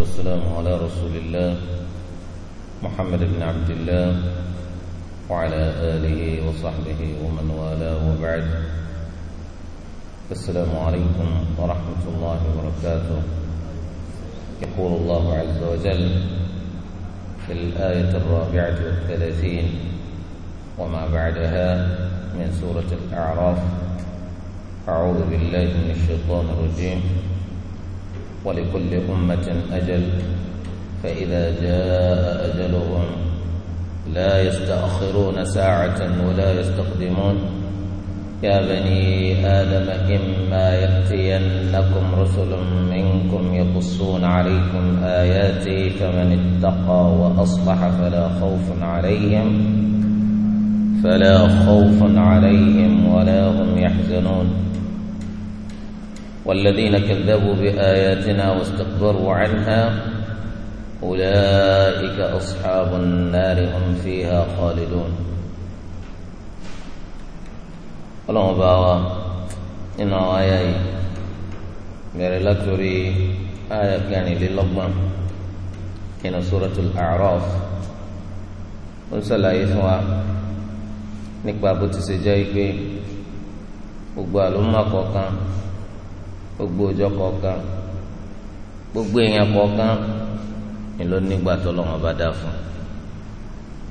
والسلام على رسول الله محمد بن عبد الله وعلى آله وصحبه ومن والاه وبعد السلام عليكم ورحمة الله وبركاته يقول الله عز وجل في الآية الرابعة والثلاثين وما بعدها من سورة الأعراف أعوذ بالله من الشيطان الرجيم ولكل أمة أجل فإذا جاء أجلهم لا يستأخرون ساعة ولا يستقدمون يا بني آدم إما يأتينكم رسل منكم يقصون عليكم آياتي فمن اتقى وأصلح فلا خوف عليهم فلا خوف عليهم ولا هم يحزنون والذين كذبوا بآياتنا واستكبروا عنها أولئك أصحاب النار هم فيها خالدون اللهم بارك إن آياتي بير لكري آية كاني للغمة إن سورة الأعراف وصلى يسوع نكبر بوتسي جايكي وقالوا ما قوكا gbogbo ọjọ́ kọ̀ọ̀kan gbogbo èèyàn kọ̀ọ̀kan ni ló nígbà tó bá dá fún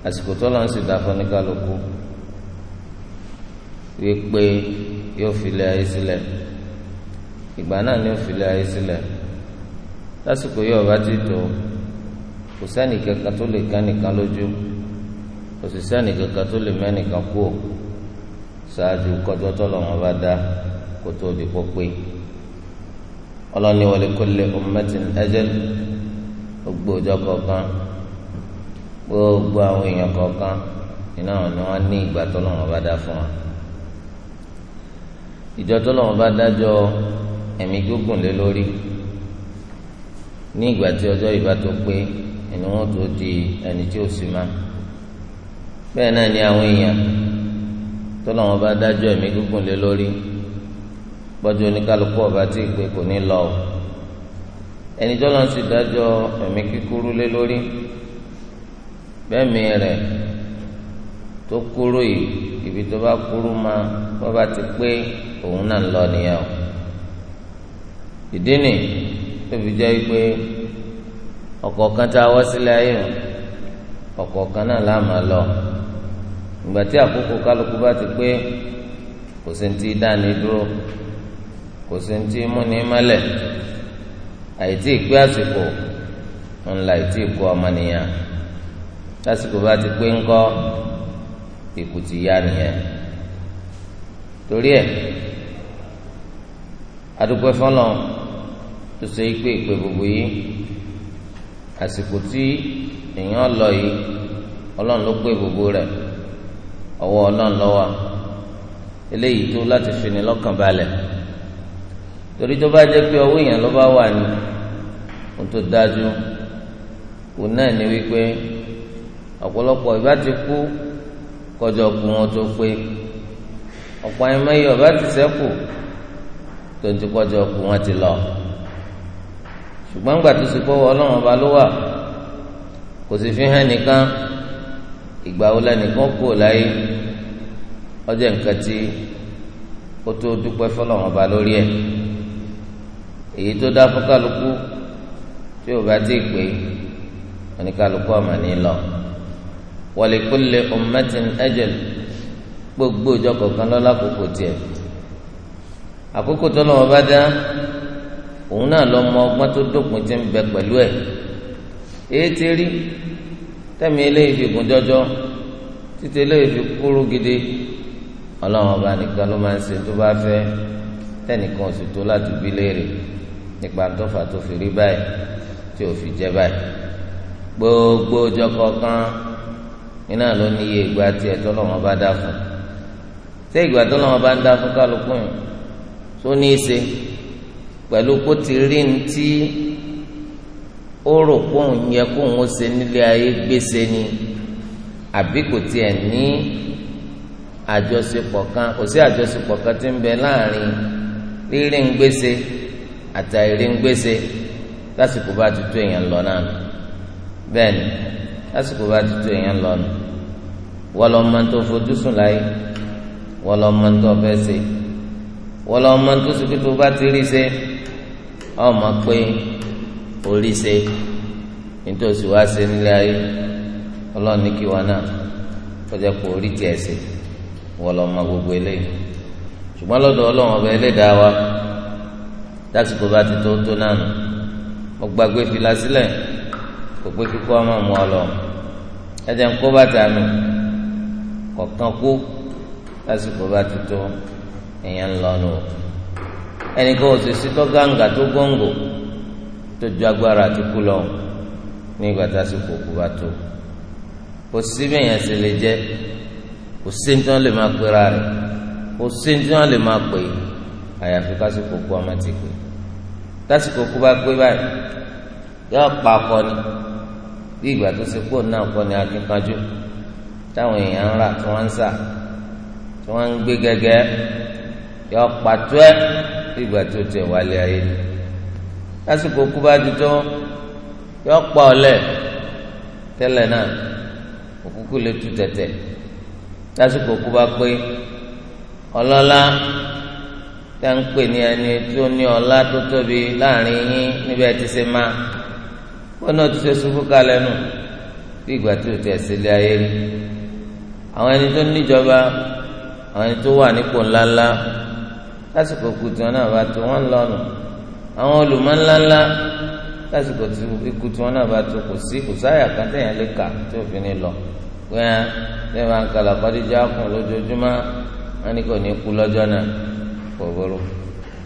àsìkò tó sì dá fún ní wípé yóò filẹ̀ ayé sílẹ̀ ìgbà náà ni yóò filẹ̀ ayé sílẹ̀ lásìkò yóò bá ti tó kò sẹ́ni kankan tó lè kán nìkan lójú kò sì sẹ́ni kankan tó lè kú ṣáájú bá ọlọ́ni wa li kulli ummatin ajal gbogbo ọjọ́ kọ̀ọ̀kan gbogbo àwọn èèyàn kọ̀ọ̀kan iná wọn ni wọn ní ìgbà tọ́lọ́wọ́n bá dá fún wa ìjọ tọ́lọ́wọ́n bá dájọ́ ẹ̀mí gígùn lé lórí ní ìgbà tí ọjọ́ ìbá tó pé ẹni wọn tó di ẹni tí ó sì má bẹ́ẹ̀ náà ni àwọn èèyàn tọ́lọ́wọ́n bá dájọ́ ẹ̀mí gígùn lé lórí. bọ́jú oníkálukú ọba tí ìpè kò ní lọ o ẹni tó lọ́n sì dájọ́ ẹ̀mí kíkúrú lé lórí to rẹ̀ tó ibi tó bá kúrú ma bọ́ba ti pé òun náà lọ nìyẹn o ìdí jẹ́ pé tá a wọ́ sílẹ̀ ayé o ọ̀kọ̀ọ̀kan náà là máa lọ ìgbà tí àkókò kálukú bá ti pé kò sí ti dá kò sí ní tí múni mọ́lẹ̀ àìtí ìpé àsìkò ńlá àìtí ìkó ọmọnìyàn lásìkò bá ti pé ńkọ́ ikú ti yá nìyẹn torí ẹ̀ adúpẹ́ fọ́nà tó ṣe é pé ìpè gbogbo yìí àsìkò tí èèyàn lọ yìí ọlọ́run ló pé gbogbo rẹ̀ ọwọ́ ọlọ́run ló eléyìí tó láti fi ni lọ́kàn balẹ̀ torí tó bá jẹ́ pé ọwọ́ èèyàn ló bá wà ní ohun tó dájú òun náà ni wípé ọ̀pọ̀lọpọ̀ ìbá ti kú kọjọ ọkùnrin wọn tó pé ọ̀pọ̀ ẹ̀mẹ́yẹ ọ̀bá ti sẹ́kù tó ń ti kọjọ ọkùnrin wọn ti lọ ṣùgbọ́n gbà tó sì kọ́wọ́ ọlọ́run ọba ló wà kò sì fi hàn nìkan ìgbà wo lẹ́nìkan kò láyé ọjọ́ nǹkan tí ó tó dúpẹ́ fọlọ́run ọba lórí ẹ̀ èyí tó dá fún kálukú tí o bá ti pè oníkálukú ọmọ ní lọ walikulli ummatin ajal gbogbo ìjọ kọ̀ọ̀kan lọ́la kókò tiẹ̀ àkókò tó lọ́wọ́ bá dá òun náà lọ mọ ọgbọ́n tó dópin ti ń bẹ pẹ̀lú ẹ̀ èyí ti rí tẹ̀mí eléyìí fi gùn jọjọ títí eléyìí fi kúrú gidi ọlọ́wọ́n ọba nìkan ló máa ń ṣe tó bá fẹ́ tẹ́nìkan ò sì tó láti bí léèrè nípa ntọ́fà tó fi rí báyìí tí ò fi jẹ́ báyìí gbogbo ọjọ́ kọ̀ọ̀kan iná ló ní iye ìgbà tí ẹ̀tọ́ lọ́wọ́ bá dá fún ṣé ìgbà tó lọ́wọ́ bá ń dá fún kálukú yìí tó ní í ṣe pẹ̀lú kó ti rí ní tí ó rò kóun yẹ kóun ó ṣe nílé ayé gbèsè ni àbí kò tiẹ̀ ní àjọṣepọ̀ kan kò sí àjọṣepọ̀ kan tí ń bẹ láàrin rírí ń gbèsè àtàìrí ń gbèsè lásìkò bá èèyàn lọ náà bẹ́ẹ̀ ni lásìkò bá èèyàn lọ nù wọ́n lọ tó fojú sùn láyé wọ́n lọ tó ọfẹ́ ṣe wọ́n lọ tó sùkú tó bá ti rí se ọmọ pé orí ṣe nítòsí wá ṣe nílé ayé ọlọ́run ní kí wọn náà kọjá wa. tásìkò bá ti tó tó náà nù mo gbàgbé fìlà sílẹ̀ kò pé kíkọ́ ọmọ mu ọ lọ ẹ̀jẹ̀ ń kó bàtà mi kọ̀ọ̀kan kú tásìkò bá ti tó ìyẹn ń lọ nù ẹnì kan ò sì sí tó tó góńgò tó ju agbára àti kú lọ ní ìgbà tásìkò kú bá tó kò sí bẹ́yẹn sì lè jẹ́ kò sí ní tí wọ́n lè máa pera rẹ̀ kò sí ní tí wọ́n lè máa pè é àyàfi kásìkò kú ọmọ ti pè kásìkò kú bá gbé báyìí yọ pa ọkọ ni bí ìgbà tó ṣe kúrò náà kọ ni akínkanjú táwọn èèyàn ń rà tí wọ́n ń sà tí wọ́n ń gbé gẹ́gẹ́ yọ pàtó ẹ bí ìgbà tó tẹ̀ wálé ayé ni kásìkò kú bá dúdú yọ pa ọ̀lẹ tẹ́lẹ̀ náà òkúkú lè tu tẹ̀tẹ̀ kásìkò kú bá pé ọlọ́lá tá ń pè ní ẹni tó ní ọlá tó tóbi láàrin yín níbi ẹ ti ṣe máa wọn náà ti ṣe ṣubú kalẹ̀ nù bí ìgbà tí o ti ẹsẹ ilé ayé rí àwọn ẹni tó níjọba àwọn ẹni tó wà nípò ńláńlá lásìkò kùtù wọn náà bá tó wọn lọnà àwọn olùmọ̀ ńláńlá lásìkò ikú tí wọn náà bá tó kò sí kò sáyà kan téèyàn lè kà tí òfin ni lọ pé ṣé máa ń kalà kọ́díjà kùn lójoojúmọ́ wọn ni kò ní kú lọ́jọ́ náà kòkòrò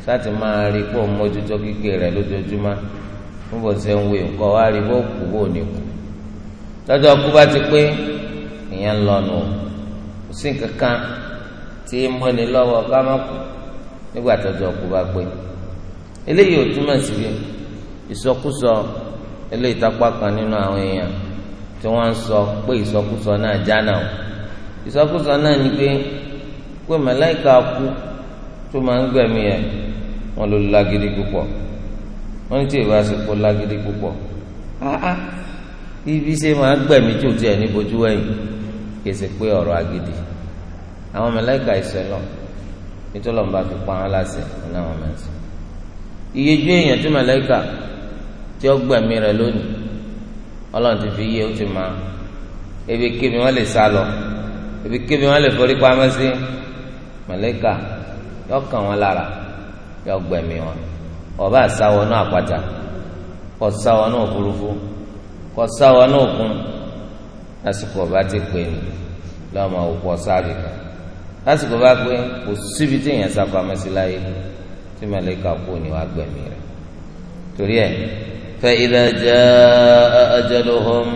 sáti máa rí pọ̀ mójútó kíkẹ́ rẹ̀ lójoojúmọ́ fún bó ṣe ń wé nǹkan wá rí bó kú bó ní kú lọ́jọ́ kú bá ti pé ìyẹn ń lọ́nu kò sí nǹkan kan tí ń mọ́ni lọ́wọ́ ká má kú nígbà tọ́jọ́ kú bá pé eléyìí ò túmọ̀ sí ìsọkúsọ eléyìí tápá kan nínú àwọn èèyàn tí wọ́n ń sọ pé ìsọkúsọ náà jánà ìsọkúsọ náà ni pé pé màláìka kú tó máa ń gbẹ̀mí ẹ̀ wọ́n ló lágídí púpọ̀ wọ́n ní tí ìbá ṣe pọ̀ lágídí púpọ̀ áá ibi ṣe máa gbẹ̀mí tí ò tiẹ̀ ní bojú ẹ̀yìn kèsì pé ọ̀rọ̀ agídí àwọn mẹlẹ́kà ìṣẹ̀lọ̀ nítorí ọ̀nba fi pa wọn láṣẹ láwọn mẹ́sàn. iyejú èèyàn tí mẹlẹ́kà tí ó gbẹ̀mí rẹ̀ lónìí ọlọ́run ti fi yé ó ti máa ebi kébi wọn lè sá lọ ebi kébi wọn lè forí pamọ́ sí mẹlẹ́kà yọkàn wọn lára yọ gbẹ̀mí wọn ọba àsáwọ náà àpáta kọ sáwọ náà òfurufú kọ sáwọ náà òkun lásìkò ọba ti pè ní lọ́mọ òkú ọ̀sáàbì kan lásìkò bá pé kò síbi tí èèyàn sá pamọ́ sí láyé tí màlẹ́kà kú ni wàá gbẹ̀mí rẹ̀ torí ẹ̀ fa idha jaa ajaluhum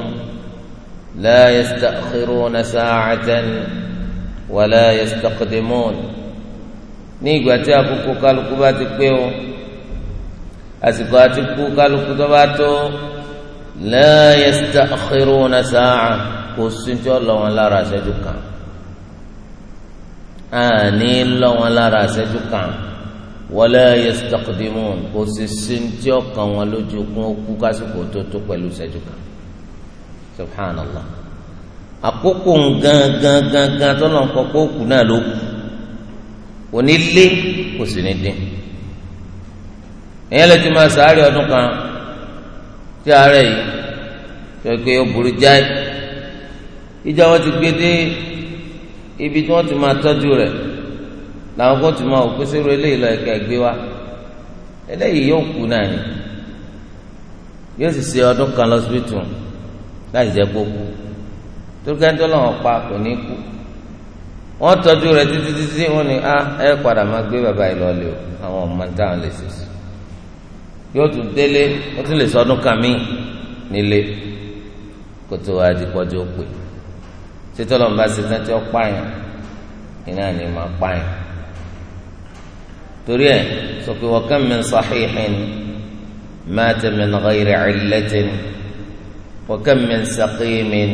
la yasta'khiruna sa'atan wa la yastaqdimun ní ìgbà tí àkókò kálukú bá ti pé o àsìkò àti kú kálukú tó bá tó la yasta'khiruna sa'a kò síjọ́ lọ wọn lára àṣẹjú kan àní lọ wọn lára àṣẹjú kan wala yastaqdimun kò sì síjọ́ kan wọn lójú kún okú kásìkò tó tó pẹ̀lú àṣẹjú kan subhanallah àkókò gangan gangan tó lọ́nkọ́ kó kú náà ló kù. onílé kò sì ní dín èèyàn ti máa sàárè ọdún kan tí àárẹ̀ yìí pé ó burú jáì ìjà ti gbé dé ibi tí wọn ti máa tọ́jú rẹ làwọn kan ti máa òkú sírò eléyìí lọ ẹ̀ka ẹ̀gbé wa eléyìí yóò kú náà ni yóò sì ṣe ọdún kan láì jẹ́ kó kú tó kẹ́ńtọ́ lọ́wọ́ wọ́n tọ́jú rẹ̀ títí títí wọ́n ní a ah, ẹ padà máa gbé bàbá yìí lọ lé o àwọn ọmọ táwọn lè ṣèṣe yóò tún délé ó tún lè sọdún kan mí nílé kó tó wá di pọ́jú ó pè títọ́lọ́ bá ṣe tán tí ó pààyàn iná ni máa pààyàn torí ẹ sọ pé wa kam min sahihin mata min ghayri illatin wa kam min saqimin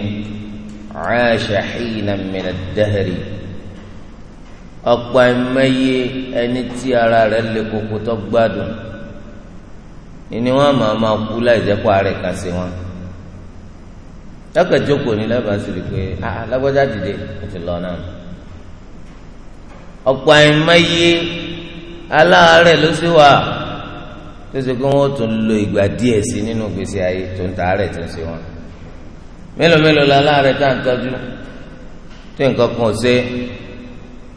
'asha hinan min ad-dahri ọ̀pọ̀ ẹ̀mẹ́yẹ ẹni tí ara rẹ̀ lè koko tó gbádùn ìní wọn máa máa kú láì jẹ́ kó ara ẹ̀ka sí wọn lọ́kàn jókòó ní lábàá sì rí i pé alágbọ́já dìde kò ti lọ náà ọ̀pọ̀ ẹ̀mẹ́yẹ aláàárẹ̀ ló sì wà tó ṣe pé wọ́n tún lo ìgbà díẹ̀ sí nínú gbèsè ayé tó ń ta àárẹ̀ tó ń ṣe wọn mélòó mélòó la aláàárẹ̀ tá à ń tọ́jú tó nǹkan kan ò ṣe é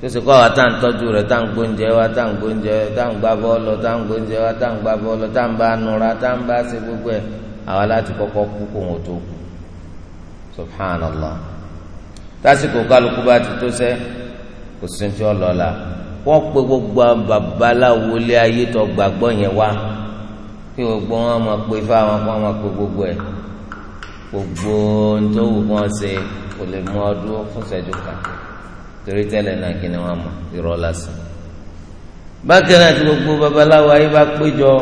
kóso kọ́ wa tá à ń tọ́jú rẹ̀ tá à ń gbóúnjẹ wa tá à ń gbóúnjẹ tá à ń gbá bọ́ọ̀lù tá à ń gbóúnjẹ wa tá à ń gbá bọ́ọ̀lù tá à ń bá nura tá à ń bá ṣe gbogbo ẹ̀ àwa láti kọ́kọ́ kú kó wọn tó kú subhanallah tásìkò kálukú bá ti tó sẹ́ kò sí ti ọlọ́la wọ́n pe gbogbo babaláwo lé ayé tó gbàgbọ́ yẹn wá kí gbogbo wọn máa pe ifá wọn kó wọn máa pe gbogbo ẹ̀ gbogbo ohun fún ìṣẹ́jú torí tẹ́lẹ̀ náà kí ni wọ́n mọ̀ irọ́ lásán. bákan náà tí gbogbo babaláwo ayé bá péjọ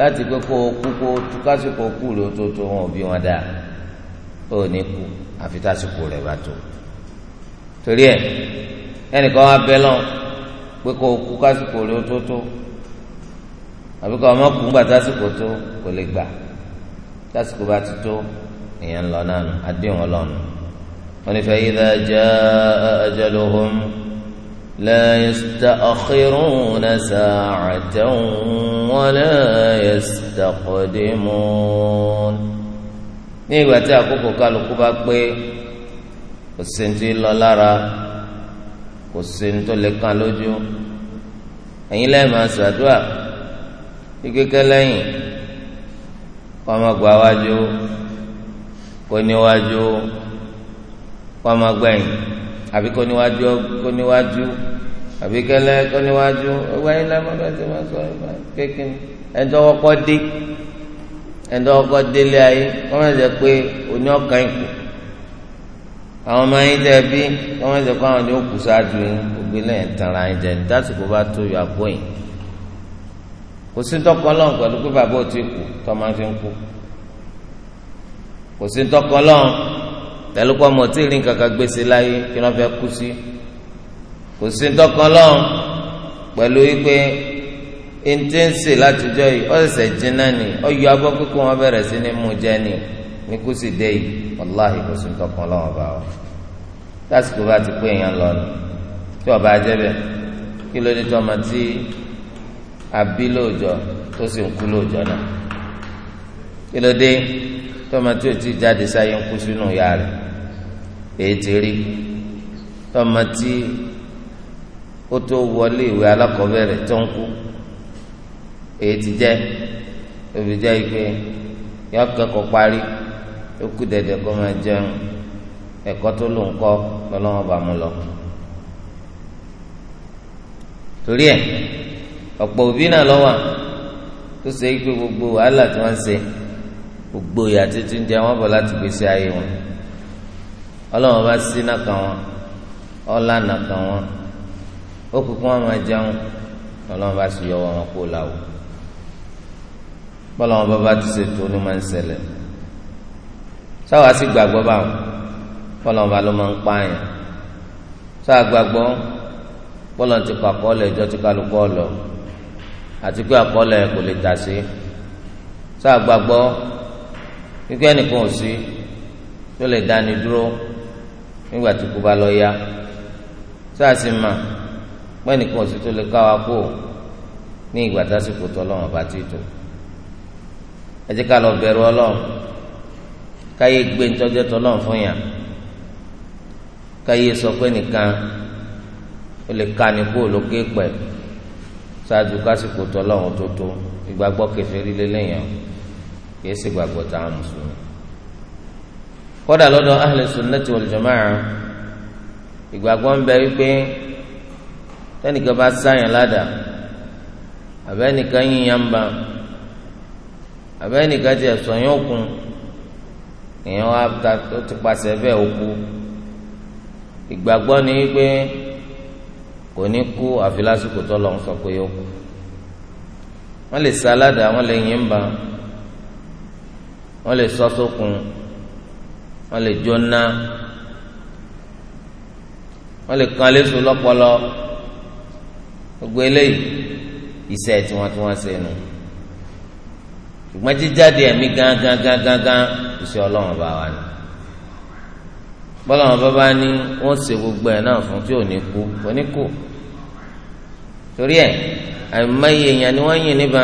láti pé kó o kú kó o tú kásìkò kú rè tó tó wọn ò bí wọn dáa ó ní kú àfi tásìkò rẹ̀ bá tó. torí ẹ ẹnìkan wá bẹ lọ pé kó kú kásìkò rè tó tó àbí kó o kú ńgbà tásìkò tó kò lè gbà tásìkò bá ti tó èèyàn ń lọ náà nù adéhùn ọlọ́run wọn fa idha jaa ajaluhum la yasta'khiruna sa'atan wa la yastaqdimun ní ìgbà tí àkókò kálukú bá pé kò sí ní ti lọ lára kò sí ní tó lè kàn lójú ẹ̀yin lẹ́yìn máa ṣàdúrà kíkékẹ́ lẹ́yìn kọ́ ọmọ gbà wájú kó níwájú kó ọmọ gbẹ̀yìn àbí kó níwájú kó níwájú àbí kẹlẹ́ kó níwájú ọgbà yín lẹ́mọ́ bẹ́ẹ̀ tí wọ́n sọ ẹ̀ kékin ẹ̀dọ́ ọkọ dé ẹ̀dọ́ ọkọ délé ayé wọ́n máa jẹ́ pé oní ọ̀kan ìkù àwọn ọmọ yín tẹ́ bí wọ́n máa jẹ́ pé àwọn yóò kù sáájú yín gbogbo ilé ẹ̀ tàn ra ẹ̀ jẹ́ dásìkò bá tó yọ àpò yìí kò sí tọkọ lọ́n pẹ̀lú pé bàbá ò ti kù tọ́ máa fi ń kú kò sí tọkọ lọ́n pẹ̀lú kọ́ ọmọ tí ìrìn kankan gbèsè láyé kí wọ́n fẹ́ kú sí kò sí tọkàn lọ́rùn pẹ̀lú wípé ntí ń sè látijọ́ yìí ó ṣẹ̀ṣẹ̀ jiná ni ó yọ abọ́ kíkún wọn bẹ̀rẹ̀ sí ní mú jẹ́ ni ní kú dé yìí wàláhì kò sí tọkàn bá wa lásìkò bá ti pé èèyàn lọ ni tí ọba jẹ́ bẹ́ẹ̀ kí ló dé tó tí àbí lóòjọ́ tó sì ń kú lóòjọ́ náà kí ló dé tó tí ò tí jáde sáyé ń kú sínú ìyá èyí ti rí tọ́mọ tí ó tó wọlé ìwé alákọ̀ọ́bẹ̀rẹ̀ tó ń kú èyí ti jẹ́ òbí jẹ́ ike yọ kẹ́kọ̀ọ́ parí ó kú dẹ̀dẹ̀ kó máa jẹun ẹ̀kọ́ tó ló ń kọ́ lọ́lọ́wọ́n bá mú lọ. torí ẹ̀ ọ̀pọ̀ òbí náà lọ́wọ́ tó ṣe é pé gbogbo wàhálà tí wọ́n ń ṣe gbogbo ìyà tuntun jẹ wọ́n bọ̀ láti gbèsè ayé wọn ọlọ́run bá sí nàkà wọn ọlá nàkà wọn ó kúkú wọn máa jẹun ọlọ́run bá sì yọ wọn kó la o bọ́lọ́run bá bá ti ṣètò ló máa ń ṣẹlẹ̀ sáwà sí gbàgbọ́ báwọn bọ́lọ́run bá ló máa ń pààyàn sáà gbàgbọ́ bọ́lọ́run ti kọ àkọọ́lẹ̀ ìjọ ti kálukú ọ̀lọ́ àti pé àkọọ́lẹ̀ kò lè tà sí sáà gbàgbọ́ wípé ẹnìkan ò sí tó lè dáni dúró nígbà tí kò bá lọ ya tó a sì mà pẹ́ẹ́nìkan òsì tó lè ká wa kó ní ìgbà tásìkò tó ọlọ́run bá ti tó ẹ jẹ́ ká lọ bẹ̀rù ọlọ́run káyé gbé ntọ́jọ́ tó ọlọ́run fún yàn káyé sọ pé ó lè ká ní kó lókè pẹ̀ ṣáájú kásìkò tó ọlọ́run tó tó ìgbàgbọ́ kẹfẹ́ líle lẹ́yìn kìí ṣègbàgbọ́ tá a mùsùlùmí kódà lọ́dọ̀ ahlu sunnati wal jamaa ìgbàgbọ́ ń bẹ wípé tẹ́nìkan bá sáyàn ládàá àbẹ́nìkan yíyan bá àbẹ́nìkan tiẹ̀ sọ̀yìn òkun èèyàn wá tó ti pàṣẹ bẹ́ẹ̀ òkú ìgbàgbọ́ ni wípé kò ní kú àfi lásìkò tó lọ́n sọ pé ó wọ́n lè sá ládàá wọ́n lè yín bá wọ́n lè sọ́ sókun. So wọ́n lè jóná wọ́n lè kan léṣu lọ́pọlọ gbogbo eléyìí iṣẹ́ tí wọ́n tí wọ́n ṣe nù ṣùgbọ́n jíjáde ẹ̀mí gángan gángan gán iṣẹ́ ọlọ́run bá wà ní bọ́lọ́run bá bá ní wọ́n ṣe gbogbo ẹ̀ náà fún tí ò ní kú kò ní kú torí ẹ̀ àìmọye èèyàn ni wọ́n yìn níbà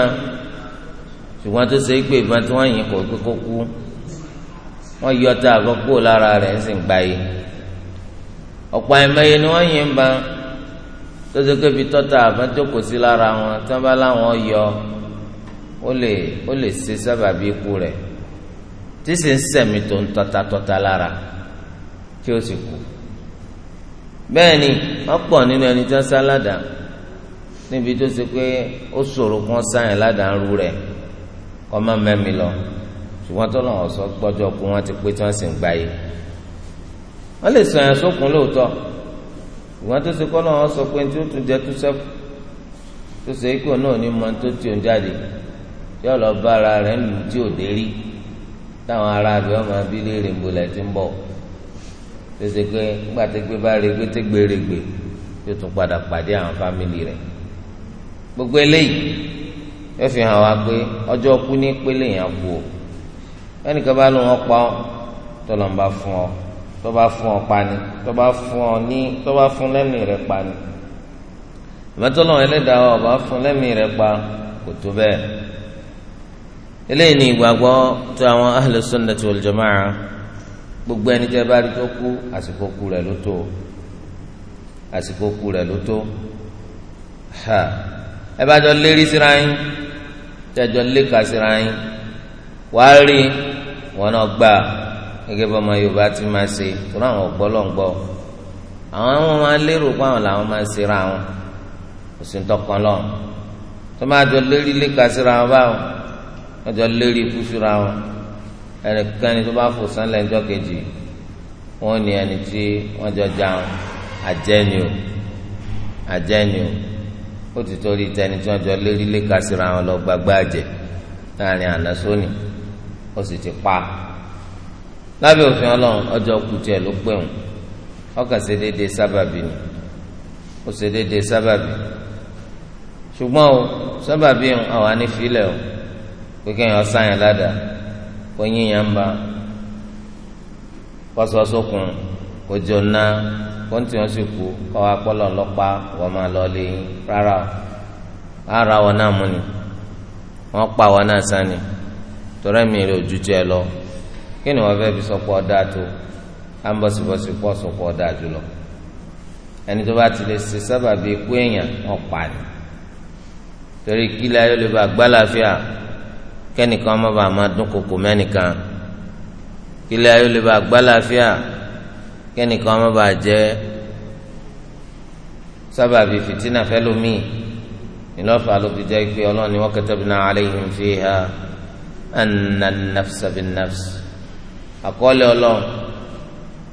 ṣùgbọ́n tó ṣe é pé ìbọn tí wọ́n yìn kò pé kó kú wọ́n yọ ọta àkọ́kọ́ lára rẹ̀ ń sìn gbáyé ọ̀pọ̀ àìmọye ni wọ́n yìn bá tóso kébi tọ́ta àbájókòó lára wọn tí wọ́n bá láwọn yọ ó lè ó lè ṣe sábàbí ikú rẹ̀ tí sì ń sẹ̀mí tó ń tọ́ta tọ́ta lára tí ó sì kú bẹ́ẹ̀ ni wọ́n pọ̀ nínú ẹni tí wọ́n sá ládàá níbi tó ṣe pé ó ṣòro kí sáyẹn ládàá ń rú rẹ̀ kọ́ máa mẹ́mi lọ. ṣùgbọ́n ọsọ ọ̀sọ́ gbọ́jọ́ kú wọn ti pé tí wọ́n sì ń gbáyé wọ́n lè sọ yẹn sókun lóòótọ́ sọ pé tí ó tún jẹ́ tó sẹ́kù náà ní tó tí ń jáde lọ rẹ̀ lù tí ò dé táwọn ará abẹ́ ọmọ abílé bọ̀ tó ṣe pé nígbà tó gbé pàdé àwọn fámìlì rẹ̀ gbogbo eléyìí ẹ fi ẹnìkan bá lóun ọpa ọ tọlọ ń bá fún ọ tó bá fún ọ pani tó bá fún ọ ní tó bá fún lẹ́mìí rẹ pani ìmọ̀tọ́lọ́ ẹlẹ́dàá ọba fún lẹ́mìí rẹ pa kò tó bẹ́ẹ̀ eléyìí ni ìgbàgbọ́ tó àwọn ahlu sunnati wal jamaa gbogbo ẹni tẹ́ bá rí tó kú àsìkò kú rẹ̀ ló tó àsìkò kú rẹ̀ ló tó ha ẹ bá jọ lérí síra yín tẹ́ jọ léka síra yín wàá rí i wọn náà gbà gẹ́gẹ́ bí ọmọ Yorùbá ti máa ṣe fúnra àwọn ọ̀gbọ́lọ́ngbọ́ àwọn àwọn máa lérò pé àwọn làwọn máa ṣe ra wọn kò sí tọkàn lọ tó máa jọ lérí léka síra wọn báwọn wọn jọ lérí ikú síra wọn ẹnikẹ́ni tó bá fò sánlẹ̀ ẹjọ́ kejì wọn ní ẹni tí wọn jọ jáwọn àjẹni o àjẹni o ó ti torí tẹni tí wọn jọ lérí léka síra wọn lọ gbàgbà jẹ láàrin àná sóni ó sì ti pa lábẹ́ òfin ọlọ́run ọjọ́ kù tiẹ̀ ló pé òun ọkàn ṣe déédéé sábàbí ni ó ṣe déédéé sábàbí ṣùgbọ́n o sábàbí àwa ní filẹ̀ o pé kéèyàn sáyàn ládàá kó yíyan bá kọ́sọ́sọ́kùn kó jọ ná kó ń tiwọn sì kú kọ́ wa pọ́lọ́ ọlọ́pàá wọ́n máa lọ lé rárá o ara wọn náà mú ni wọ́n pa wọn náà sani tọrẹ mi rẹ ojú jẹ lọ kí ni wọn fẹ́ fi sọpọ ọdá tó à ń bọ̀sibọ̀sì pọ̀ sọpọ ọdá jùlọ ẹni tó bá ti lè ṣe sábà bíi ikú èèyàn wọn pa ni torí kílẹ̀ ayé lè ba gbálàfíà kẹ́nìkan má bàa máa dún koko mẹ́nìkan kílẹ̀ ayé lè ba gbálàfíà kẹ́nìkan má bàa jẹ́ sábà bíi fìtínà fẹ́lómi ìlọ́fà ló fi jẹ́ pé ọlọ́ọ̀ni wa katabna alayhim fiha anna nafsa bin nafs àkọọ́lẹ̀ ọlọ́run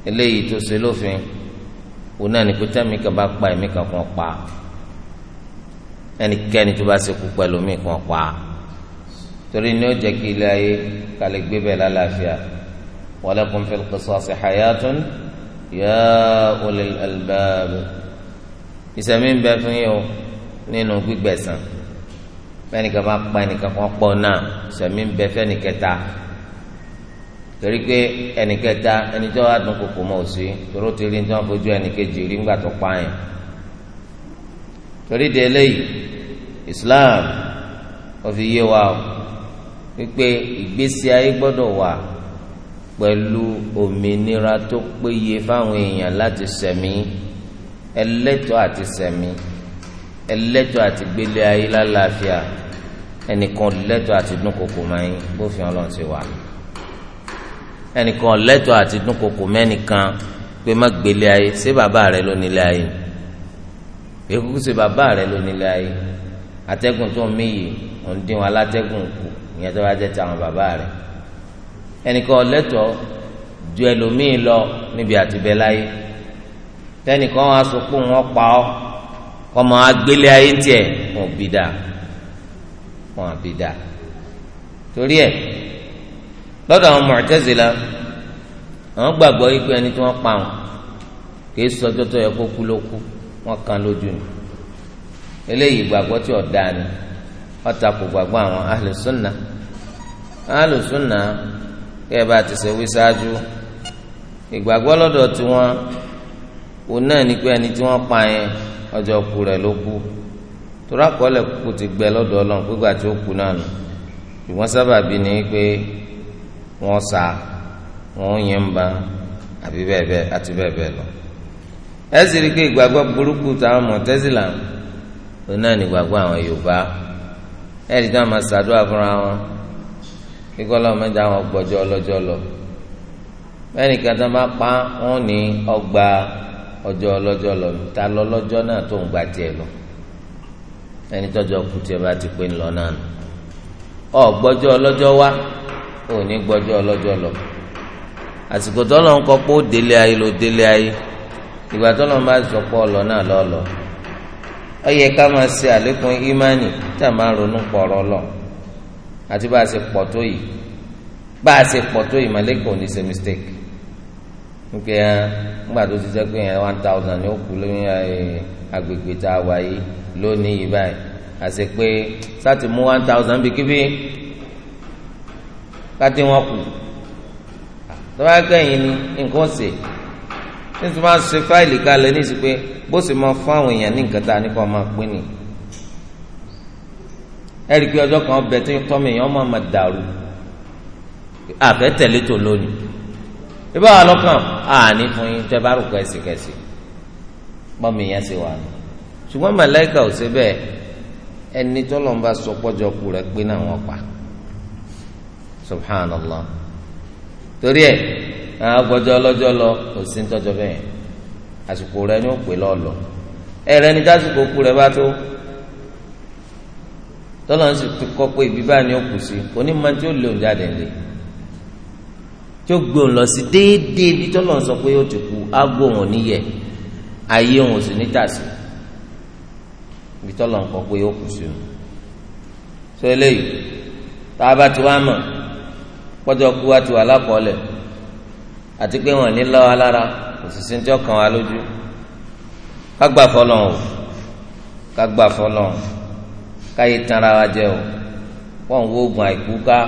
eléyìí tó ṣe lófin òun náà ní pé tẹ́mi kan bá pa ẹ̀mí kan kan pa ẹnikẹ́ni tó bá ṣekú pẹ̀lú mi kan pa torí ni ó jẹ́ kí ilé ayé kálí gbé bẹ́ẹ̀ lálàáfíà wa lakum fil qisasi hayatun ya ulil albab ìsẹ̀mí ń fún yín o nínú gbígbẹ̀sán bẹ́ẹ̀nìkan bá pa ẹnìkan kan pọ̀ náà sẹ̀mí ń bẹ fẹ́nìkẹta torí pé ẹnìkẹta ẹnìjọ́ adùn kòkò mọ̀ sí toró ti rí ní wọn fojú ẹnìkejì rí ńgbà tó pa yẹn torí de eléyìí Islam ó fi yé wa wípé ìgbésí ayé gbọ́dọ̀ wà pẹ̀lú òmìnira tó péye fáwọn èèyàn láti sẹ̀mí ẹlẹ́tọ̀ọ́ àti sẹ̀mí ẹlẹ́tọ̀ àti gbélé ayé lálàáfíà ẹnìkan lẹ́tọ̀ àti dúnkokò mẹ́yìn bófin ọlọ́run ti wà ẹnìkan lẹ́tọ̀ àti dúnkokò mẹ́nìkan pé má gbélé ayé ṣé bàbá rẹ ló nílé ayé èkúkú ṣe bàbá rẹ ló nílé ayé atẹ́gùn tó ń mí yìí ò ń dín wọn alátẹ́gùn kù ìyẹn tó bá jẹ́ ti àwọn bàbá rẹ ẹnìkan lẹ́tọ̀ ju ẹlòmíì lọ níbi àtibẹ́láyé tẹ́nìkan wá sọ ọmọ agbélé ayé tiẹ̀ wọn bí da wọn bí da torí ẹ̀ lọ́dọ̀ àwọn Mu'tazila àwọn gbàgbọ́ ikú ẹni tí wọ́n pa wọn kì í sọjọ́ tó yẹ kó kú ló kú wọ́n kan lójú ni eléyìí gbàgbọ́ tí ọ̀dà ni ọ̀tà kò gbàgbọ́ àwọn ahlùsùnà ahlùsùnà kẹ́ẹ̀ bá ti ṣe wí ṣáájú ìgbàgbọ́ lọ́dọ̀ tiwọn òun náà ni pé ẹni tí wọ́n pa yẹn ọjọ́ ku rẹ̀ ló kú torí àkọọ́lẹ̀ kúkú ti gbẹ lọ́dọ̀ ọlọ́run pípa tí ó kú náà nù ṣùgbọ́n sábàbí ni pé wọ́n sa wọ́n yẹn ń ba àbí bẹ́ẹ̀ bẹ́ẹ̀ àti bẹ́ẹ̀ bẹ́ẹ̀ lọ. ẹ sì rí i pé ìgbàgbọ́ burúkú táwọn mọ̀tẹ́sílà ló náà ní ìgbàgbọ́ àwọn Yorùbá ẹ rí táwọn máa ṣàdúrà fúnra wọn kíkọ́ lọ́wọ́ mẹ́ta àwọn gbọ́jọ́ ọlọ́jọ́ lọ. bẹ́ẹ̀ nìkan tó bá pa wọ́n ní ọgbà ọjọ́ ọlọ́jọ́ lọ ta lọ lọ́jọ́ náà tó ń gba tiẹ̀ lọ ẹni tọ́jọ́ kù tiẹ̀ bá ti pé ńlọ náà nù ọ gbọ́jọ́ ọlọ́jọ́ wá ò ní gbọ́jọ́ ọlọ́jọ́ lọ àsìkò tọ́lọ̀ ń kọ́ pé ó délé ayé ló délé ayé ìgbà tọ́lọ̀ ń bá sọ pé ọlọ́ náà lọ́ lọ ọ yẹ ká máa ṣe àlékún ímánì tá a máa ronú pọ̀rọ̀ lọ àti bá a ṣe pọ̀ tó yìí bá a ṣe pọ̀ tó yìí nke yẹn nígbà tó ti jẹ́ pé yẹn one thousand ni ó kú lóyún agbègbè tá a wà yìí lónìí yìí báyìí àti pé sáti mú one thousand bí kíbi káti wọn kù kẹ́yìn ni nǹkan ṣe nítorí máa ṣe fáìlì kalẹ̀ ní ìsìnkú bó sì máa fún àwọn èèyàn ní nǹkan tá a pín ni ẹ rí i pé ọjọ́ kan bẹ tí tọ́mọ èèyàn máa máa ibà wà lọ́kàn àní fún yín tẹ́ bá rò kẹ́sìkẹ́sì bọ́mì yẹn sì wà ní. ṣùgbọ́n màláìka ò ṣe bẹ́ẹ̀ ẹni tọ́lọ̀ ń bá sọ pọ́jọ́ kù rẹ̀ pé náà wọ́n pa subhanallah torí ẹ̀ àgbọ̀jọ́ ọlọ́jọ́ lọ kò sí tọ́jọ́ bẹ́ẹ̀ àsìkò rẹ̀ ni ó pè lọ́ọ̀lọ́ ẹ̀rẹ́ ni dásìkò kù rẹ̀ bá tó tọ́lọ̀ ń sì kọ́ pé ìbí báyìí ni ó kù sí onímọ̀ tí ó lè òun jáde lè tí ó gbé òun lọ sí déédéé bí tọ́lọ̀ ń sọ pé ó ti kú ágbó òun níyẹ ayé òun sì ní tàsí bí tọ́lọ̀ ń kọ́ pé ó kù sí òun. sọ eléyìí tá a bá ti wá mọ̀ pọ́jọ́ kú wá ti wà lákọọ́lẹ̀ àti pé wọ́n ní lọ́wọ́ lára òṣìṣẹ́ tí ọkàn wa lójú ká gbà fọlọ́n o ká gbà fọlọ́n káyé tanra wa jẹ o wọ́n ń wo oògùn àìkú ká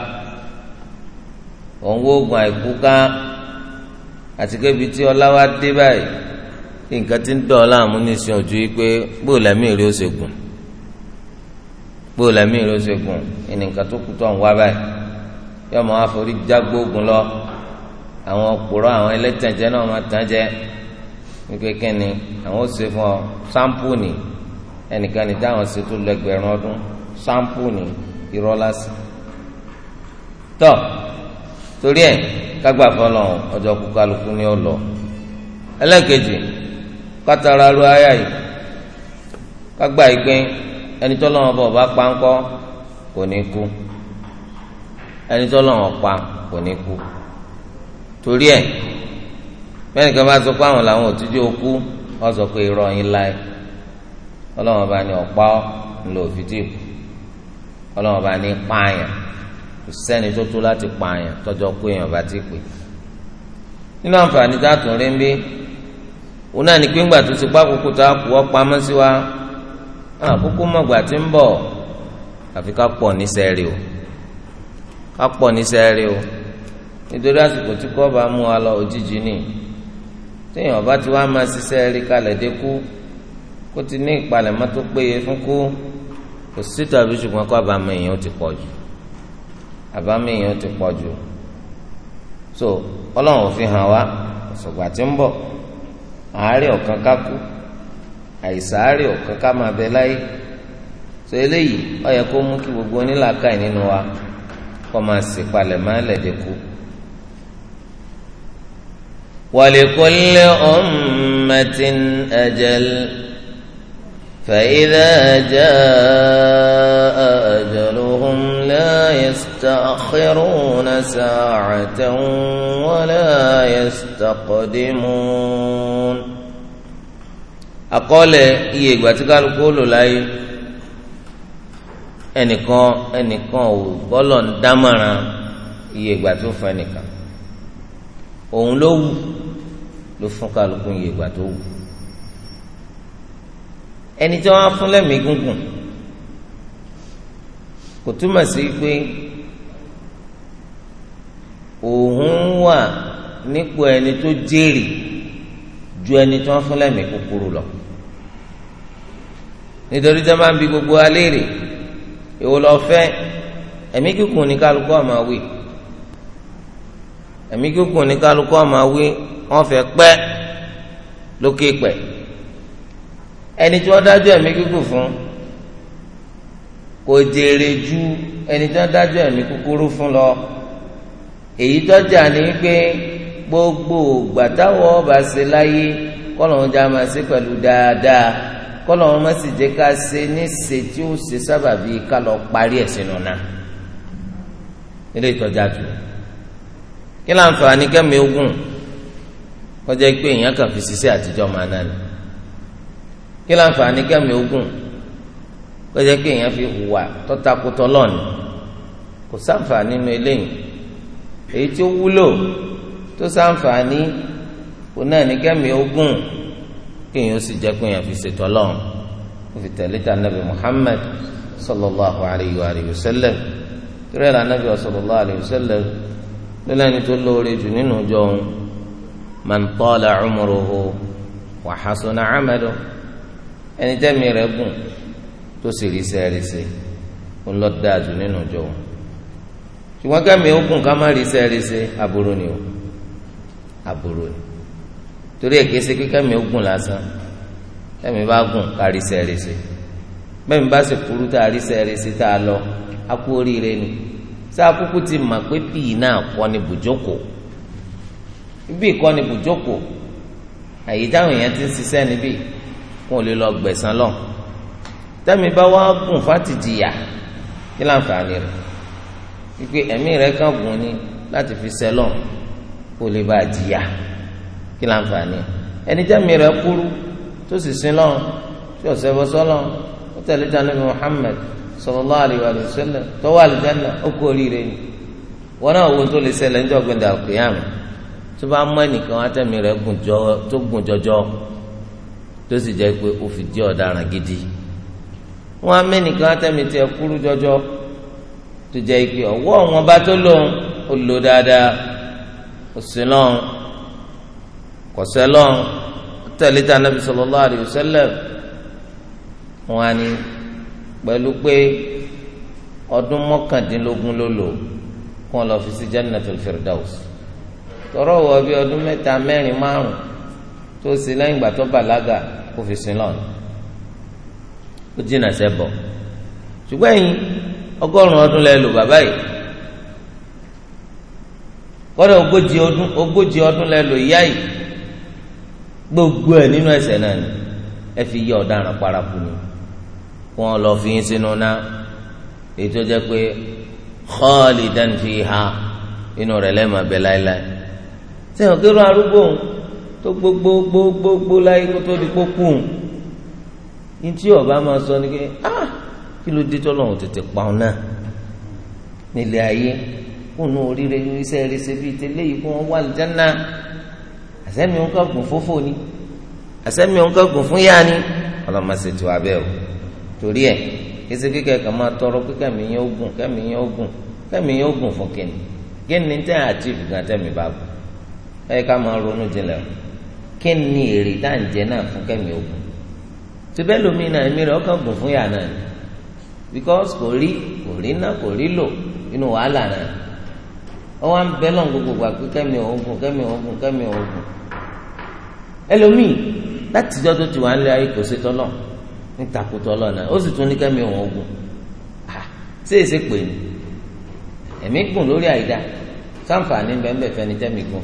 òun wóògùn àìkú ká àti kébi tí ọlá wa dé báyìí nǹkan ti ń dọ̀ ọ́ láàmú nísìnyí ojú yìí pé bó lẹ́mí rí ó ṣe gùn bó lẹ́mí rí ó ṣe gùn ìnìkan tó kú tó ń wá báyìí yóò máa forí jágbóògùn lọ àwọn òpùrọ́ àwọn ẹlẹ́tẹ̀jẹ́ náà máa tàn jẹ́ wípé kẹ́ni àwọn ó ṣe fún ọ sámpúùnì ẹnìkan ní táwọn ṣe tó lọ ọdún sámpúùnì irọ́ lásì torí ẹ kágbà fọlọ ọjọ́ kú kálukú ni ó lọ ẹlẹ́ẹ̀kejì kátàrà ru ayá yìí kágbà ìpín ẹni tó lọ́wọ́ bọ̀ bá pa ńkọ́ kò ní kú ẹni tó lọ́wọ́ pa kò ní kú torí ẹ bẹ́ẹ̀ni kan bá sọ pé àwọn làwọn òtújú okú wọ́n sọ pé irọ́ yín láì ọlọ́wọ́n bá ní ọ̀pá ńlọ òfìtì ọlọ́wọ́n bá ní pààyàn kò sẹ́ni tó tó láti pààyàn tọ́jọ́ pé èèyàn bá ti pè nínú àǹfààní tá a tún rí ń bí òun náà ní pé ńgbà tó ti pa kókó tá a kú ọ pamọ́ sí wa àkókò mọ̀gbà tí ń bọ̀ àfi ká pọ̀ ní sẹ́ẹ̀rì o ká pọ̀ ní sẹ́ẹ̀rì o nítorí àsìkò tí kò bá mú wa lọ òjijì ni téèyàn bá ti wá máa ṣiṣẹ́ rí kalẹ̀ dé kú kó ti ní ìpalẹ̀mọ́ tó péye fún kú kò sí tàbí ṣùgbọ́n kó àbámọ̀ èèyàn ti pọ̀ jù. àbámi ti pọ̀ so ọlọ́run òfin hàn wá ọ̀sọ̀gbà tí ń bọ̀ àárẹ̀ ọ̀kan ká kú àìsàárẹ̀ ọ̀kan ká máa bẹ láyé so eléyìí ó yẹ kó mú kí gbogbo onílàákàyè nínú wa kó máa sì palẹ̀ máa lẹ̀dẹ̀ kú. wa likulli ummatin ajal. فإذا جاء أجلهم لا يستأخرون ساعة ولا يستقدمون أقول iye ìgbà tí kálukú lò láyé ẹnìkan ẹnìkan ò bọ́lọ̀ ń dámọ̀ràn iye ìgbà tó fún ẹnìkan òun ló wù ló fún kálukú iye ìgbà tó wù ẹni tí wọ́n á fún lẹ́mìí gúngùn kò túmọ̀ sí pé òun wà nípò ẹni tó jèrè ju ẹni tí wọ́n fún lẹ́mìí kúkúrú lọ nítorí tí wọ́n máa ń bi gbogbo aléèrè èwo lọ fẹ́ ẹ̀mí kíkùn ní kálukú àmà wí ẹ̀mí kíkùn ní kálukú àmà wí wọ́n fẹ́ pẹ́ lókè pẹ́ ẹni tí wọ́n dájọ́ ẹ̀mí gígùn fún kò jèrè ju ẹni tí wọ́n dájọ́ ẹ̀mí kúkúrú fún lọ èyí tọ́jà ni pé gbogbo gbàtàwọ̀ ọba ṣe láyé kọ́lọ́run já máa ṣe pẹ̀lú dáadáa kọ́lọ́run má sì jẹ́ ká ṣe níṣe tí ó ṣe sábà bíi ká lọ parí ẹ̀ sínú nílé ìtọ́jà jù kí láǹfààní kẹ́mi ogun kọjá pé èèyàn kàn fi ṣiṣẹ́ àtijọ́ máa náà ni kí láǹfààní kẹ́mi ogun kó jẹ́ pé èèyàn fi hùwà tọ́takùtọ́ lọ́ọ̀nì kò sáǹfààní nínú eléyìí èyí tí ó wúlò tó sáǹfààní kò náà ní kẹ́mi ogun kéèyàn sì jẹ́ pé èèyàn fi ṣètò ọlọ́run kó fi tẹ̀lé ta nàbì Muhammad sallallahu alayhi wa alihi wa la nàbì sallallahu alayhi wa sallam lọ́la ẹni tó lóore jù nínú ọjọ́ òun man wa hasuna amaluhu ẹni tẹ́mi rẹ̀ gùn tó sì rí sẹ́ẹ̀rì sí ń lọ dáa jù nínú ìjọ wọn ṣùgbọ́n kẹ́mi ó gùn ká má rí sẹ́ẹ̀rì sí aburú ni o aburú ni torí ẹ̀ kése pé kẹ́mi ó gùn lásán kẹ́mi bá gùn ká rí sẹ́ẹ̀rì sí bẹ́ẹ̀ mi bá sì kúrú tá a rí sẹ́ẹ̀rì sí tá a lọ a kú oríire ni sáà kúkú ti mà pé pìyì náà kọ́ ni bùjókòó ibi ìkọ́ni bùjókòó àyè táwọn èèyàn ti ń ṣiṣẹ́ níbí kó o lè lọ gbẹ̀sán lọ tẹ́mi bá wá gùn fátìjìyà kí láǹfààní rẹ̀ wípé ẹ̀mí rẹ̀ kàn gùn ni láti fi sẹ́lọ̀ kó o lè bá jìyà kí láǹfààní ẹni tẹ́mi rẹ̀ kúrú tó sì sin lọ́n tí ò sẹ́bọ̀ sọ́lọ́ ó tẹ̀lé dánilẹ́bí Muhammad sallallahu alaihi wa sallam tọ́wọ́ àlùjáná ó kú oríire ni wọn náà wo tó lè ṣẹlẹ̀ níjọ́ gbẹ̀dẹ̀ àkùyàmù tó bá mọ́ ẹnìkan atẹ́mi rẹ̀ gùn jọjọ tó sì jẹ́ pé ó fi jẹ́ ọ̀daràn gidi wọn á mẹ́nìkan átẹ́mi tiẹ̀ kúrú jọjọ tó jẹ́ pé ọwọ́ wọn bá tó lòun ó lò dáadáa òsínlọ́n kọ̀sẹ́lọ́n tẹ̀lé tí anabi sallallahu alaihi wasallam wọn á ní pẹ̀lú pé ọdún mọ́kàndínlógún ló lò kó wọn lọ fi sí Jannatul Firdaus tọrọ wọ bí ọdún mẹ́ta mẹ́rin márùn tó sì lẹ́yìn ìgbà bàlágà kó fi sin lọ́nà ó jìnnà sẹ́ bọ̀ ṣùgbọ́n ẹ̀yin ọgọ́rùn-ún ọdún lẹ́ lò bàbá yìí kọ́dọ̀ ogójì ọdún ogójì ọdún lẹ́ lò ìyá yìí gbogbo ẹ̀ nínú ẹsẹ̀ náà ni ẹ fi yí ọ̀daràn paraku ni wọ́n lọ fi yín sínú náà èyí tó jẹ́ pé khalidan fiha inú rẹ̀ lẹ́ẹ̀ma bẹ láéláé sẹ́yìn kí ló arúgbó òun tó gbogbogbogbogbò láyé kó tó di kókù ní tí ọba máa sọ ni pé ah kí ló dé tọ́lọ́run tètè pa ọ náà nílé ayé kónú oríire iṣẹ́ ẹrẹsẹ bíi tẹ́lẹ̀ yìí kó wọ́n wà lìjánná àsẹ́mi ń kọ́gùn fófó ni àsẹ́mi ń kọ́gùn fún yá ni ọlọ́mọ ṣètò abẹ́ o torí ẹ̀ kése kíkẹ́ kàn máa tọrọ pé kẹ́mi yẹn ó gùn kẹ́mi yẹn ó gùn kẹ́mi yẹn ó gùn fún kẹ́ni kí tẹ́ àti ìfìgàn tẹ́mi bá gùn ẹ̀ ká máa ronú jinlẹ̀ o. kí ni èrè tá à ń jẹ náà fún kẹ́mi ogun tó lómi náà èmi rẹ̀ ọkàn gùn fún yà náà ni because kò rí kò rí náà kò rí lò inú wá ń lọ́n gbogbo ogun ogun ogun tó ti wà ayé kò ogun ṣé èsè pè ní ẹ̀mí gùn lórí sáǹfà ní bẹ́ẹ̀ bẹ́ẹ̀ tẹ́mi gùn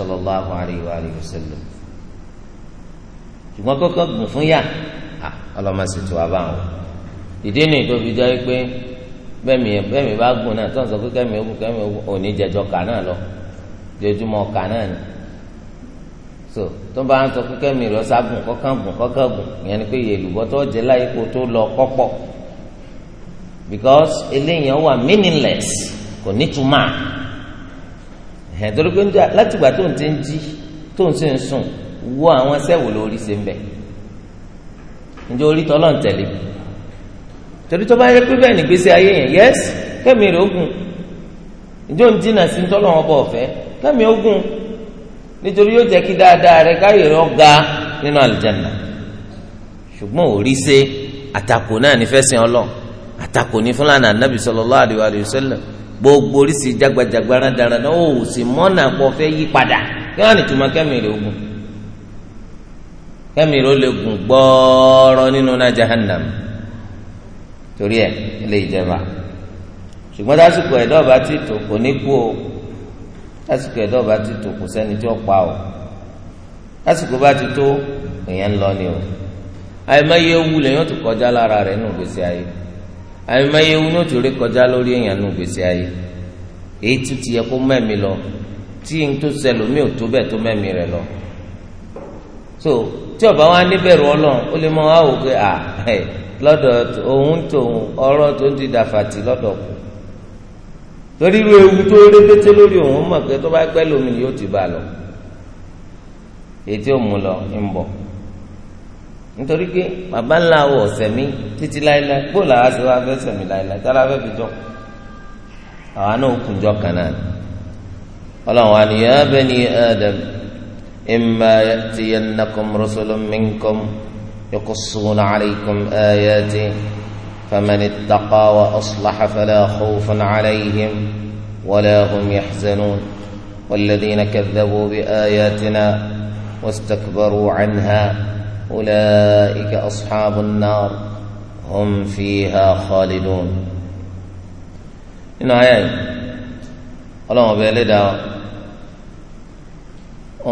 sallallahu alayhi wa alihi wa sallam ṣùgbọ́n kọ́kọ́ gùn fún yà ọlọ́mọ sì tù wá báwọn ìdí ni tó fi jẹ́ pé bẹ́ẹ̀mi bẹ́ẹ̀mi bá gùn náà tó ń sọ pé kẹ́mi ogun kẹ́mi ogun òní jẹjọ kà náà lọ jẹjúmọ́ kà náà ni so tó bá ń sọ pé kẹ́mi lọ ságùn kọ́kàn ìyẹn ni pé yèlùbọ́ tó jẹ láyé kó tó lọ kọ́pọ̀ because eléyìí wà meaningless kò nítumọ̀ ẹ̀ torí pé látìgbà tó ń ti ń jí tó ń sì ń sùn wọ àwọn sẹ́wò lórí ṣe ń bẹ̀ ǹjẹ́ orí tọ́lọ̀ ń tẹ̀lé torí tó bá yẹ pé bẹ́ẹ̀ nígbésí ayé yẹn yẹ́sì kẹ́mi rẹ̀ ogun ǹjẹ́ òun dínà sí tọ́lọ̀ wọn bọ̀ ọ̀fẹ́ kẹ́mi ogun nítorí yóò jẹ́ kí dáadáa rẹ̀ káyọ̀ rẹ̀ ọ̀gá nínú àlùjánnà ṣùgbọ́n òrí ṣe àtakò náà ní fẹ́sìn ọlọ́ àtakò ní fúlànà ànábì sallallahu alaihi wa gbogbo oríṣi jagbajagba dáradára náà ó sì mọ́nà pọ̀ fẹ́ yí padà kí wọ́n á nìtúmọ̀ kẹ́mìrì ogun kẹ́mìrì ó lè gùn gbọ́ọ́rọ́ nínú náà jahannam torí ẹ̀ ilé ìjẹba ṣùgbọ́n lásìkò ẹ̀dọ́ ọba ti tò kò ní kú o lásìkò ẹ̀dọ́ ọba ti tò kò sẹ́ni tí pa o lásìkò bá ti tó èèyàn lọ ni o àìmọye ewu tó kọjá lára rẹ̀ nù gbèsè ayé àyèmáyé ewu ní òtúrẹ́ kọjá lórí èèyàn nù gbèsè ayé èyí tún ti yẹ kó mẹ́mi lọ tí n tó ṣẹlẹ̀ mi ò tó bẹ́ẹ̀ tó mẹ́mi rẹ̀ lọ. so tí ọba wa níbẹ̀rù ọlọ́run ó lè mọ àwò pé à ẹ lọ́dọ̀ òun tòun ọ̀rọ̀ tó ń di dàfàtì lọ́dọ̀ kù torí irú ewu tó rébété lórí òun mọ̀ pé tó bá gbẹ́ lómi ni yóò ti bá lọ èyí tí ó mú lọ ń bọ̀. nítorí pé bàbá ńlá wọ ọ̀sẹ̀ mi títí láéláé bó làá ṣe wá fẹ́ sẹ̀mí láéláé tára fẹ́ fi jọ àwa náà kùn jọ kan náà ọlọ́run wa ni yā banī ādam immā ya'tiyannakum rusulun minkum yaqussūna 'alaykum āyātī faman ittaqā wa aslaḥa falā khawfun 'alayhim walā hum yaḥzanūn walladhīna kadhabū bi āyātinā wastakbarū 'anhā. أولئك أصحاب النار هم فيها خالدون nínú ayé yìí ọlọ́run ọba ẹlẹ́dàá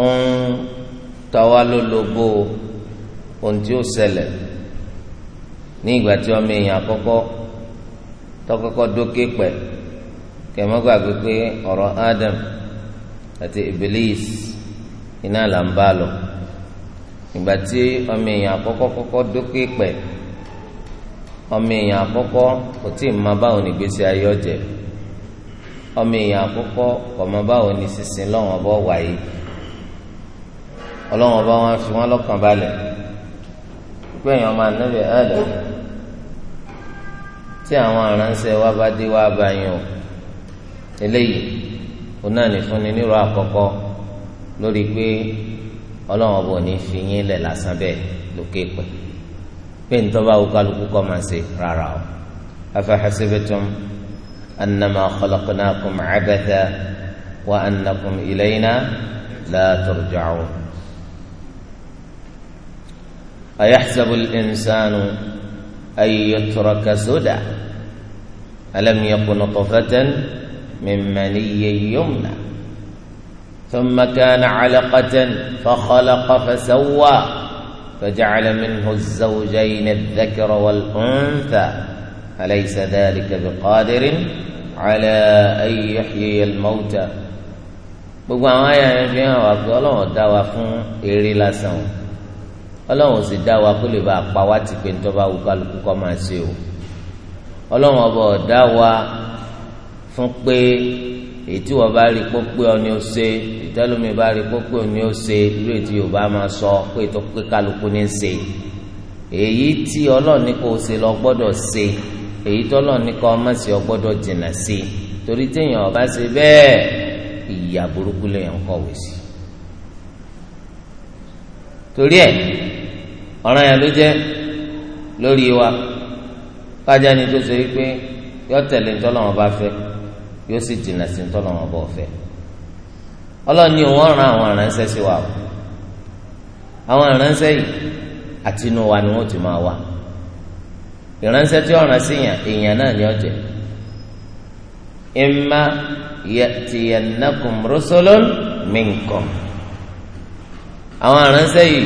ó ń tawá lólobó ohun tí ó ṣẹlẹ̀ ní ìgbà tí ọmọ èèyàn àkọ́kọ́ tọkọ́kọ́ dókè pẹ̀ kẹmọ́gbàgbé pé ọ̀rọ̀ Adam àti Iblis iná là ń bá lọ ìgbà tí ọmọ èèyàn àkọ́kọ́ kọ́kọ́ dókè pẹ̀ ọmọ èèyàn àkọ́kọ́ kò tí ì máa báwọn nígbésí ayé ọ̀jẹ̀ ọmọ èèyàn àkọ́kọ́ kò máa báwọn ní sísìn lọ́wọ́n ọba wáyé ọlọ́wọ́n ọba wọn fi wọn lọ́kàn balẹ̀ pé èèyàn máa nẹ́bẹ̀ ẹ̀ẹ́dẹ̀ tí àwọn aránṣẹ́ wa bá dé wá bá yín o eléyìí òun náà nìfúnni nírò àkọ́kọ́ lórí pé ọlọ́run ọba ò ní fi yín lẹ̀ lásán bẹ́ẹ̀ lókè pẹ̀ pé ntọ́ba awúkálukú kọ́ máa ṣe rárá o afahasibitum annama khalaqnakum abatha wa annakum ilayna la turja'un ayahsabu al-insanu an yutraka suda alam yakun nutfatan min maniyyin yumna. ثم كان علقة فخلق فسوى فجعل منه الزوجين الذكر والأنثى أليس ذلك بقادر على أن يحيي الموتى gbogbo àwọn àyà yẹn fi hàn wá pé ọlọ́run dá wa fún eré lásán o ọlọ́run sì dá wa kó lè bá a pa wá ti pé nítorí bá wù kálukú kọ́ máa ṣe o ọlọ́run ọba ọ̀dá wa fún pé èyí tí wọ́n bá rí pópé ọ ni ó ṣe ìtẹ́lómi bá rí pópé ọ ni ó ṣe irú èyí tí Yorùbá máa sọ pé tó pé kálukú ní ṣe èyí tí Ọlọ́run ní kó o ṣe lọ gbọ́dọ̀ ṣe èyí tí Ọlọ́run ní kó o ọ gbọ́dọ̀ jìnnà sí torí téèyàn ọba ṣe bẹ́ẹ̀ ìyà burúkú lèèyàn kọ̀wé sí torí ẹ ọ̀ràn yẹn ló jẹ́ lórí wa kájà ni tó ṣe wípé yọ tẹ̀lé ntọ́lọ́wọ́n bá fẹ́ yóò sì jìnnà sí tọ́lọ̀ wọn bọ̀ fẹ́ ọlọ́run ni ran àwọn aránṣẹ́ sí wa o àwọn aránṣẹ́ yìí àti inú wa ni wọ́n ti máa wá ìránṣẹ́ tí ọ̀ràn sí yàn èèyàn náà ni ọ̀jẹ̀ imma ya'tiyannakum rusulun minkum àwọn aránṣẹ́ yìí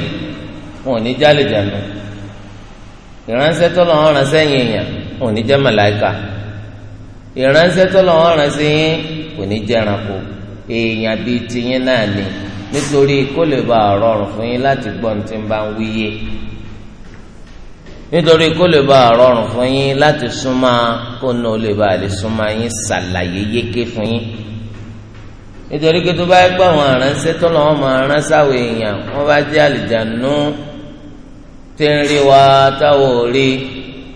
wọn ò ní jálè ọ̀ràn sẹ́yìn èèyàn wọn ò ní ìránṣẹ́ tọ́lọ̀ wọn ránṣẹ́ yín kò ní jẹ́ ẹranko èèyàn bíi tiyín náà ni nítorí kó lè bá rọrùn fún yín láti gbọ́ ní ti ń bá ń wíyé nítorí kó lè bá rọrùn fún yín láti súnmọ́ kó nà ó lè bá lè súnmọ́ yín ṣàlàyé yéké fún yín nítorí pé tó bá yẹ pé àwọn aránṣẹ́ tọ́lọ̀ wọn máa ránṣẹ́ àwọn èèyàn wọ́n bá jẹ́ àlìjánu tí ń rí wa táwọn ò rí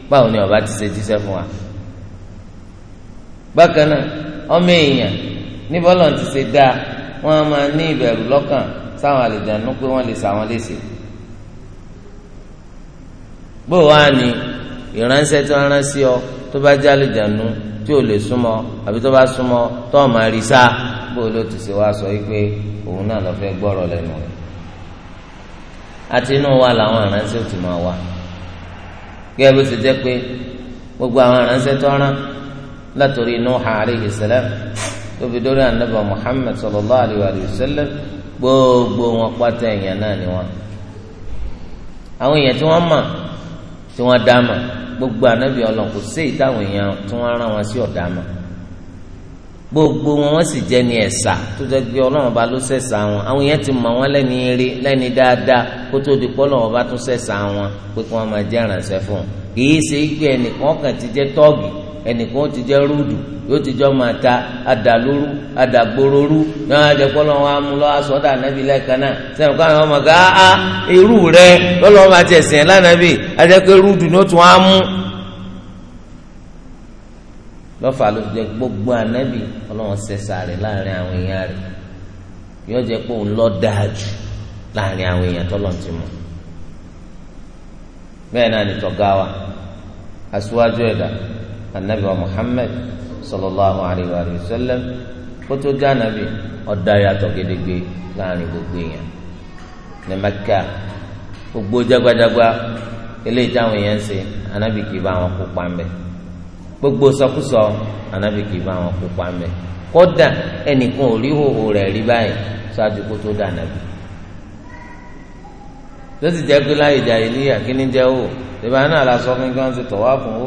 báwo ni ọba ti ṣe jíṣẹ́ fún wa bákan náà ọmọ èèyàn ní bọ́lọ̀ ti ṣe dáa wọ́n á máa ní ìbẹ̀rù lọ́kàn sáwọn àlejànú pé wọ́n lè sàwọn léṣe. bó wàá ní ìránṣẹ́ tí wọ́n rán sí ọ tó bá jẹ́ àlejànú tí ò lè súnmọ́ àbí tó bá súnmọ́ tó ọ̀ máa rí sá bó ló ti ṣe wá sọ wípé òun náà lọ fẹ́ gbọ́rọ̀ lẹ́nu rẹ̀. àti inú wa làwọn ìránṣẹ́ ò ti máa wà. gẹ́gẹ́ bó ti jẹ́ pé gbogbo àwọn ìránṣẹ́ tó rán látòrí nuuxa aleyhi salam tóbi dórí anaba muhammed sallallahu alayhi wa sallam gbogbo wọn pátá èèyàn náà ni wọn. àwọn èèyàn tí wọ́n mọ̀ tí wọ́n dá mọ̀ gbogbo anabi Ọlọ́run kò sí ìtàwọn èèyàn tí wọ́n rán wọn sí ọ̀dá mọ̀ gbogbo wọn wọ́n sì jẹ́ ní ẹ̀sà tó jẹ́ pé Ọlọ́run bá ló sẹ̀sà wọn àwọn èèyàn ti mọ̀ wọ́n lẹ́ni eré lẹ́ni dáadáa kó tó di pọ́lọ́wọ́n bá tún sẹ̀sà wọn pé kí wọ́n máa jẹ́ ìrànṣẹ́ fún un kì í ṣe pé ẹnìkan kàn ti jẹ́ tọ́ọ̀gì ẹnìkan ó ti jẹ́ rúdù yóò ti jọ́ máa ta adàlóru adàgbòròrú náà àjẹpọ́lọ́ wọn á mú lọ́ àsọdà nàbí lẹ́ẹ̀kan náà sẹ́yìn àwọn ọmọ gàá á irú rẹ lọ́lọ́wọ́ máa ti ẹ̀sìn ẹ̀ lánàbí àjẹpẹ́ rúdù ni ó tún á mú. lọ́fà ló ti gbogbo ànábì ọlọ́wọ́n sẹ̀sà rẹ̀ láàrin àwọn èèyàn rẹ̀ yóò pé òun dáa jù láàrin àwọn èèyàn tọ́lọ̀ ti mọ̀ bẹ́ẹ̀ náà ni tọ́gá wa aṣíwájú ẹ̀dá anabi wa muhammed sallallahu alayhi wa sallam kótó jánabi ọ̀dà yàtọ̀ gédégbé láàrin gbogbo èèyàn ní mẹ́kà gbogbo jagbajagba eléyìí táwọn èèyàn ń ṣe anabi kì í bá wọn kópa ń bẹ gbogbo sọkúsọ anabi kì í bá wọn kópa ń bẹ kódà ẹnìkan ò rí hòhò rẹ̀ rí báyìí ṣáájú kótó dànàbì lọ́sì jẹ́ pé láyé ìjà ìlú àkíní jẹ́ hò ìbá náà la sọ kí wọ́n ti tọ̀ wá fún hò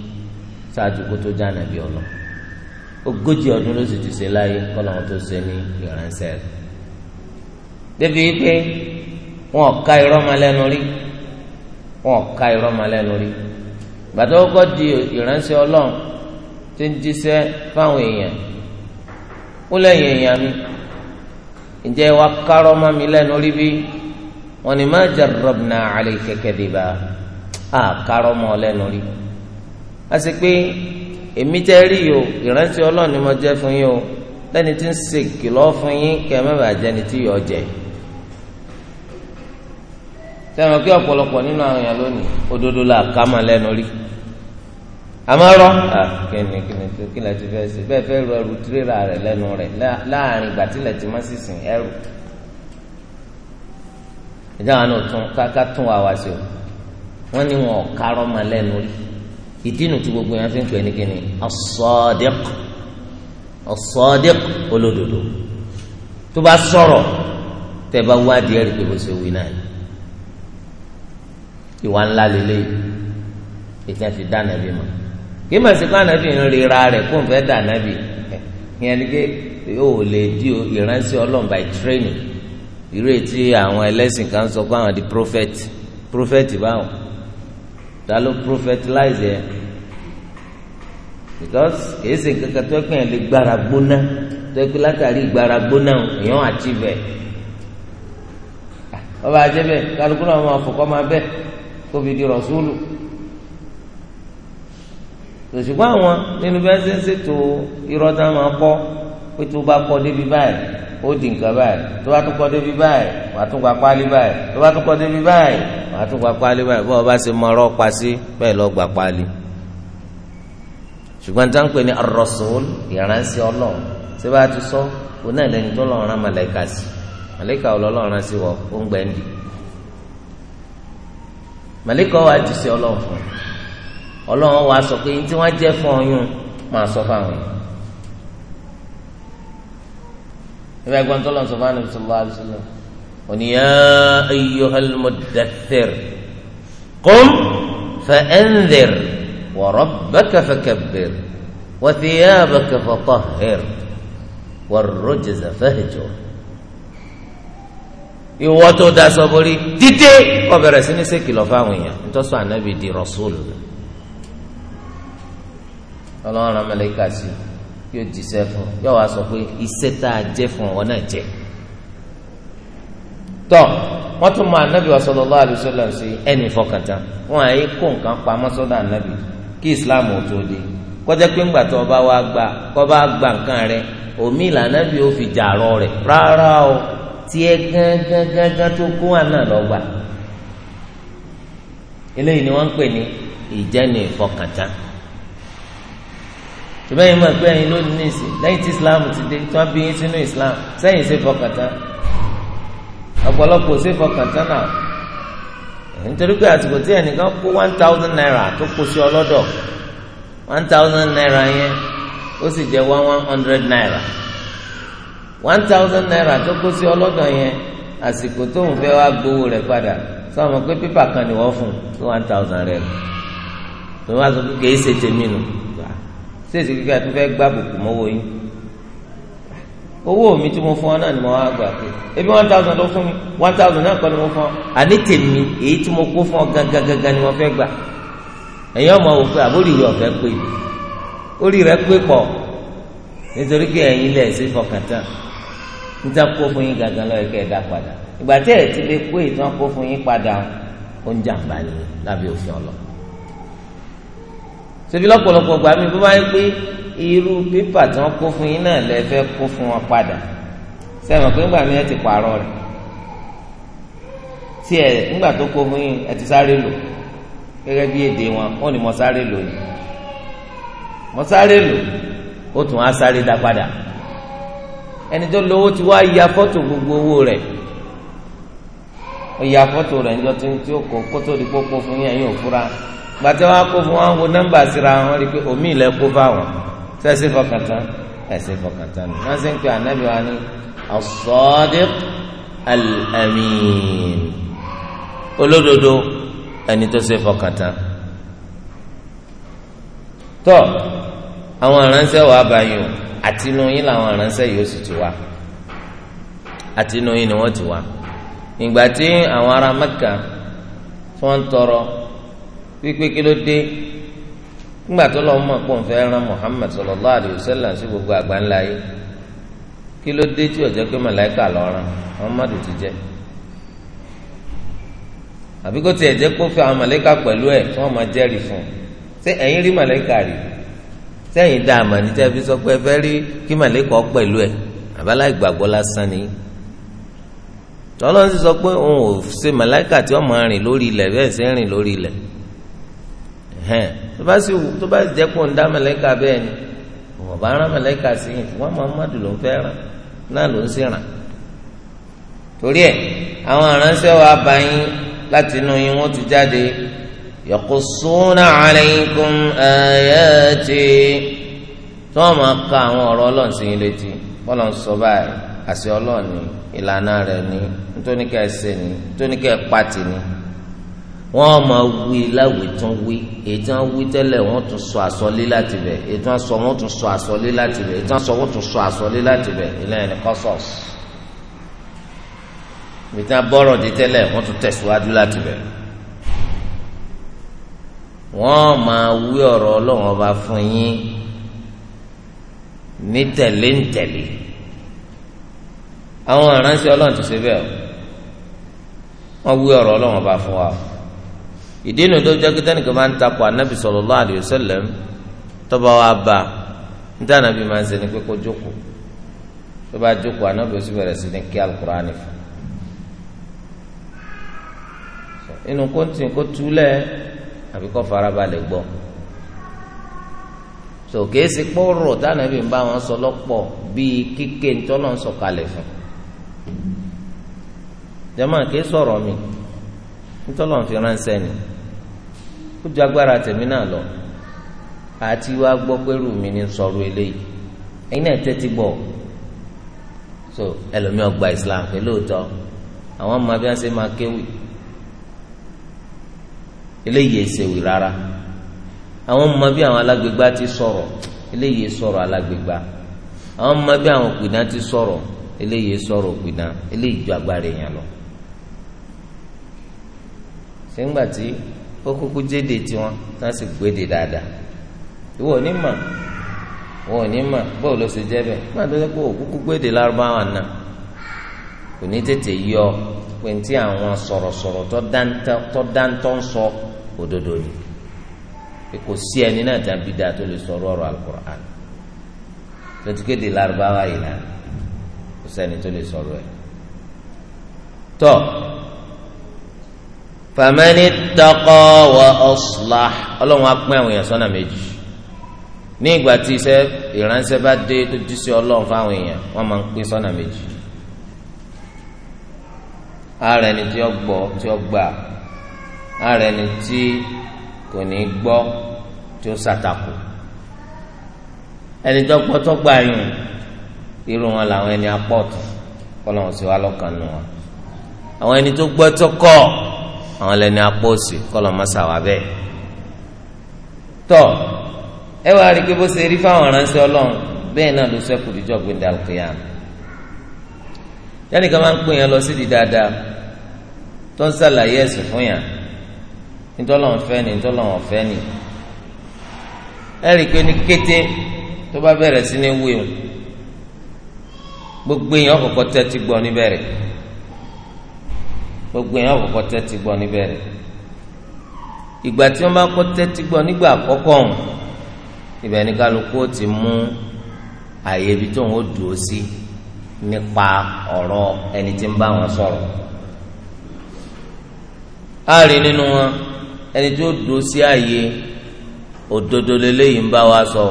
ṣáájú kó tó já nàbí ọlọ ogójì ọdún ló sì ti ṣe láyé kọlọ wọn tó ṣe ní ìránṣẹ́ rẹ̀ débi pé wọn ka irọ́ ma lẹ́nu rí wọn ka irọ́ ma lẹ́nu rí gbàtọ́ kọ́ di ìránṣẹ́ ọlọ́run tí ń jíṣẹ́ fáwọn èèyàn ó lẹ́yìn èèyàn mi ǹjẹ́ wa kárọ́ má mi lẹ́nu rí bí wọn ni má jarrabna alayka kadiba àkárọ́ mọ́ lẹ́nu rí a sì pé èmi tẹ́ rí yìí o ìrántí ọlọ́ọ̀ni mo jẹ́ fún yín o lẹ́ni tí ń ṣe kìlọ̀ fún yín kẹ́ ẹ má bàa jẹni tí yọ̀ jẹ́ sẹ́wọ̀n kí ọ̀pọ̀lọpọ̀ nínú àwọn èèyàn lónìí òdodo la ká máa lẹ́nu rí àmọ́ rọ kíni kíni tó kí lẹ́ẹ̀ ti fẹ́ ṣe bẹ́ẹ̀ fẹ́ ru ẹrù tirẹ́là rẹ̀ lẹ́nu rẹ̀ láàrin ìgbà tí lẹ́ẹ̀ má sì sìn ẹrù ìdáhùn àná tún ká tún wá wá sí o wọ́n ní wọn ò kárọ́ máa lẹ́nu rí ìdínú tí gbogbo yẹn fi ń pè ní kíni as-sadiq as-sadiq olódodo tó bá sọ̀rọ̀ tẹ́ bá wádìí ẹ̀rí pé bó ṣe wí náà ìwà ńlá lélẹ̀ ìtẹ́ fi dá nàbí mọ̀ kí mà sí pé ànábì ń rira rẹ̀ kó n fẹ́ dá nàbì yẹn ni pé yóò lè di ìránṣẹ́ ọlọ́run by training ìrètí àwọn ẹlẹ́sìn kan sọ pé àwọn di prophet prophet báwọn ta ló prophetize yẹ because kìí ṣe kankan tó ẹgbẹ́ yẹn lè gbára gbóná tó ẹgbẹ́ látàrí gbára gbóná èèyàn àtìvẹ̀ ah, ọba àjẹbẹ kálukú náà máa fọkọ́ máa bẹ̀ kó fi di rọ̀ṣúlù tòṣùgbọ́n àwọn nínú bí wọ́n ṣe ń ṣètò irọ́ tá a máa kọ́ pé tó bá kọ́ débi báyìí ó di nǹkan báyìí tó bá tún kọ́ débi báyìí wàá tún gba páálí báyìí tó bá tún kọ́ débi báyìí wàá tún gba páálí báyìí bọ́ọ̀ bá ṣe mọ́rọ́ pa sí bẹ́ẹ̀ lọ gba páálí. ṣùgbọ́n tá à ń pè ní ar-rasul ìránṣẹ́ ọlọ́run ṣé bá a ti sọ òun náà lẹni tó lọ́ọ́ ran màlẹ́kà sí màlẹ́kà ọlọ́run sí wọ ó ń gbẹ́ndì. màlẹ́kà wa ti ṣe ọlọ́run fún ọlọ́run wa sọ pé tí wọ́n jẹ́ fún ọyún máa sọ fáwọn yìí. ìbá ẹgbọ́n oníyà ayyuhal muddathir qum fa anzir wa rabbaka fakabbir wa thiyabaka fatahhir war rujza fahjur ìwọ tó daṣọ borí dídé kó bẹ̀rẹ̀ sí ní ṣèkìlọ̀ fáwọn èèyàn nítòsọ ànábì di rasul Ọlọ́run amalekasi yóò jíṣẹ́ fún yóò wá sọ pé iṣẹ́ tá a jẹ́ fún ọ náà jẹ́. tọ́ wọ́n tún mọ anabi wa sallallahu alaihi wasallam sí ẹni ìfọkàntán wọn àyè kó nǹkan anabi kí islam ò tó de kọjá pé ńgbà tó ọba wa gba kọba gba nǹkan rẹ omi Anabi fi rẹ rárá o tó kó àná eléyìí ni ń pè ní ìjẹni pé ẹ̀yin ló ní ìsìn lẹ́yìn tí islam ti dé tí wọ́n bí yín sínú islam ọ̀pọ̀lọpọ̀ ṣe fọkàn tán náà nítorí pé àsìkò tí ẹnìkan kó one thousand naira tó kó sí ọlọ́dọ̀ one thousand naira yẹn ó sì jẹ́ one one hundred naira one thousand naira tó kó sí ọlọ́dọ̀ yẹn àsìkò tó ń fẹ́ wá gbowó rẹ̀ padà sọ pé pépà kan ni wọ́n fún sí one thousand rẹ̀ tó wá sọ pé kìí ṣe tèmi nù ṣèṣì kíkà tó fẹ́ gbàbùkù mọ́wọ́ yín owó mi tí mo fún ọ náà ni mo wá gbà pé ebi one thousand ló fún mi one thousand náà kọ́ ni mo fún ọ àní tèmi èyí tí mo kó fún ọ gangan gangan ni mo fẹ́ gbà ẹ̀yin ọmọ wò pé àbórí rẹ ọ̀fẹ́ pé orí rẹ pé pọ̀ nítorí pé ẹ̀yin lẹ̀ sí fọkàn tán níta kó fún yín gangan lọ́yẹ̀ kẹ́ ẹ dá padà ìgbà tí ẹ̀ ti lè kó ìtàn kó fún yín padà ó ń jàǹbá ni lábẹ́ òfin ọlọ́ ṣebí lọ́pọ̀lọpọ̀ gbà irú pépà tí wọ́n kó fún yín náà lẹ fẹ́ kó fún wọn padà sẹ́mi pé ńgbà mi ẹ ti pààrọ̀ tí ẹ ńgbà tó kó ti sáré lò gẹ́gẹ́ bí èdè wọn wọ́n ní sáré lò yìí sáré lò ó tún á sáré dá padà ẹni tó lówó ti ya gbogbo owó rẹ̀ ó ya fọ́tò rẹ̀ níjọ́ tí ó kó kótó di pópó fún yín òfúra kó fún wọn wo síra wọn sẹ́sẹ́ fọkàntán ẹ̀sẹ̀ fọkàntán ni wọ́n sì ń pè ànábì wa ní as-sadiq al-amin olódodo ẹni tó ṣe fọkàntán tọ́ àwọn aránṣẹ́ wàá báyìí o àtinú yín làwọn aránṣẹ́ yìí ó sì ti wá àtinú yín ni wọ́n ti wá ìgbà tí àwọn ará Mẹ́kà tí wọ́n ń tọrọ wípé kí ló dé ńgbà tó lọ́wọ́ mọ̀ pọ̀ nfẹ́ ran Muhammad sallallahu alayhi wa sallam sí gbogbo àgbáńlá yìí kí ló dé tí ó jẹ́ pé màláìkà lọ́ràn Muhammad ti jẹ́ àbí kó tiẹ̀ jẹ́ kó fẹ́ àwọn màláìkà pẹ̀lú ẹ̀ tí wọ́n máa jẹ́rìí fún un ṣé ẹ̀yin rí màláìkà rí sẹ́yìn dá àmà níta fi sọ pé ẹ fẹ́ rí kí màláìkà ọ pẹ̀lú ẹ̀ àbálá ìgbàgbọ́ lásán ni tọ́lọ́ sì sọ pé òun ò ṣe màláìkà tí wọ́n rìn lórí ilẹ̀ bẹ́ẹ̀ sì rìn lórí ilẹ̀ hẹn tó bá sì tó bá jẹ́ kó ń dá mẹ̀lẹ́kà ni bá rán sí i wọ́n Muhammadu ló ń fẹ́ rán náà ló ń sì rán torí ẹ̀ àwọn aránṣẹ́ wa bá yín láti inú yín wọ́n ti jáde yaqussuna alaykum ayati tí máa ka àwọn ọ̀rọ̀ sí yín létí ń sọ ni ìlànà rẹ̀ ni nítorí ni nítorí ẹ ni. m'a wọ́n máa wí láwùí tún wí ètò wọn wí tẹ́lẹ̀ wọ́n tún sọ àsọlé láti bẹ̀ ètò wọn sọ wọ́n tún sọ àsọlé láti bẹ̀ ètò wọn sọ wọ́n tún sọ àsọlé láti bẹ̀ ìlànà ẹni kọsọs ìtàn bọrọ di tẹ́lẹ̀ wọ́n tún tẹ̀síwájú láti bẹ̀ wọ́n máa wí ọ̀rọ̀ Ọlọ́run ọba fún yín ní tẹ̀lé ń tẹ̀lé àwọn aránṣẹ́ Ọlọ́run ti ṣe bẹ́ẹ̀ wọ́n wí ọ̀rọ̀ Ọlọ́run ọba fún wa o. ìdí inú tó jẹ́ kíntẹ́ máa ń takò anábì sallallahu tọ́ba wa bá níta anábì máa ń pé kó jókòó tó bá jókòó anábì ó sì bẹ̀rẹ̀ sí ní kí alukur'ani fún inú kóńtì kó túlẹ̀ àbí kó farabalẹ̀ gbọ́ so kèésì kpọ́rọ̀ tánàbí ń bá wọn sọ lọ́pọ̀ bíi sọ̀kalẹ̀ ó ju agbára tèmi náà lọ àti wá gbọ́ pẹ̀lú mi ní sọ̀rọ̀ eléyìí ẹ̀yin náà tẹ́tí so Islam pé lóòótọ́ àwọn ọmọ abíyá ṣe máa kéwì eléyìí èsèwì rárá àwọn ọmọ bí àwọn ti sọ̀rọ̀ eléyìí sọ̀rọ̀ àwọn ọmọ bí àwọn ti sọ̀rọ̀ eléyìí sọ̀rọ̀ eléyìí ju agbára èèyàn lọ. ṣé ń gbà ó kúkú jéde tiwọn tá a sì gbéde dáadáa ìwọ ò ní mọ̀ wọn ò ní mọ̀ bọ́ọ̀ ló ṣe jẹ́ bẹ́ẹ̀ má tó ṣe pé òkúkú gbéde lárúbáwá náà kò ní tètè yọ pé tí àwọn sọ̀rọ̀sọ̀rọ̀ tó dáńtọ́ ń sọ òdodo ni kò sí ẹni náà tàbí dáa tó lè sọ̀rọ̀ ọ̀rọ̀ alukur'an tó ti kéde lárúbáwá yìí náà kò sẹ́ni tó lè sọ̀rọ̀ ẹ̀ tọ́ fàmẹ́ni tọkọ wọ ọ̀ṣlá ọlọ́run á pín àwọn èèyàn sọ́nà méjì ní ìgbà tí iṣẹ́ ìránṣẹ́ bá dé tó jí sí ọlọ́run fáwọn èèyàn wọ́n máa ń pín sọ́nà méjì ara ẹni tí ó tí ó ara ẹni tí kò ní gbọ́ tí ó ṣàtàkù ẹni tó gbọ́ tó gbà yùn irú wọn làwọn ẹni apọ̀tù kọ́ lọ́wọ́ sí lọ́kàn nù wọn àwọn ẹni tó gbọ́ tó kọ́ ọ́ àwọn lẹni apọ́ọ̀sì kọ́lọ̀ si wà bẹ́ẹ̀ tọ́ ẹ wá rí i pé bó ṣe rí fáwọn aránṣẹ́ ọlọ́run bẹ́ẹ̀ náà ló sẹ́kù díjọ́ gbẹ̀dẹ̀ alqiyam yẹ́nì kan máa ń pè yẹn lọ sí di dáadáa tó ń ṣàlàyé ẹ̀sìn fún yàn nítọ́lọ́run fẹ́ ni nítọ́lọ́run ọ̀fẹ́ ni ẹ rí i pé ní kété tó bá bẹ̀rẹ̀ sí ní wíwù gbogbo tẹ́tí gbọ́ gbogbo yẹn ọ̀kọ̀kọ̀ tẹ́tí gbọ́ níbẹ̀ rẹ̀ ìgbà tí wọ́n bá kọ́ tẹ́tí gbọ́ nígbà àkọ́kọ́ ọ̀hún ibẹ̀ ni kálukú ti mú àyè ibi tó ń dùn sí nípa ọ̀rọ̀ ẹni tí ń bá wọn sọ̀rọ̀ á rí nínú wọn ẹni tó dùn sí àyè òdodo lélẹ́yìn ń bá wa sọ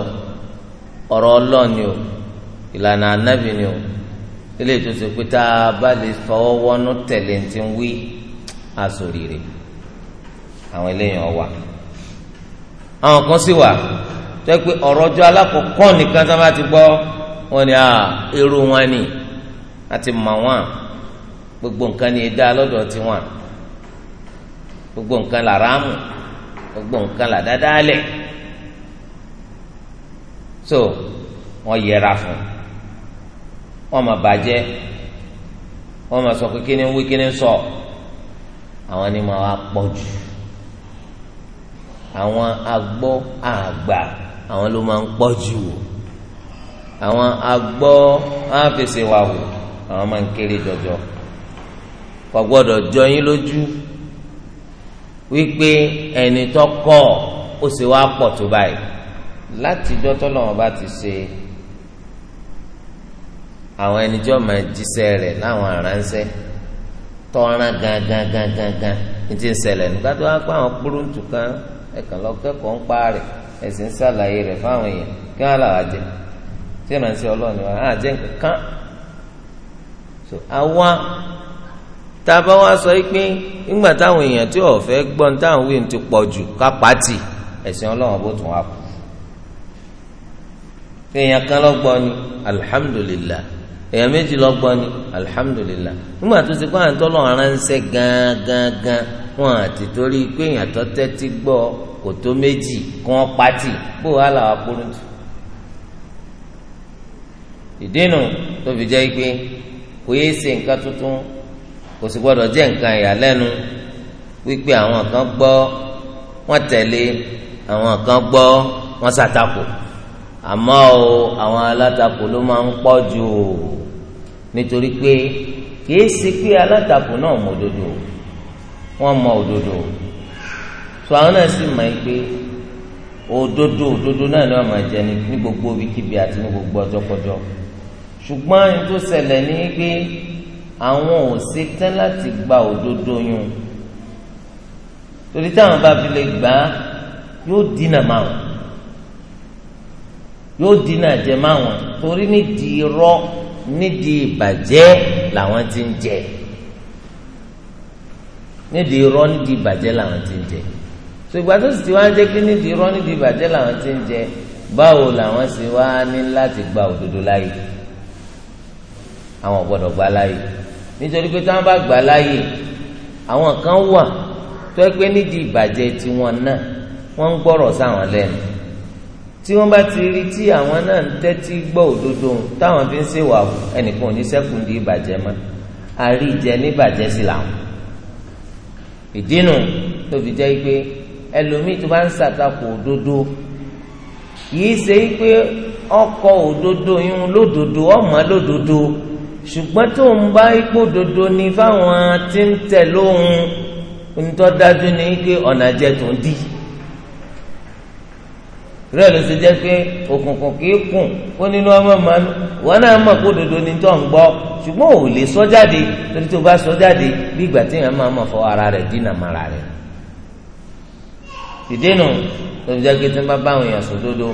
ọ̀rọ̀ ọlọ́ọ̀ni o ìlànà eléyìí tó ṣe pé tá a bá lè fọwọ́ wọnú tẹ̀lé ti ń wí àsòrìrè àwọn eléyìí ọ̀wà àwọn kan sì wà tó pé ọ̀rọ̀ ọjọ́ alákọ̀ọ́kọ́ nìkan tó bá ti gbọ́ wọn ni èrò wọn ni àti mọ̀ wọn gbogbo nǹkan ni ẹ̀dá lọ́dọ̀ tiwọn gbogbo nǹkan là ráàmù gbogbo nǹkan là dáadáa lẹ̀ so wọ́n yẹra fún un wọ́n máa bàjẹ́ wọ́n máa sọ pé kíni ń wí kíni ń sọ àwọn ni máa wá pọ̀ jù àwọn agbọ́ àgbà àwọn ló máa ń pọ̀ jù o àwọn agbọ́ àfẹsẹ̀wàwò àwọn máa ń kéré jọjọ kò gbọ́dọ̀ jọ yín lójú wípé ẹni tó kọ́ ó sì wá pọ̀ tó báyìí látijọ́ tọ́lọ́wọ́n bá ti ṣe. àwọn ẹni tí wọ́n máa jíṣẹ́ rẹ̀ láwọn aránṣẹ́ tọ́ran gangangangangan ní ti ń ṣẹlẹ̀ nígbà tó wá pé àwọn kúrúǹtù kan ẹ̀kan lọ́kẹ́kọ̀ọ́ ń pa rẹ̀ ẹ̀sìn ń ṣàlàyé rẹ̀ fáwọn èèyàn kí wọ́n làwọn tí ìrànṣẹ́ ọlọ́run ni wọ́n á jẹ́ nǹkan so àwa tá a bá wá sọ pé nígbà táwọn èèyàn tí ò fẹ́ táwọn èèyàn méjì lọ́gbọ́n ni alihamudulilayi nígbà tó ti kọ́ àǹtọ́ lọ́wọ́ aránṣẹ́ gangan wọn àti torí pé èèyàn tó tẹ́tí gbọ́ kò tó méjì kí wọ́n pati bó wàá làwọn akpọ́nùtù. ìdínú tó fi jẹ́ pé kò yéé ṣe nǹkan tuntun kò sì gbọ́dọ̀ jẹ́ nǹkan ìyàlẹ́nu wípé àwọn kan gbọ́ wọ́n tẹ̀lé àwọn kan gbọ́ wọ́n ṣàtakò àmọ́ o àwọn alátakò ló máa ń pọ̀ jù o nítorí pé kìí ṣe pé alátakò náà mọ òdodo wọn mọ òdodo tó àwọn náà sì mọ pé òdodo òdodo náà ni wọn máa jẹ ní gbogbo ibikíbi àti ní gbogbo ọjọ́kọjọ́ ṣùgbọ́n ní tó ṣẹlẹ̀ ní pé àwọn ò ṣetán láti gba òdodo yun torí táwọn bá fi lè gbà á yóò dínà máa wọn yóò dínà jẹ máa wọn torí nídìí rọ nídìí ìbàjẹ́ làwọn ti ń jẹ nídìí irọ́ nídìí ìbàjẹ́ làwọn ti ń jẹ so ìgbà tó sì ti wá ń jẹ́ pé nídìí irọ́ nídìí ìbàjẹ́ làwọn ti ń jẹ báwo làwọn sì wá ní láti gba òdodo láàyè àwọn gbọ́dọ̀ gba láàyè nítorí pé táwọn bá gbà láàyè àwọn kan wà tó ẹ pé nídìí ìbàjẹ́ tiwọn náà wọ́n ń gbọ́rọ̀ sáwọn lẹ́nu tí wọ́n bá ti rí tí àwọn náà ń tẹ́tí gbọ́ òdodo táwọn fi ń ṣèwà ẹnìkan ò ní sẹ́kùn di ìbàjẹ́ mọ́ àríjẹ níbàjẹ́ sí làwọn. ìdínú ló fi jẹ́ pé ẹlòmíì tó bá ń ṣàtakò òdodo kìí ṣe pé ọkọ̀ òdodo yún lódodo ọmọ lódodo ṣùgbọ́n tó ń bá ipò dodo ni fáwọn tí ń tẹ̀ lóhun ń tọ́ dájú ní pé ọ̀nà jẹ tó ń dì í rẹ ló ṣe jẹ́ pé òkùnkùn kì í kùn ó nínú ọmọ màánu wọn náà mọ̀ kó dodo ni tó ń gbọ́ ṣùgbọ́n ò lè sọ jáde torí tó bá sọ jáde bí ìgbà téèyàn máa mọ̀ fọ ara rẹ̀ dínà mara rẹ̀ ìdènà lóbi jẹ́ pé tí wọ́n bá bá àwọn èèyàn sòdodo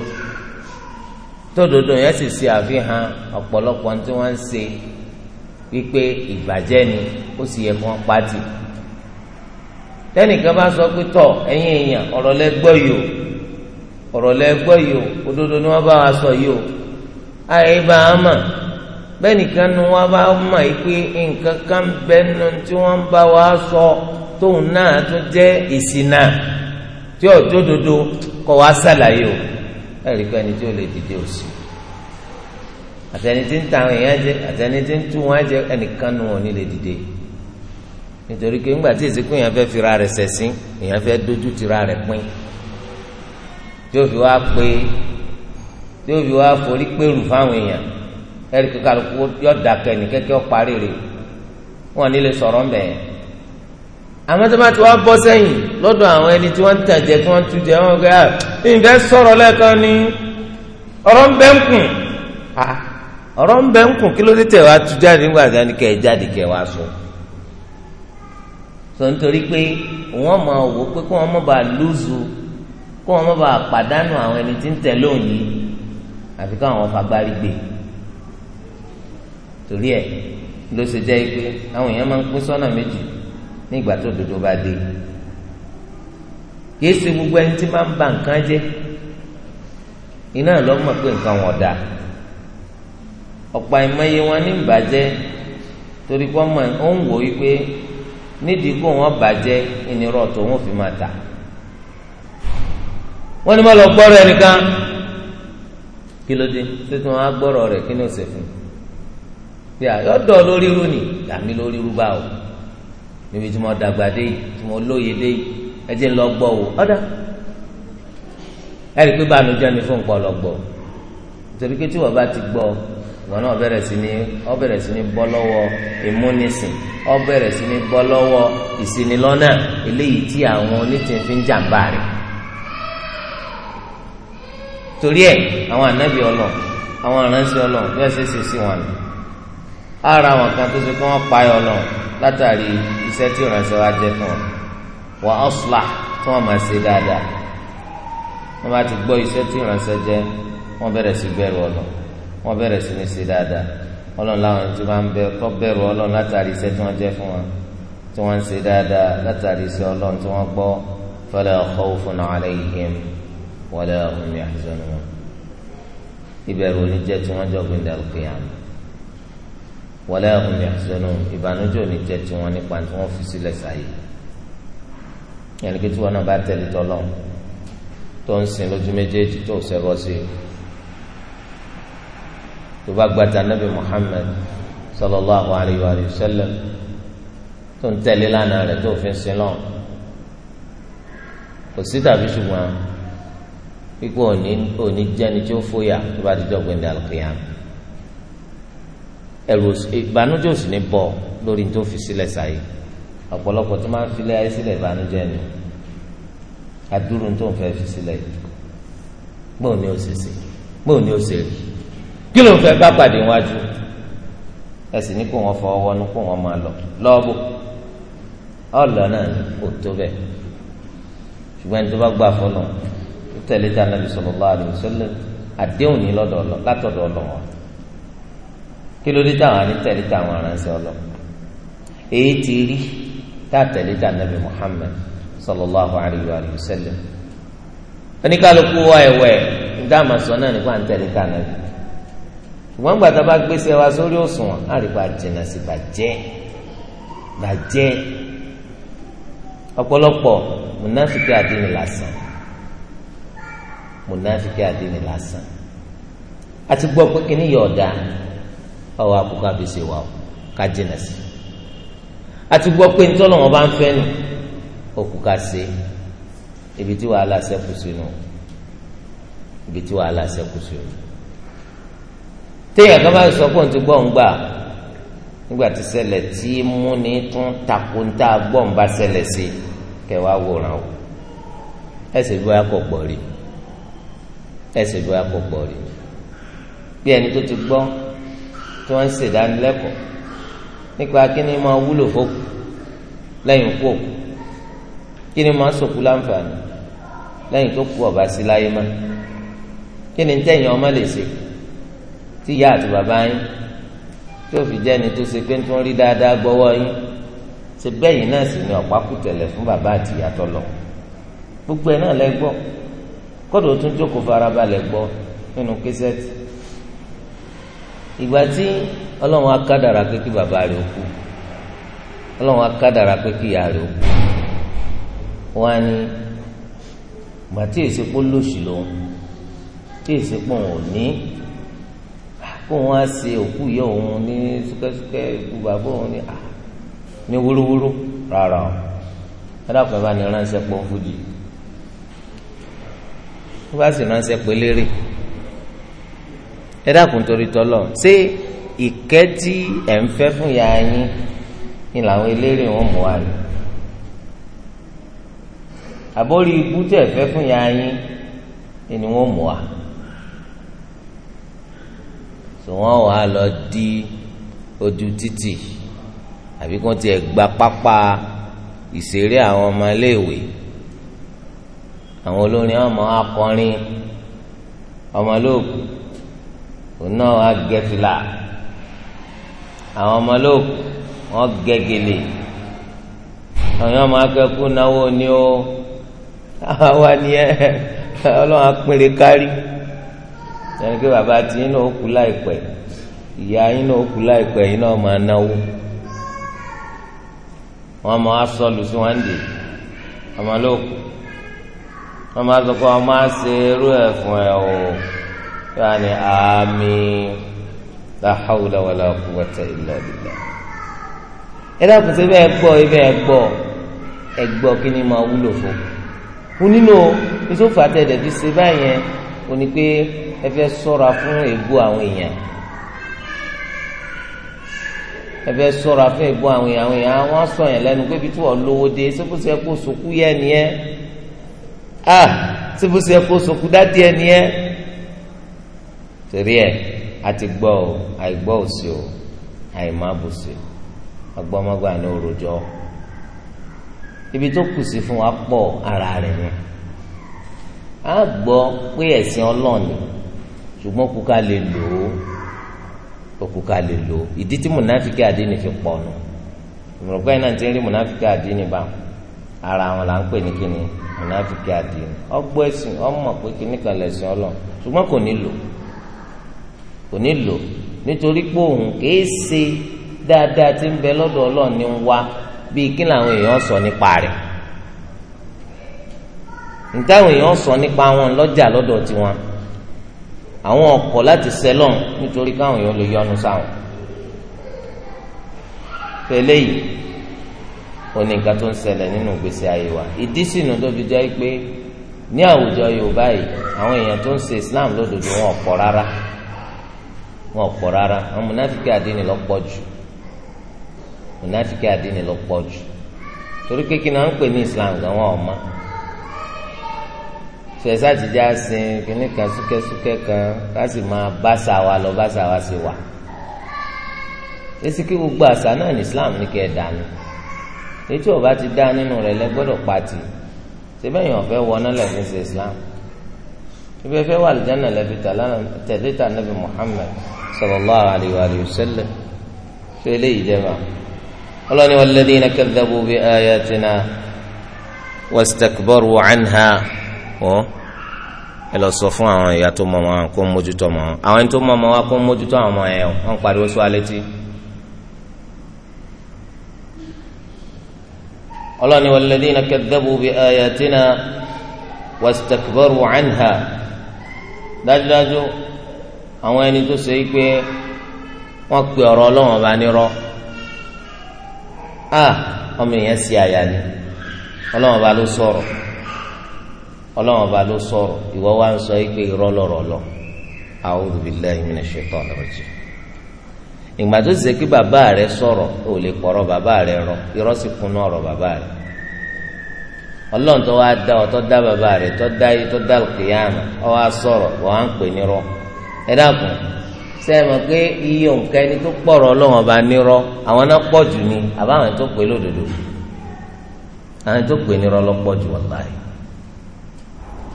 tódodo yẹn sì ṣe àfihàn ọ̀pọ̀lọpọ̀ tí wọ́n ń ṣe wípé ìbàjẹ́ ni ó sì yẹ kó pàtì tẹ́nìkan bá sọ pé tọ̀ ẹ̀yin èèyàn ọ̀rọ̀ ọ̀rọ̀ lẹ́gbọ́ yìí o òdodo ni wọ́n bá wa sọ yìí o àyè bá a mà bẹ́ẹ̀ nìkan ni wọ́n bá mà yìí pé nǹkan kan bẹ́ẹ̀ nù tí wọ́n bá wa sọ tóun náà tún jẹ́ èsì náà tí ọjọ́ dodo kọ́ wa ṣàlàyé o ẹ̀rí pé ẹni tí ó lè dìde òsì àtẹni tí ń ta àwọn èèyàn jẹ àtẹni tí ń tú wọn jẹ ẹnìkan nu wọn ní lè dìde nítorí pé ńgbà tí èsì pé fẹ́ fira rẹ̀ sẹ̀sìn èèyàn fẹ́ dojú tira rẹ̀ pín tí ó fi wá pé tí ó fi wá forí pẹ̀lú fáwọn èèyàn ẹ̀rí kíkà lóko yọ dàkẹ́ ní kẹ́kẹ́ ọ̀parí rẹ̀ wọn nílé sọ̀rọ̀ ń bẹ̀ yẹn. àmọ́ tó bá ti wá bọ́ sẹ́yìn lọ́dọ̀ àwọn ẹni tí wọ́n ń tàjẹ́ tí wọ́n ń tu jẹ́ wọn gbé ah ìfẹ́ sọ̀rọ̀ lẹ́ẹ̀kan ni ọ̀rọ̀ ń bẹ́ ń kùn ọ̀rọ̀ ń bẹ́ ń kùn kí ló dé tẹ̀ wá tu jáde nígbà tí kẹ́ ẹ jáde kẹ́ wá sọ. sọ nítorí pé wọ́n máa wò pé kí wọ́n mọ̀ bá lóòzù kó wọn má pàdánù àwọn ẹni tí ń tẹ̀ lóhùn yìí àfi káwọn fagbárí gbé torí ẹ̀ ló ṣe jẹ́ pé àwọn èèyàn máa ń pín sọ́nà méjì tó dodo bá dé kìí ṣe gbogbo ẹni tí máa ń ba nǹkan jẹ́ iná ló mọ̀ pé nǹkan wọn dà ọ̀pọ̀ àìmọye wọn ní ìbàjẹ́ torí pé ń wò wípé nídìí kó wọn wọ́n ní má lọ gbọ́rọ̀ ẹnìkan kí ló dé tó tún wá gbọ́rọ̀ rẹ̀ kí ni ó ṣe fún un bí àyọ̀dọ̀ lórí irú ni làmí lórí irú bá o níbi tí mo dàgbà dé yìí tí mo lóye dé yìí ẹ ti ń lọ gbọ́ o ọ̀dà ẹ rí i pé bànújẹ́ ni fún nǹkan lọ gbọ́ nítorí pé tí wọ́n bá ti gbọ́ ìwọ náà bẹ̀rẹ̀ sí ní ọ bẹ̀rẹ̀ sí ní bọ́ lọ́wọ́ ìmúnisìn ọ bẹ̀rẹ̀ sí ní bọ́ lọ́wọ́ ìsinilọ́nà eléyìí tí àwọn onítìǹfin jàǹbá rẹ̀ torí ẹ àwọn ànábì ọlọ àwọn aránṣẹ́ ọlọ bí wọn ṣe ṣe sí wọn ni ara àwọn kan tó ṣe kí wọn pa ọlọ látàrí iṣẹ́ tí ìránṣẹ́ wa jẹ fún wọn wà ọsùlà tí wọn máa ṣe dáadáa wọn bá ti gbọ́ iṣẹ́ tí ìránṣẹ́ jẹ wọn bẹ̀rẹ̀ sí bẹ̀rù ọlọ wọn bẹ̀rẹ̀ sí ní ṣe dáadáa Ọlọ́run làwọn tí wọn bẹ tó bẹ̀rù Ọlọ́run látàrí iṣẹ́ tí wọn jẹ fún wọn tí wọn ṣe dáadáa látàrí iṣẹ́ Ọlọ́run tí wọn gbọ́ fala khawfun alayhim wala hum yahzanun ìbẹ̀rù oníjẹ́ tí wọ́n jọ gbẹ̀ndẹ̀ àlùkìyàmù wala hum yahzanun ìbànújẹ́ oníjẹ́ tí wọ́n nípa tí wọ́n fi sílẹ̀ sáyé yẹnni kí tí wọn náà bá tẹ̀lé tọ́lọ́ tó ń sìn lójú méjèèjì tó sẹ́rọ́ sí i tó bá gbàtà nabi Muhammad sallallahu alayhi wa sallam tó ń tẹ̀lé lánàá rẹ̀ tó fi ń sin lọ́n kò sí tàbí ṣùgbọ́n pípọ̀ òní òní jẹ́ni tí ó fòyà tó bá ti dọ̀gbẹ́ ní alùpùpù ẹ̀rù ìbànújẹ́ òsì ní bọ̀ lórí tó fi sílẹ̀ sáyé ọ̀pọ̀lọpọ̀ tó máa ń filẹ̀ ayé sílẹ̀ ìbànújẹ́ ni adúrú tó ń fẹ́ fi sílẹ̀ gbọ́n ní òṣèṣe gbọ́n ní òṣèré kí ló ń fẹ́ bá pàdé wájú ẹ̀sìn ní kó wọn fọ ọwọ́ ní kó máa lọ lọ́ọ̀bù ọ̀lọ́ náà kò tó bẹ́ẹ̀ ṣùgbọ́n ẹni tó bá gbà fọlọ́ tẹ̀lé tí anabi sallallahu alaihi wasallam àdéhùn ní lọ́dọ̀ ọlọ látọ̀dọ̀ ọlọ wọn kí ló dé táwọn àní tẹ̀lé táwọn aránṣẹ́ ọlọ èyí ti rí tá a tẹ̀lé tí anabi Muhammad sallallahu alaihi oníkálukú wa ẹ̀wẹ̀ níta àmà sọ náà nípa mùnàfíkì àdínì lásán àti gbọ́ pé kíní yọ̀ ọ̀dà ọwọ́ àkókò àbíṣe wà ó ká jìnà sí àti gbọ́ pé ntọ́nà wọn bá ń fẹ́ nù òkú ká ṣe ibi tí wàhálà ṣẹ́kù sínú ibi tí wàhálà ṣẹ́kù sínú téèyàn kan bá pé òun ti gbọ́ gbà nígbà tí ṣẹlẹ̀ tí múni tún takuntà gbọ́ òun bá ṣẹlẹ̀ sí kẹwàá wòran o ẹ sì gbọ́ akọ̀ gbọ́ rí i ẹsẹ̀ bóyá kò pọ̀ rí bí ẹni tó ti gbọ́ tí wọ́n ń ṣèdánilẹ́kọ̀ọ́ nípa kíni máa wúlò fókù lẹ́yìn kú òkú kíni máa sòkú láǹfààní lẹ́yìn tó kú ọ̀bá sí láyé má kíni tẹ̀yìn ọmọ lè ṣe tí ìyá àti bàbá yín tí ó fi ẹni tó ṣe pé tó ń rí dáadáa gbọ́wọ́ yín ṣe bẹ́yìn náà sì ni ọ̀pá kù tẹ̀lẹ̀ fún bàbá àti ìyá tó lọ gbogbo ẹ̀ náà lẹ́gbọ́n kódò tún jókòó farabalẹ̀ gbọ́ nínú késẹ́tì ìgbà tí ọlọ́run akádàrà pé kí bàbá rẹ̀ kú ọlọ́run akádàrà pé kí ìyá rẹ̀ kú wọn ni ìgbà tí èsì pọ̀ lòṣì lòun tí èsì pọ̀ wọn ò ní kó wọn á ṣe òkú ìyá òun ní súkẹ́súkẹ́ ikú bàbá òun ní wúrúwúrú rárá ẹ dákun ẹ bá ní ránṣẹ́ pọ̀ fújì ó bá sì máa ń ṣe pélére ẹ dákun torí tọlọ ṣé ìkẹ́ tí ẹ̀ ń fẹ́ fún ya yín ni làwọn eléré wọn mú wa ni àbórí ibú tẹ̀ fẹ́ fún ya yín ni wọ́n mú wa tí wọ́n wàá lọ di ojú títì àbí kó tiẹ̀ gba pápá ìṣeré àwọn ọmọ àwọn olórin ọmọ akọrin ọmọlóòkù òun náà wàá gẹ fìlà àwọn ọmọlóòkù wọn gẹ gèlè àwọn yẹn máa kẹ́kọ̀ọ́ náwó ni ó àwa ni ẹ ọlọ́run apínlẹ̀ kárí ẹni pé bàbá tí yín náà kú láìpẹ́ ìyá yín náà kú láìpẹ́ yín náà máa náwó wọn máa sọlù sí wọn dè ọmọlóòkù wọ́n máa sọ pé wọ́n máa ṣe irú ẹ̀ fún ẹ o yóò ní àmì la hawla wala quwwata illa billah ẹ dákun sí ibẹ̀ gbọ́ ibẹ̀ gbọ́ ẹ gbọ́ kí ni máa wúlò fún un nínú ìsòfò àtẹ̀dẹ̀ fi ṣe báyẹn o ní pé ẹ fẹ́ sọ́ra fún ègbó àwọn èèyàn ẹfẹ sọra fún ìbọn àwọn èèyàn àwọn èèyàn wọn sọ yẹn lẹ́nu pé ibi tí wọn lówó dé sókòsí ẹkọ sòkú yẹ nìyẹn ah tí bó ṣe kó sokù dádì ẹ nìyẹn torí ẹ àti gbọ́ ò àìgbọ́ ò sí o àìmọ́ àbò sí o agbọ́mọgbà ní òròjọ́ ibi tó kù sí fún wa pọ̀ ara rẹ̀ ni a gbọ́ pé ẹ̀sìn ọlọ́ọ̀ni ṣùgbọ́n kú ká lè lò ó òkú ká lè lò ó ìdí tí mùnáfíkì àdínì fi pọ̀ nù ìmọ̀ràn pé náà ti ń rí mùnáfíkì àdínì báwọn ara àwọn là ń pè ní kíni mùnàfíkì àdìyẹ ọgbọ ẹsìn ọmọ pé kíní kan lẹsìn ọlọ ṣùgbọ́n kò ní lò kò ní lò nítorí pé òun kìí ṣe dáadáa tí ń bẹ lọ́dọ̀ ni ní wá bíi kí làwọn èèyàn sọ nípa rẹ̀ ntáwọn èèyàn sọ nípa wọn lọ́jà lọ́dọ̀ tiwọn àwọn ọkọ láti sẹlọn nítorí káwọn èèyàn lè yọnu sáwọn pẹ̀lẹ́ yìí. oní nǹkan tó ń ṣẹlẹ̀ nínú ìgbésí ayé wa ìdí sínú tó fi jẹ́ pé ní àwùjọ Yorùbá yìí àwọn èèyàn tó ń Islam lódodo wọn ọ̀pọ̀ rárá wọn ọ̀pọ̀ rárá àwọn munafiki àdínì ló pọ̀ jù àdínì pọ̀ jù torí pé kí ni wọ́n ń pè ní Islam gan wọn ò fẹsẹ̀ àtijọ́ asin kìnnì kan súkẹ́súkẹ́ kan ká sì máa wa lọ wa èsì kí èyí tí ọba ti dá nínú rẹ̀ lẹ gbọ́dọ̀ pàtì síbẹ̀ yẹn ọ̀fẹ́ wọná lẹ́fí ṣe islam ibẹ̀ fẹ́ wà lìjánà lẹ́fí tẹ̀lé ta nàbì muhammed sallallahu alayhi wa sallam fẹ́ eléyìí jẹ́ba ọlọ́ni walladhina kadhabu bi ayatina wastakbaru anha wọ́n ẹ lọ sọ fún àwọn ìyá tó mọ̀ wọn kó mójútó mọ̀ wọn kó mójútó ọmọ yẹn wọn pariwo sọ alẹ́ tí. ọlọ́ni walladhina kadhabu bi ayatina wastakbaru anha dájúdájú àwọn ẹni tó ṣe é pé wọ́n pe ọ̀rọ̀ ọlọ́run ọba nírọ́ a ah, ọmọ èèyàn ṣe àyà ni ọlọ́run ọba ló sọ̀rọ̀ ọlọ́run ọba ló sọ̀rọ̀ ìwọ wa ń sọ é pé irọ́ lọ̀rọ̀ lọ a'udhu billahi minash shaitanir rajim ìgbà tó ṣe kí bàbá rẹ̀ sọ̀rọ̀ ò lè pọ̀rọ̀ bàbá rẹ̀ rọ irọ́ sì kúnú ọ̀rọ̀ bàbá rẹ̀ ọlọ́run tó wá dá ọ tó dá bàbá rẹ̀ tó dá yìí tó dá kìyàmù ọ wá sọ̀rọ̀ wọ́n á ń pè nírọ́ ẹ dákun ṣe é mọ̀ pé iye òǹkà ẹni tó pọ̀rọ̀ ọlọ́run ọba nírọ́ àwọn náà pọ̀ jù ni àbáwọn tó pè lódodo àwọn tó pè nírọ́ lọ pọ̀ jù wàláhì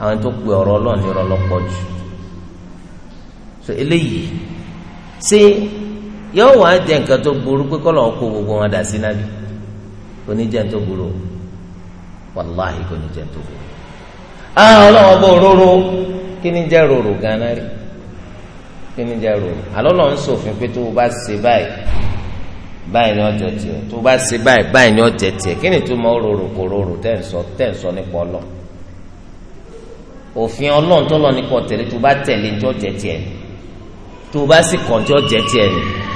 àwọn tó pè ọ̀rọ̀ ọlọ́run nírọ́ lọ pọ̀ jù so eléyìí ṣé yóò wá jẹ nǹkan tó burú pé kọlọ kó gbogbo wọn dà sí nábì kò tó burú wàláhì kò tó burú. Ah, ọlọ́wọ́ bó róró kí ni jẹ́ róró gan-an rí kí ni jẹ́ róró àlọ́ lọ́n ń sòfin pé tó o bá ṣe báyìí báyìí ni ọjọ́ tiẹ̀ tó o bá ṣe báyìí báyìí ni kí ni mọ kò sọ tẹ́ sọ nípa ọlọ́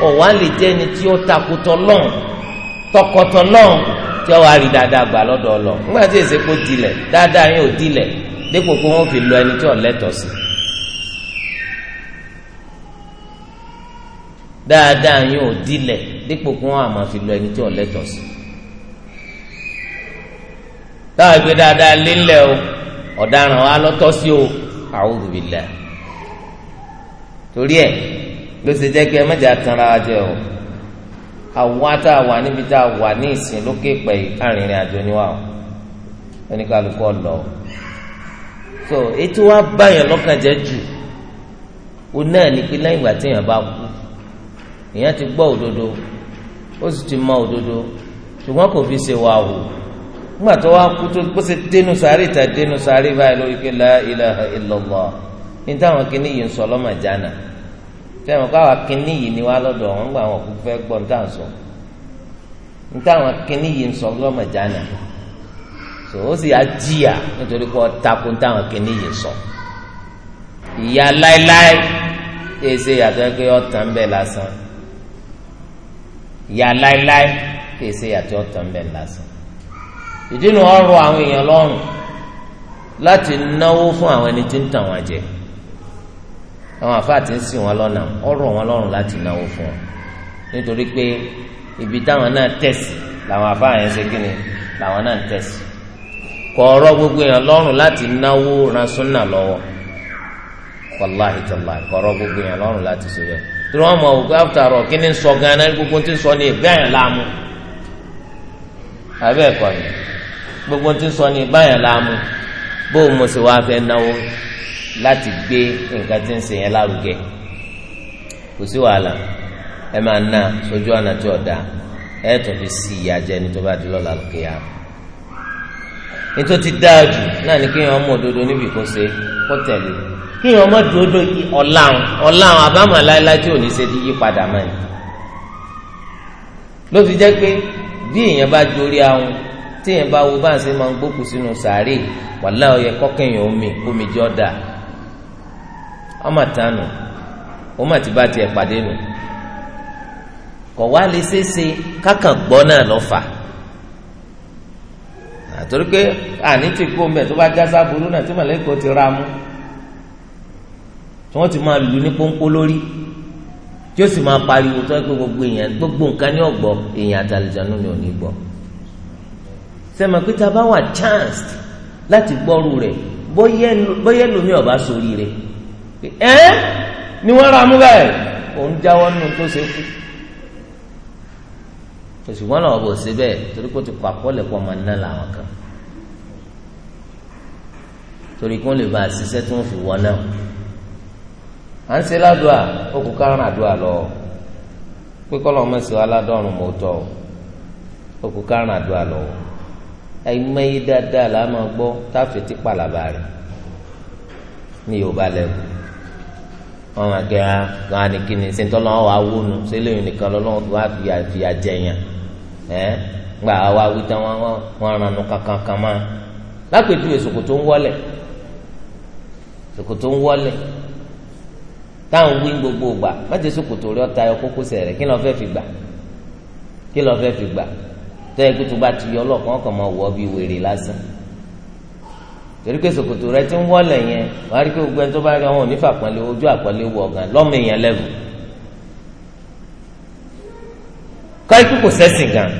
ọ̀wá lè jẹ́ ẹni tí ó takùtọ̀ lọ́n tọkọtọ̀ lọ́n tí ó wà rí dáadáa gbà lọ́dọ̀ ọlọ nígbà tí èsè kò dilẹ̀ dáadáa yín ò dilẹ̀ dípò pé wọ́n fi lọ ẹni tí ò lẹ́tọ̀ọ́ sí. dáadáa yín ò dilẹ̀ dípò pé wọ́n àmọ́ fi lọ ẹni tí ò lẹ́tọ̀ọ́ sí. táwọn ìgbé dáadáa lé o ọ̀daràn wa lọ́tọ́ sí o a'udhu billah torí ẹ̀ ló ṣe jẹ́ kí ẹ mẹ́jà tanra jẹ o àwa tá wà níbi tá a wà ní ìsìn lókè pẹ̀ arìnrìn àjò ni wa o oníkàlùkù ọ̀lọ́ o so ètò wa báyàn lọ́kàn jẹ́ jù ó náà ní pé lẹ́yìn ìgbà téèyàn bá kú èèyàn ti gbọ́ òdodo ó sì ti mọ òdodo ṣùgbọ́n kò fi ṣe wà o nígbà tó wá kú tó bó dénú sáré ìta dénú sáré báyìí lórí pé la ní táwọn kìnnìyàn sọ lọ́mọ jánà. fẹ́ràn káwa kínní yìí ni wá lọ́dọ̀ wọn gba àwọn òkúfẹ́ gbọ́ níta sọ níta kínní yìí ń sọ lọ́mọ jánà so ó sì ajíyà nítorí kó takò níta àwọn kínní yìí sọ ìyá láéláé kéèsè yàtọ̀ pé ọ̀tàn ń lásán ìyá láéláé yàtọ̀ ọ̀tàn ń lásán ìdí nu ọrọ̀ àwọn èèyàn lọ́rùn láti náwó fún àwọn ẹni tí ń tàn àwọn àfáàtì ń sìn wọn lọ́nà ọ̀rọ̀ wọn lọ́rùn láti náwó fún wọn nítorí pé ibi táwọn náà tẹ̀sí làwọn àfáà yẹn ṣe kí ni làwọn náà tẹ̀sí kọ gbogbo èèyàn lọ́rùn láti náwó ran lọ́wọ́ wàláhì tàlá kọ gbogbo èèyàn lọ́rùn láti ṣe bẹ́ẹ̀ tí wọ́n mọ̀ òkú àfùtàrọ̀ kí ni gbogbo tí sọ láàmú ni gbogbo sọ láàmú bó o mọ̀ sí láti gbé nǹkan tí ń se yẹn lárugẹ kò sí wàhálà ẹ máa ná sójú ọ̀nà tí ọ̀dà ẹ fi sí ìyá jẹ tó bá di lọ́la ya nítorí ti dáa jù náà ni kéèyàn ọmọ òdodo níbi kò ṣe kó tẹ̀lé kéèyàn ọmọ òdodo ọ̀làwọn ọ̀làwọn àbámọ̀ tí ò ní ti yí padà ló fi jẹ́ pé bí èèyàn bá àwọn tí èèyàn wo bá ń ṣe máa ń gbókù sínú sàárè kọ́kẹ́yìn omi omi jọ́ ọmọ tánu ọmọ tí bá tiẹ̀ pàdé nù kọ̀ wá lè ṣeéṣe kákan gbọ́ náà lọ fà àtòrí pé àní ti kó mbẹ tó bá gásá burú náà tí mọ̀lẹ́kọ̀ọ́ ti ra mú tí wọ́n ti máa lù ní pọ́npọ́ lórí tí ó sì máa pariwo tó ẹgbẹ́ gbogbo èèyàn gbogbo nǹkan ní ọ̀gbọ́ èèyàn àtàlẹ́jọ́nù ni ò ní gbọ́ sẹ́mi pé a bá wà chance láti gbọ́rù rẹ̀ bóyá ẹlòmíì ọ̀bá sórí rẹ̀ ẹ́ ni wọ́n ra mú báyìí òun jáwọ́ nù tó ṣe kú ṣùgbọ́n náà bò ṣe bẹ́ẹ̀ torí kó ti kọ àkọọ́lẹ̀ pọ̀ máa ná làwọn kan torí kó lè bá a ṣiṣẹ́ tí wọ́n fi wọ́n náà à ń ṣe ládùá ó kú kárùn àdúrà lọ pé kọ́ lọ́mọ sí wa ládọ́rùn mọ́ tọ́ ó kú kárùn àdúrà lọ ẹ̀mẹ́yìí dáadáa làá máa gbọ́ táfi tí pàlàbà rẹ̀ ní Yorùbá lẹ́kọ̀ọ́. wọn máa kẹ́ ẹ́ wọn á ní kí ni sèǹtọ́lọ́ wọn wá wó nu sílẹ̀ yìí nìkan lọ́lọ́wọ́ tó wá gbà wá wí tán wọn wọn ràn nù kankan kan máa lápèjúwe ṣòkòtò ń wọlẹ̀ ṣòkòtò ń wọlẹ̀ gbogbo gbà má ti ṣòkòtò rí ọ̀tá ẹ̀kókó sẹ̀rẹ̀ kí lọ́ọ́ fẹ́ fi gbà kí fi gbà ti torí pé sòkòtò rẹ ti ń wọlé yẹn wàá rí pé gbogbo ẹni tó bá rí àwọn onífà pọ̀nlé ojú àpọ̀nlé wọ ọ̀gàn lọ́mọ èèyàn lẹ́bù káyí pé kò sẹ́sìn gan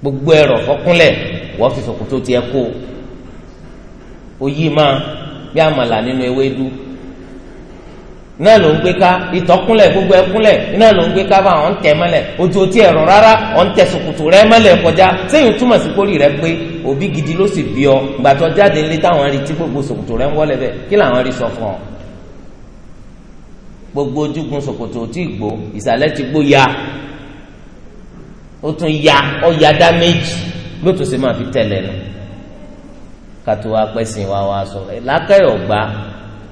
gbogbo ẹ̀rọ fọkúnlẹ̀ wọ́n fi sòkòtò tiẹ̀ kó oyí máa bí àmàlà nínú ewédú náà ló ń gbé ká ìtọ́kúnlẹ̀ gbogbo ẹkúnlẹ̀ náà ló ń gbé ká bá ọ̀ ń tẹ̀ mọ́lẹ̀ ojú otí ẹ̀rọ rárá ọ̀ ń tẹ̀ sòkòtò rẹ mọ́lẹ̀ kọjá sẹ́yìn túmọ̀ sí kórì rẹ pé òbí gidi ló sì bí ọ gbàtọ́ jáde nílé táwọn rí tí gbogbo sòkòtò rẹ ń wọlé bẹ́ẹ̀ kí làwọn rí sọ fún ọ. gbogbo ojúgun sòkòtò tí gbó ìsàlẹ̀ ti gbó ya ó tún ya ọ ya dá méjì ló tún sì máa fi tẹ̀lẹ̀ nù kátó wa pẹ́sìn wa wa sọ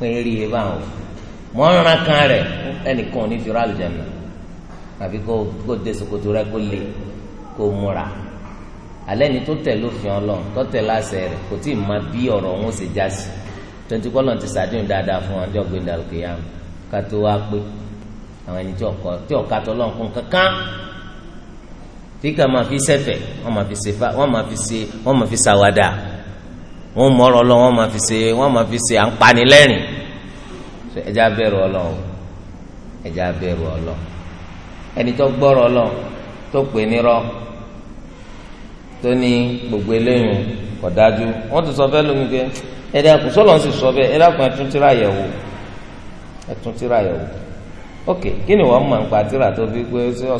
pé eré báwọn mọ ọ̀ràn kan rẹ̀ ẹnìkan ní fi ráàlù àbí kó kó de ṣòkòtò rẹ̀ kó le kó múra alẹ́ ni tó tẹ̀ lófin ọlọ́run tó tẹ̀ láṣẹ rẹ̀ kò tí ì máa bí ọ̀rọ̀ òun ṣe já sí tonti kọ́lọ̀ ti sàdéhùn dáadáa fún wọn ọjọ́ gbẹ̀dẹ̀ àlùkìyàm ká tó wá pé àwọn ẹni tí ọkọ tí ọ̀ka tó lọ́n kún kankan tí kà máa fi sẹ́fẹ̀ wọ́n máa fi ṣe wọ́n máa fi ṣe wọ́n máa fi ṣàwádà. wọn mọ̀rọ̀ lọ wọn máa fi ṣe wọn máa fi ṣe à ń ẹja bẹ̀rù ọlọ́run ẹja bẹ̀rù ọlọ́run ẹni tó gbọ́rọ̀ ọlọ. tó pè nírọ́ tó ní gbogbo eléyìn kò dájú wọn tún sọ fẹ́ẹ́ lómi pé ẹ̀dá kò sọ́lọ́ ń sì sọ bẹ́ẹ̀ ok kí ni nípa tíra tó fi owó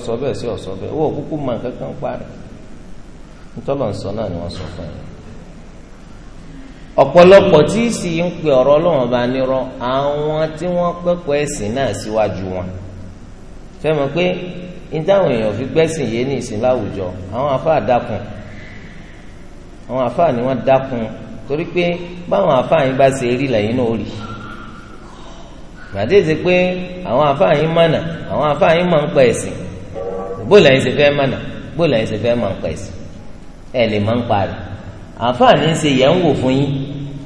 ọ̀pọ̀lọpọ̀ tí sì ń pe ọ̀rọ̀ ọlọ́run bá nírọ́ àwọn tí wọ́n pẹ́pọ̀ ẹ̀sìn náà síwájú wọn fẹ́mi pé ìdáhùn èèyàn fi gbẹ́sìn yé ní ìsìn láwùjọ àwọn àfáà dákun àwọn àfáà ni wọ́n dákun torí pé báwọn àfáà yín bá ṣe rí lẹ́yìn náà ó rí gbàdéjì pé àwọn àfáà yín mànà àwọn àfáà yín máa ń pa ẹ̀sìn bó lẹ́yìn ṣe fẹ́ mànà bó lẹ́yìn ṣe fẹ́ máa ń pa ẹ̀sìn ẹ̀ lè máa ń parí àfáà ní ṣe yẹn ń wò fún yín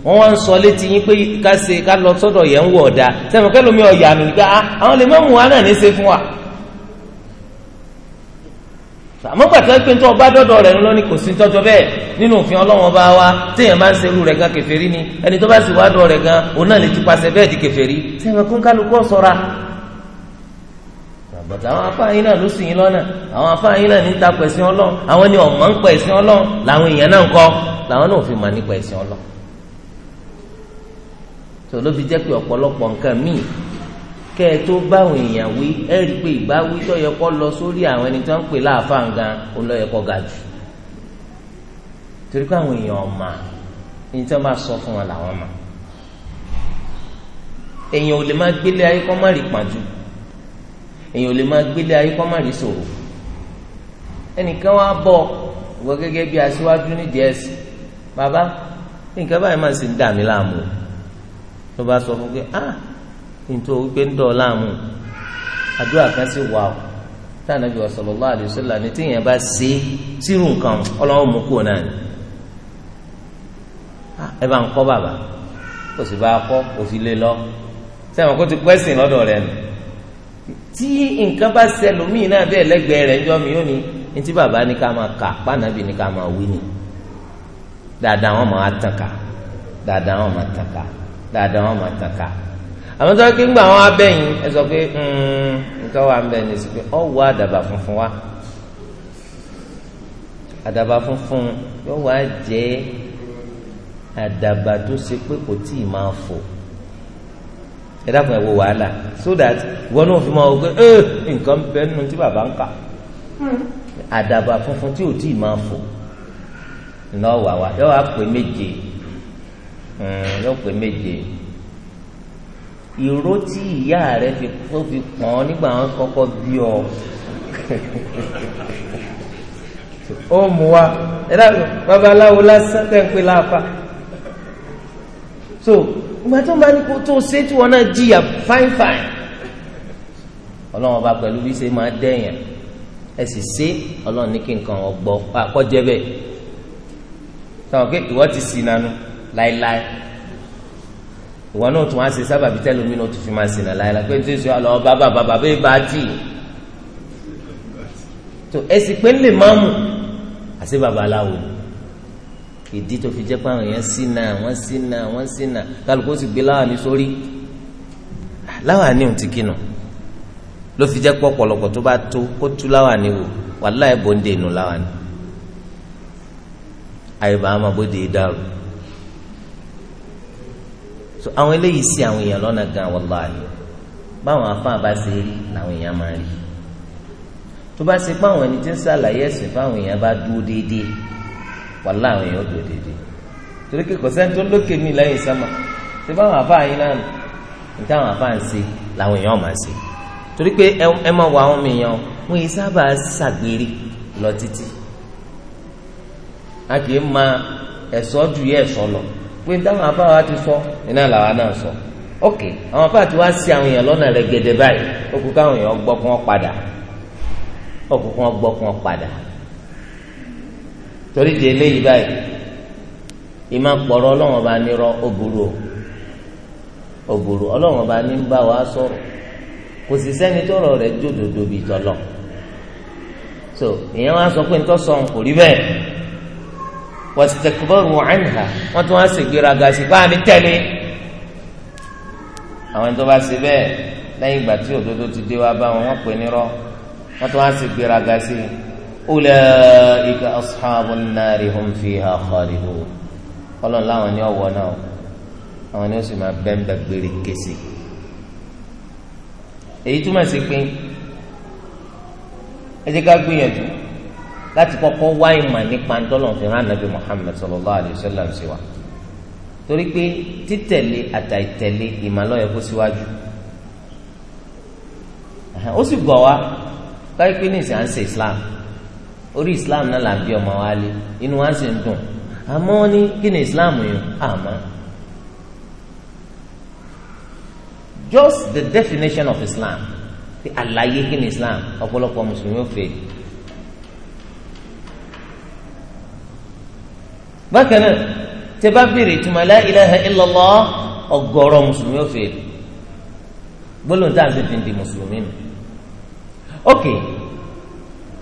wọ́n wá ń sọ létí yín pé ká ṣe ká lọ sọ́dọ̀ yẹn ń wọ̀ ọ̀dà sẹ́mi kẹ́lómi ọ̀yà mi gbá àwọn lè mọ́mú wa náà ní ṣe fún wa. àmọ́ pàtàkì pé nítorí ọba dọ́dọ̀ rẹ̀ ló ní kò sí tọ́jọ́ bẹ́ẹ̀ nínú òfin ọlọ́wọ́n bá wa téèyàn máa ń ṣe irú rẹ̀ gan kèfèrí ni ẹni tó bá sì wá dọ̀ rẹ̀ gan òun náà lè ti paṣẹ bẹ́ẹ̀ di kèfèrí sẹ́mi kún kálukú ọ̀sọ́ra bàtà àwọn afáàyín náà ló sìn yín lọ́nà àwọn afáàyín náà ní ta pẹ̀sìn ọlọ́ àwọn ni ọ̀mọ́ ń pẹ̀sìn ọlọ́ làwọn èèyàn náà ń kọ́ làwọn náà ò fi mà ní pẹ̀sìn ọlọ́ tó ló fi jẹ́ pé ọ̀pọ̀lọpọ̀ nǹkan míì kẹ́ ẹ tó báwọn èèyàn wí ẹ rí i pé ìbáwí tó yẹ kó lọ sórí àwọn ẹni tó ń pè láàfáà gan ó lọ yẹ kó ga jù torí pé àwọn èèyàn ọ̀ma ní tí wọ́n bá sọ fún wọn làwọn mà èèyàn ò lè má gbélé ayé kó má rí pàjù èèyàn ò lè má gbélé ayé kó má rí ṣòro ẹnìkan wá bọ̀ wọ gẹ́gẹ́ bí aṣíwájú nídìí ẹ̀sìn bàbá nǹkan báyìí máa ń sin dàmí láàmú o ló bá sọ fún pé ah nítorí wípé ń dọ̀ láàmú àdúrà kan sì wà ó tí Ànábì sallallahu alaihi wasallam ní tíyẹn bá ṣe sírù nǹkan ọlọ́run mú kúrò náà ni ah, ẹ bá ń kọ́ bàbá kò sì bá a kọ́ òfin lé lọ sẹ́wọ̀n kó ti pẹ́sìn lọ́dọ̀ rẹ̀ nù tí nǹkan bá ṣẹlòmíì náà bẹ́ẹ̀ lẹ́gbẹ̀ẹ́ rẹ̀ ń jọ mi ó ní ntí bàbá ní ká máa kà pànàbì ní ká máa wí ni dáadáa wọn máa tàn ká dáadáa wọn máa tàn ká dáadáa wọn máa tàn ká àwọn sọ pé ńgbà wọn abẹ́yìn ẹ sọ pé hmm, nǹkan wà ń bẹ̀ ní sí pé ọ wọ àdàbà funfun wa àdàbà funfun yóò wá jẹ́ àdàbà tó ṣe pé kò tí ì máa fò ẹ dákun ẹ wo wàhálà so that ìwọ náà fi máa wọ pé eh, nǹkan bẹ nínú tí bàbá ń kà àdàbà funfun tí ò tí ì máa fò ńlọ wà wá yọ wá pé méje yóò pé méje ìró tí ìyá rẹ fi tó fi pọ́n nígbà wọn kọ́kọ́ bí ọ ó mú wa ẹ dábàá babaláwo lásán tẹ̀ ń pè láàfà so ìgbà tó ń bá ní kó tó ṣe tí wọn náà jìyà fáin fáin ọlọ́run ọba pẹ̀lú bí ṣe máa dẹ́yìn ẹ sì ṣe ọlọ́run ní kí nǹkan ọgbọ́ àkọ́jẹ́ bẹ́ẹ̀ sọ pé ìwọ ti sì nánu láéláé ìwọ náà tún á ṣe sábàbí tẹlómi náà tún fi máa ṣìnà láéláé pé tí sọ àlọ́ bá bàbá bàbá bá tì í tó ẹsì pé lè má mú àti bàbá aláwo ìdí tó fi jẹ́ pé àwọn èèyàn ṣìnà wọ́n ṣìnà wọ́n ṣìnà kálukú sì gbé láwàní sórí láwàní ò ti kinu ló fi jẹ́ pọ̀ pọ̀lọpọ̀ tó bá tó kó tú láwàní wò wàláhì bòńdè nù láwàní àyùbá àmàbòdè dàrú so àwọn eléyìí sí àwọn èèyàn lọ́nà gan wàláhì báwọn afáà bá ṣe rí làwọn èèyàn máa rí tó bá ṣe pé àwọn ẹni tí ń ṣàlàyé ẹ̀sìn fáwọn èèyàn bá dúró déédéé wàláhì àwọn èèyàn ó dúró déédéé torí kí kò sẹ́ni tó lókè mí lẹ́yìn sánmà ṣé báwọn afáà yín náà ní táwọn afáà ń ṣe làwọn èèyàn máa ṣe torí pé ẹ máa wọ àwọn èèyàn wọn yìí sábà ṣàgbére lọ títí a kì í ma ẹ̀sọ́ ju yẹ ẹ̀sọ́ lọ pé táwọn afáwa ti sọ iná làwa náà sọ ok àwọn afáwa ti wá sí àwọn èèyàn lọ́nà rẹ̀ gèdè báyìí ó kú káwọn èèyàn gbọ́ padà ó kú kún padà torí di eléyìí báyìí ìmá pọ̀rọ̀ ọlọ́wọ́n bá nírọ́ ó burú ọlọ́wọ́n bá ní bá wa so ìyẹn wá sọ pé ń sọ kò rí wàtìtẹkùbọrù ẹnìhà wọn tún wá ṣègbéraga sí fáàní tẹlẹ àwọn tó bá ṣe bẹ́ẹ̀ lẹ́yìn ìgbà tí òdodo ti dé wá bá wọn wọn pè nírọ́ wọn tún wá ṣègbéraga sí ulaika ashabun nari hum fiha khalidun Ọlọ́run láwọn ní ọwọ́ náà àwọn ni ó sì máa bẹ́ńbẹ́ gbére kése èyí túmọ̀ sí pé ẹ jẹ́ ká gbìyànjú láti kọ́kọ́ wá ìmọ̀ nípa ntọ́lọ̀ fi hàn nàbí Muhammad sallallahu alayhi wa sallam sí wa torí pé títẹ̀lé àtàìtẹ̀lé ìmọ̀lọ́yẹ̀ kó síwájú ó sì gbọ́ wa káyí pé ní ìsìn à ń ṣe Islam orí Islam náà là ń bí ọmọ wa lé inú wa ń sì ń dùn àmọ́ wọ́n ní kí ni Islam yìí àmọ́ just the definition of Islam àlàyé kí ni Islam ọ̀pọ̀lọpọ̀ mùsùlùmí ó fèèrè. bákan náà tẹ bá béèrè ìtumọ̀ la ilaha illallah ọgọ́rọ̀ mùsùlùmí ó fèrè gbólóhùn tá à ń ṣe fi ń di mùsùlùmí nù. ok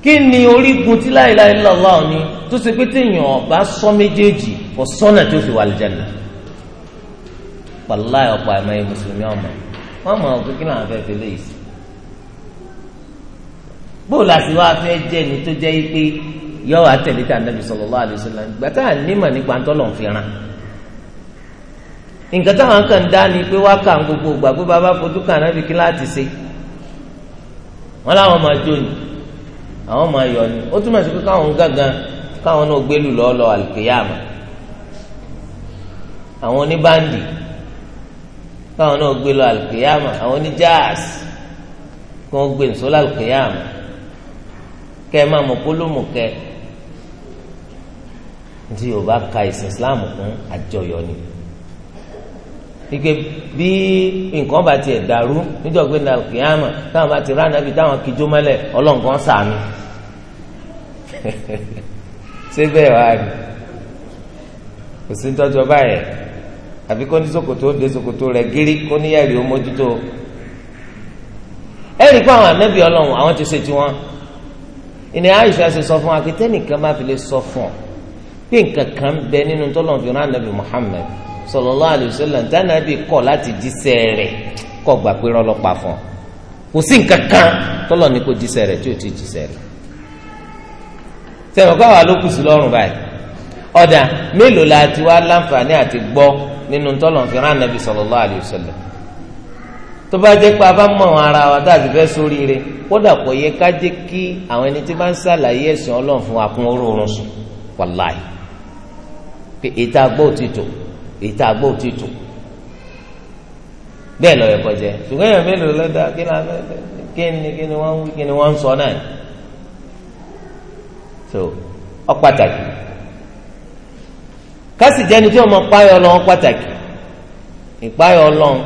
kí ni orígun tí la ilaha illallah ni tó ṣe pé téèyàn ọba sọ méjèèjì kò sọ́nà tó fi wà lìjànà pàláì ọ̀pọ̀ àìmọye mùsùlùmí ọmọ wọn mọ òkú kí náà fẹ́ fi léyìí bóòlù àti wá fẹ́ jẹ́ ni tó jẹ́ pé yọ àtẹ̀lé tí anabi sallallahu alaihi wasallam gbàtà nímọ̀ nípa ntọ́lọ̀ ń nǹkan táwọn kan dá ni pé wá kà ń gbogbo ìgbà pé bàbá fojú kà náà fi kí láti ṣe wọn làwọn máa jó ni àwọn máa yọ ni ó túmọ̀ sí pé káwọn gángan káwọn náà gbé lù lọ́ọ́ lọ àlùkìyàmà àwọn oníbàndì káwọn náà gbé lọ àlùkìyàmà àwọn oníjáàsì kí wọ́n gbé nìṣó ẹ máa mọ̀ kólómù kẹ́ ẹ tí o bá ka ìsìn islam kún àjọyọ̀ ni ike bí nǹkan bá tiẹ̀ dàrú níjọ́gbé ní alkiyama táwọn bá ti rá nàbí táwọn kìjó mọ́lẹ̀ ọlọ́nkan sànù síbẹ̀ wá rí kò sí tọ́jú ọba yẹn àbí kó ní ṣòkòtò dé ṣòkòtò rẹ̀ gírí kó níyàrí ó mójútó ẹ̀rí pé àwọn anábì ọlọ́run àwọn ti ṣe tiwọn ìní àyíṣà ṣe sọ fún wa má fi lè sọ fún ọ bí nǹkan kan bẹ nínú tọ́lọ́n fi rán anabi alayhi wa sallam kọ̀ láti jíṣẹ́ rẹ̀ kọ́ gbà pé rọ́lọ́pàá fún kò sí nǹkan kan tọ́lọ́n ní rẹ̀ tí ò rẹ̀ sẹ́wọ̀n ló kù sí lọ́rùn báyìí ọ̀dà mélòó ti wá láǹfààní àti gbọ́ nínú alayhi tó bá jẹ́ pé a bá ara wa tá a fẹ́ kódà kò yẹ ká jẹ́ kí àwọn ẹni tí bá pé ètò agbó òtítù ètò agbó òtítù bẹ́ẹ̀ lọ́yọ̀ kọjá ṣùgbọ́n èèyàn mélòó lọ́dọ̀ kí ni wọ́n ń sọ náà so ọ pàtàkì kásì jẹ́ni tí ọmọ páyọ̀ ọlọ́run pàtàkì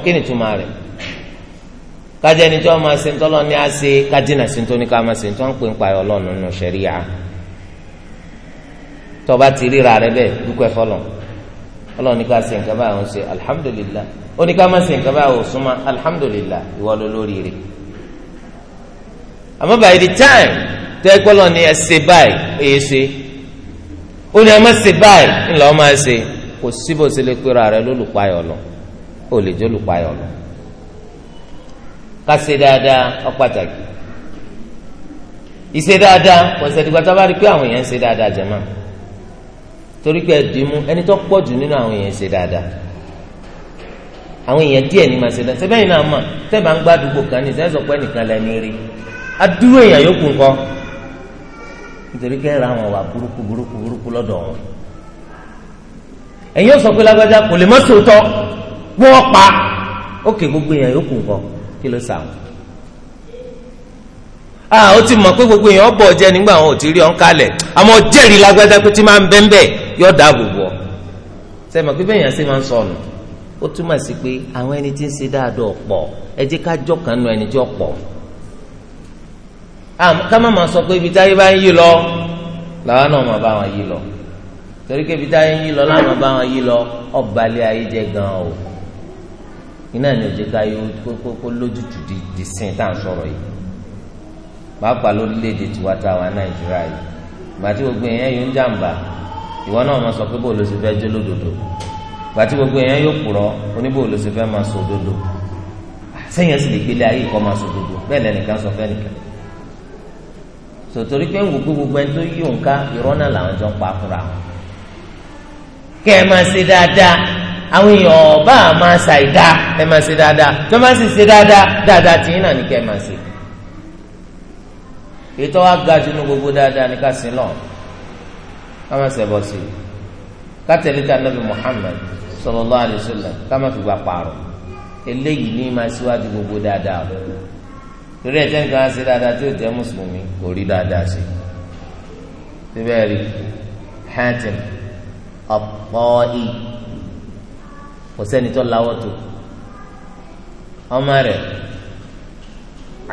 kí ni túmọ̀ tí ọmọ asentọ́lọ́ ni a ṣe kájínà sentoni ká ń pè ń tó bá ti ríra rẹ bẹ́ẹ̀ dúpẹ́ fọlọ́n ọlọ́run ní ká ṣe nǹkan báyìí ó ń ṣe alhamdulillah ó ní ká má ṣe nǹkan báyìí ó súnmọ́ alhamdulillah ìwọ ló lórí àmọ́ by the time tẹ́ gbọ́lọ̀ ni ẹ ṣe báyìí ó yẹ ṣe ó ní ẹ má ṣe báyìí ńlọ ọ máa ṣe kò sí bó ṣe lè pera rẹ lólùpayọ̀ lọ ó lè jẹ́ olùpayọ̀ lọ ká ṣe dáadáa ó pàtàkì ìṣe dáadáa kò ṣèdìgbà tó bá pé àwọn èèyàn ń ṣe dáadáa jẹ máa torí pé ẹdín mú ẹni tó pọ̀ jù nínú àwọn èèyàn ṣe dáadáa àwọn èèyàn díẹ̀ ní màá ṣe dáadáa sẹ́bẹ̀yìn náà mà tẹ́ẹ̀bà ń gbá àdúgbò kan ní sẹ́sọ̀ pé nìkan lẹ́ni rí adúrú èèyàn yókù ńkọ́ nítorí pé ra àwọn wà burúkú burúkú burúkú lọ́dọ̀ wọn ẹ̀yin yóò sọ pé lágbájá kò lè mọ́ sòótọ́ wọ́n pa ókè gbogbo èèyàn yókù ńkọ́ kí ló sà wọn. a ah, ó ti mọ̀ pé gbogbo èèyàn bọ̀ jẹ́ nígbà wọn ò yóò dáàbò bò sẹ́mi pé bẹ́ẹ̀ yẹn ṣe máa ń sọnù ó túmọ̀ sí pé àwọn ẹni tí ń ṣe dáadọ́ ọ̀pọ̀ ẹ jẹ́ ká jọ̀kan nu ẹni tí ó pọ̀ ká má máa sọ pé ibi táyé bá ń yí lọ làwọn náà máa bá wọn yí lọ torí pé ibi táyé ń yí lọ làwọn máa bá wọn yí lọ ọ̀bàlẹ̀ ayé jẹ́ gan-an o iná ni òjò ká yóò kókó lójútùú di di sin tá à ń sọ̀rọ̀ yìí pàápàá lórílẹ̀‐èdè tiwa táwa Nàìjíríà yìí gbàtí gbogbo ìwọ náà máa sọ pé bó ló ṣe fẹ́ jẹ́ lódodo gbàtí gbogbo èèyàn yóò purọ́ oníbò ló ṣe fẹ́ máa sọ dodo, sẹ́yìn sì lè gbélé ayé kọ́ máa sọ òdodo bẹ́ẹ̀ lẹ́nìkan sọ fẹ́ nìkan sòtòrí pé ń wò pé gbogbo ẹni tó yí òǹkà irọ́ náà làwọn jọ ń pa fúnra wọn kẹ́ ẹ máa ṣe dáadáa àwọn èèyàn ọba máa ṣàìdá ẹ máa ṣe dáadáa tó máa sì ṣe dáadáa dáadáa tí yín náà ní kẹ́ ẹ máa ṣe ètò wa ní gbogbo dáadáa ní ká sin lọ́wọ́ káma ṣẹbọ sí i kátẹ́lẹ́ ta nabi Muhammad sallallahu alaihi wasallam káma fi gba pààrọ̀ eléyìí ní ma síwájú gbogbo dáadáa o torí ẹ̀jẹ̀ nǹkan ṣe dáadáa tí ó jẹ́ mùsùlùmí kò rí dáadáa ṣe síbẹ̀ rí Hatim At-Ta'i kò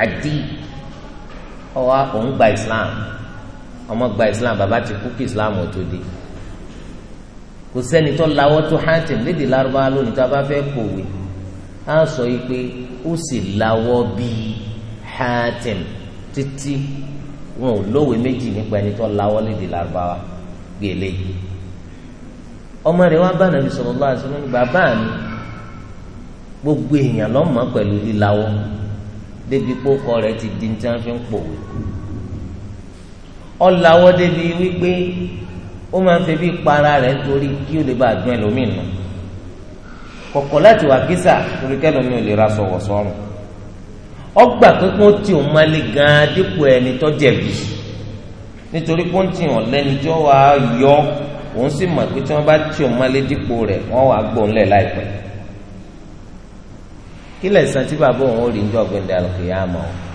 Adi ọwọ́ òun gba Islam ọmọ gba islam bàbá ti kú kí islam ò tó di kò sẹ́ni tó lawọ́ tó hàtìm lédè lárúbáwá lónìí tó a bá fẹ́ kọ̀wé á sọ yìí pé ó sì lawọ́ bíi hàtìm títí wọn ò lówe méjì nípa ẹni tó lawọ́ lédè lárúbáwá gbélé ọmọ rẹ̀ wá bá nàbí sallallahu alaihi wasallam bàbá mi gbogbo èèyàn lọ́mọ pẹ̀lú lílawọ́ débi pé kọ rẹ̀ ti di ní tí wọ́n fi ń pòwé ọ̀làwọ́ débi wípé ó máa ń fẹ́ bí para rẹ̀ torí kí ó lè bá àdún ẹlòmíì nù kọ̀kọ̀ láti wà kísà torí kẹlòmíì ò lè ra sọ̀wọ̀ sọ́run ọgbà pípọ́n tí ò máa le gan-an dípò ẹni tó jẹ̀bi nítorí pọ́ńtì ọ̀lẹ́ni tí wọ́n wá yọ òun sì mọ̀ pé tí wọ́n bá tí ò máa le dípò rẹ̀ wọ́n wá gbóǹlẹ̀ láìpẹ́ kí lẹ̀sán tí bàbá òun ò rí ní ọ̀gbìn dàlùkì yá mọ́ ọ́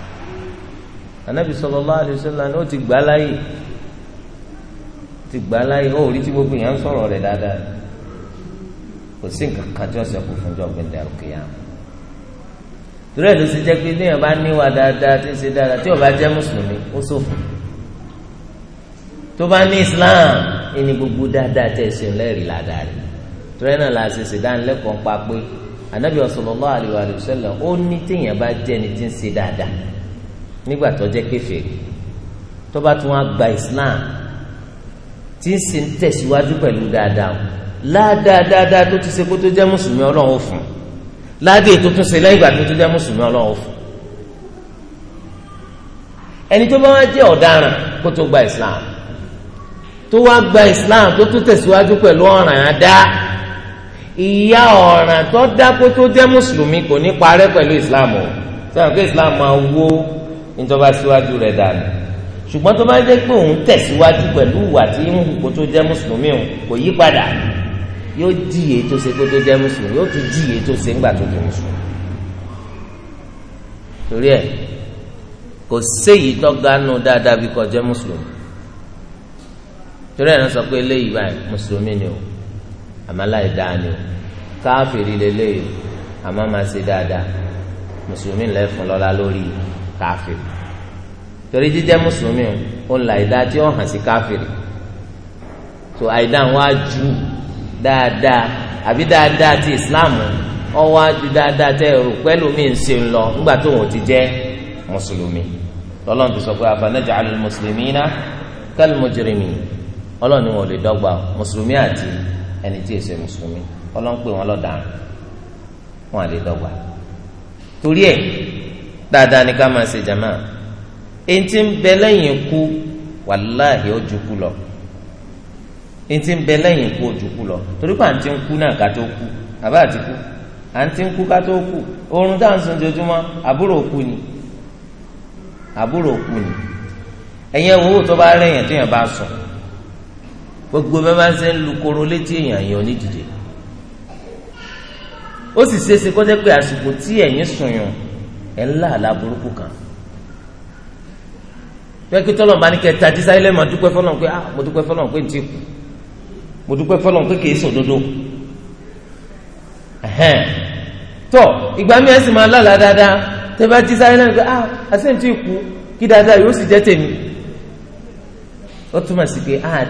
anabi sallallahu alaihi wasallam ni ó ti gbà láyè ti gbà láyè ó rí tí gbogbo yẹn ń sọ̀rọ̀ rẹ̀ dáadáa kò sí nǹkan kan tí wọ́n sọ kó fún jọ́gbìn dàrúkìyà torí ẹ̀ ló ṣe jẹ́ pé téèyàn bá níwà dáadáa tí ń ṣe dáadáa tí ó bá mùsùlùmí ó ṣòfò tó bá ní islam ẹni gbogbo dáadáa tẹ̀ ṣe lẹ́rìí ládàá rẹ̀ torí ẹ̀ náà la ṣe ṣèdánilẹ́kọ̀ọ́ pa pé anabi sallallahu alaihi wasallam ó ní téèyàn bá jẹ́ ni tí ń ṣe dáadáa nígbà tó jẹ́ kèfèrí tó bá tún wá gba islam tí ń ṣe ń tẹ̀síwájú pẹ̀lú dáadáa ládáadáa tó ti ṣe kó tó jẹ́ mùsùlùmí ọlọ́run ó fún ládé tó tún ṣe lẹ́yìn ìgbà tó tó jẹ́ mùsùlùmí ọlọ́run ó fún ẹni tó bá wá jẹ́ ọ̀daràn kó tó gba islam tó wá gba islam tó tún tẹ̀síwájú pẹ̀lú ọ̀ràn àdá ìyá ọ̀ràn tó dá kó tó jẹ́ mùsùlùmí kò ní parẹ́ pẹ̀lú islam o sọ̀rọ̀ pé islam máa wó níjọba síwájú rẹ̀ dànù ṣùgbọ́n tó bá jẹ́ pé òun tẹ̀síwájú pẹ̀lú ìwà tí ń hù kó tó jẹ́ mùsùlùmí òun kò yí padà yóò díye tó ṣe kó tó jẹ́ mùsùlùmí yóò tún díye tó ṣe ńgbà tó di mùsùlùmí torí ẹ̀ kò séyìí tọ́gánú dáadáa bí kò jẹ́ mùsùlùmí torí ẹ̀ náà sọ pé eléyìí báyìí mùsùlùmí ni o àmọ́ láì o káfíìrì lélẹ́yìí àmọ́ ṣe dáadáa mùsùlùmí lẹ́fun lọ́la lórí yìí káfíìrì torí jíjẹ́ mùsùlùmí o ń la ìdá tí ó hàn sí káfíìrì tó àìdá wọn á ju dáadáa àbí dáadáa ti islam ọ wá ju dáadáa tẹ ẹrù pẹ̀lú mi ń ṣe ń lọ nígbà tó wọn ti jẹ́ mùsùlùmí lọ́lọ́run ti sọ pé afanaj'al al-muslimina kal-mujrimin ọlọ́run ni wọn lè dọ́gba mùsùlùmí àti ẹni tí èsè mùsùlùmí ọlọ́run pè wọ́n lọ́daràn wọn lè dọ́gba torí ẹ̀ dáadáa ni ká máa ṣe jàmá etí ń bẹ lẹ́yìn ikú wàláhì ojú kú lọ etí ń bẹ lẹ́yìn ikú ojú kú lọ torí pé àǹtí ń kú náà ká tó kú àbá àti kú àǹtí ń kú ká tó kú oorun tá à ń sùn jojúmọ́ àbúrò kú ni àbúrò kú ni ẹ̀yin ẹ̀wọ̀n owó tó bá rẹ̀ yẹn tó yẹn bá sùn gbogbo bẹ́ẹ̀ máa ń ṣe ń lu koro létí èèyàn yẹn onídìde ó sì ṣeéṣe kó jẹ́ pé àsìkò tí ẹ̀yin sùn yàn ẹ̀ ńlá àlá burúkú kan pẹ́kí tọ́lọ̀ bá ní kẹ́ tají sáyẹ́lẹ́ mọ̀ dúpẹ́ fọlọ́n pé ah mo dúpẹ́ fọlọ́n pé n ti kù mo dúpẹ́ fọlọ́n pé kìí sòdodo tọ́ ìgbà mi ẹ̀ sì máa lálàá dáadáa tẹ́ bá jí sáyẹ́lẹ́ pé ah ti kù kí dáadáa yóò sì jẹ́ tèmi ó túmọ̀ sí pé ah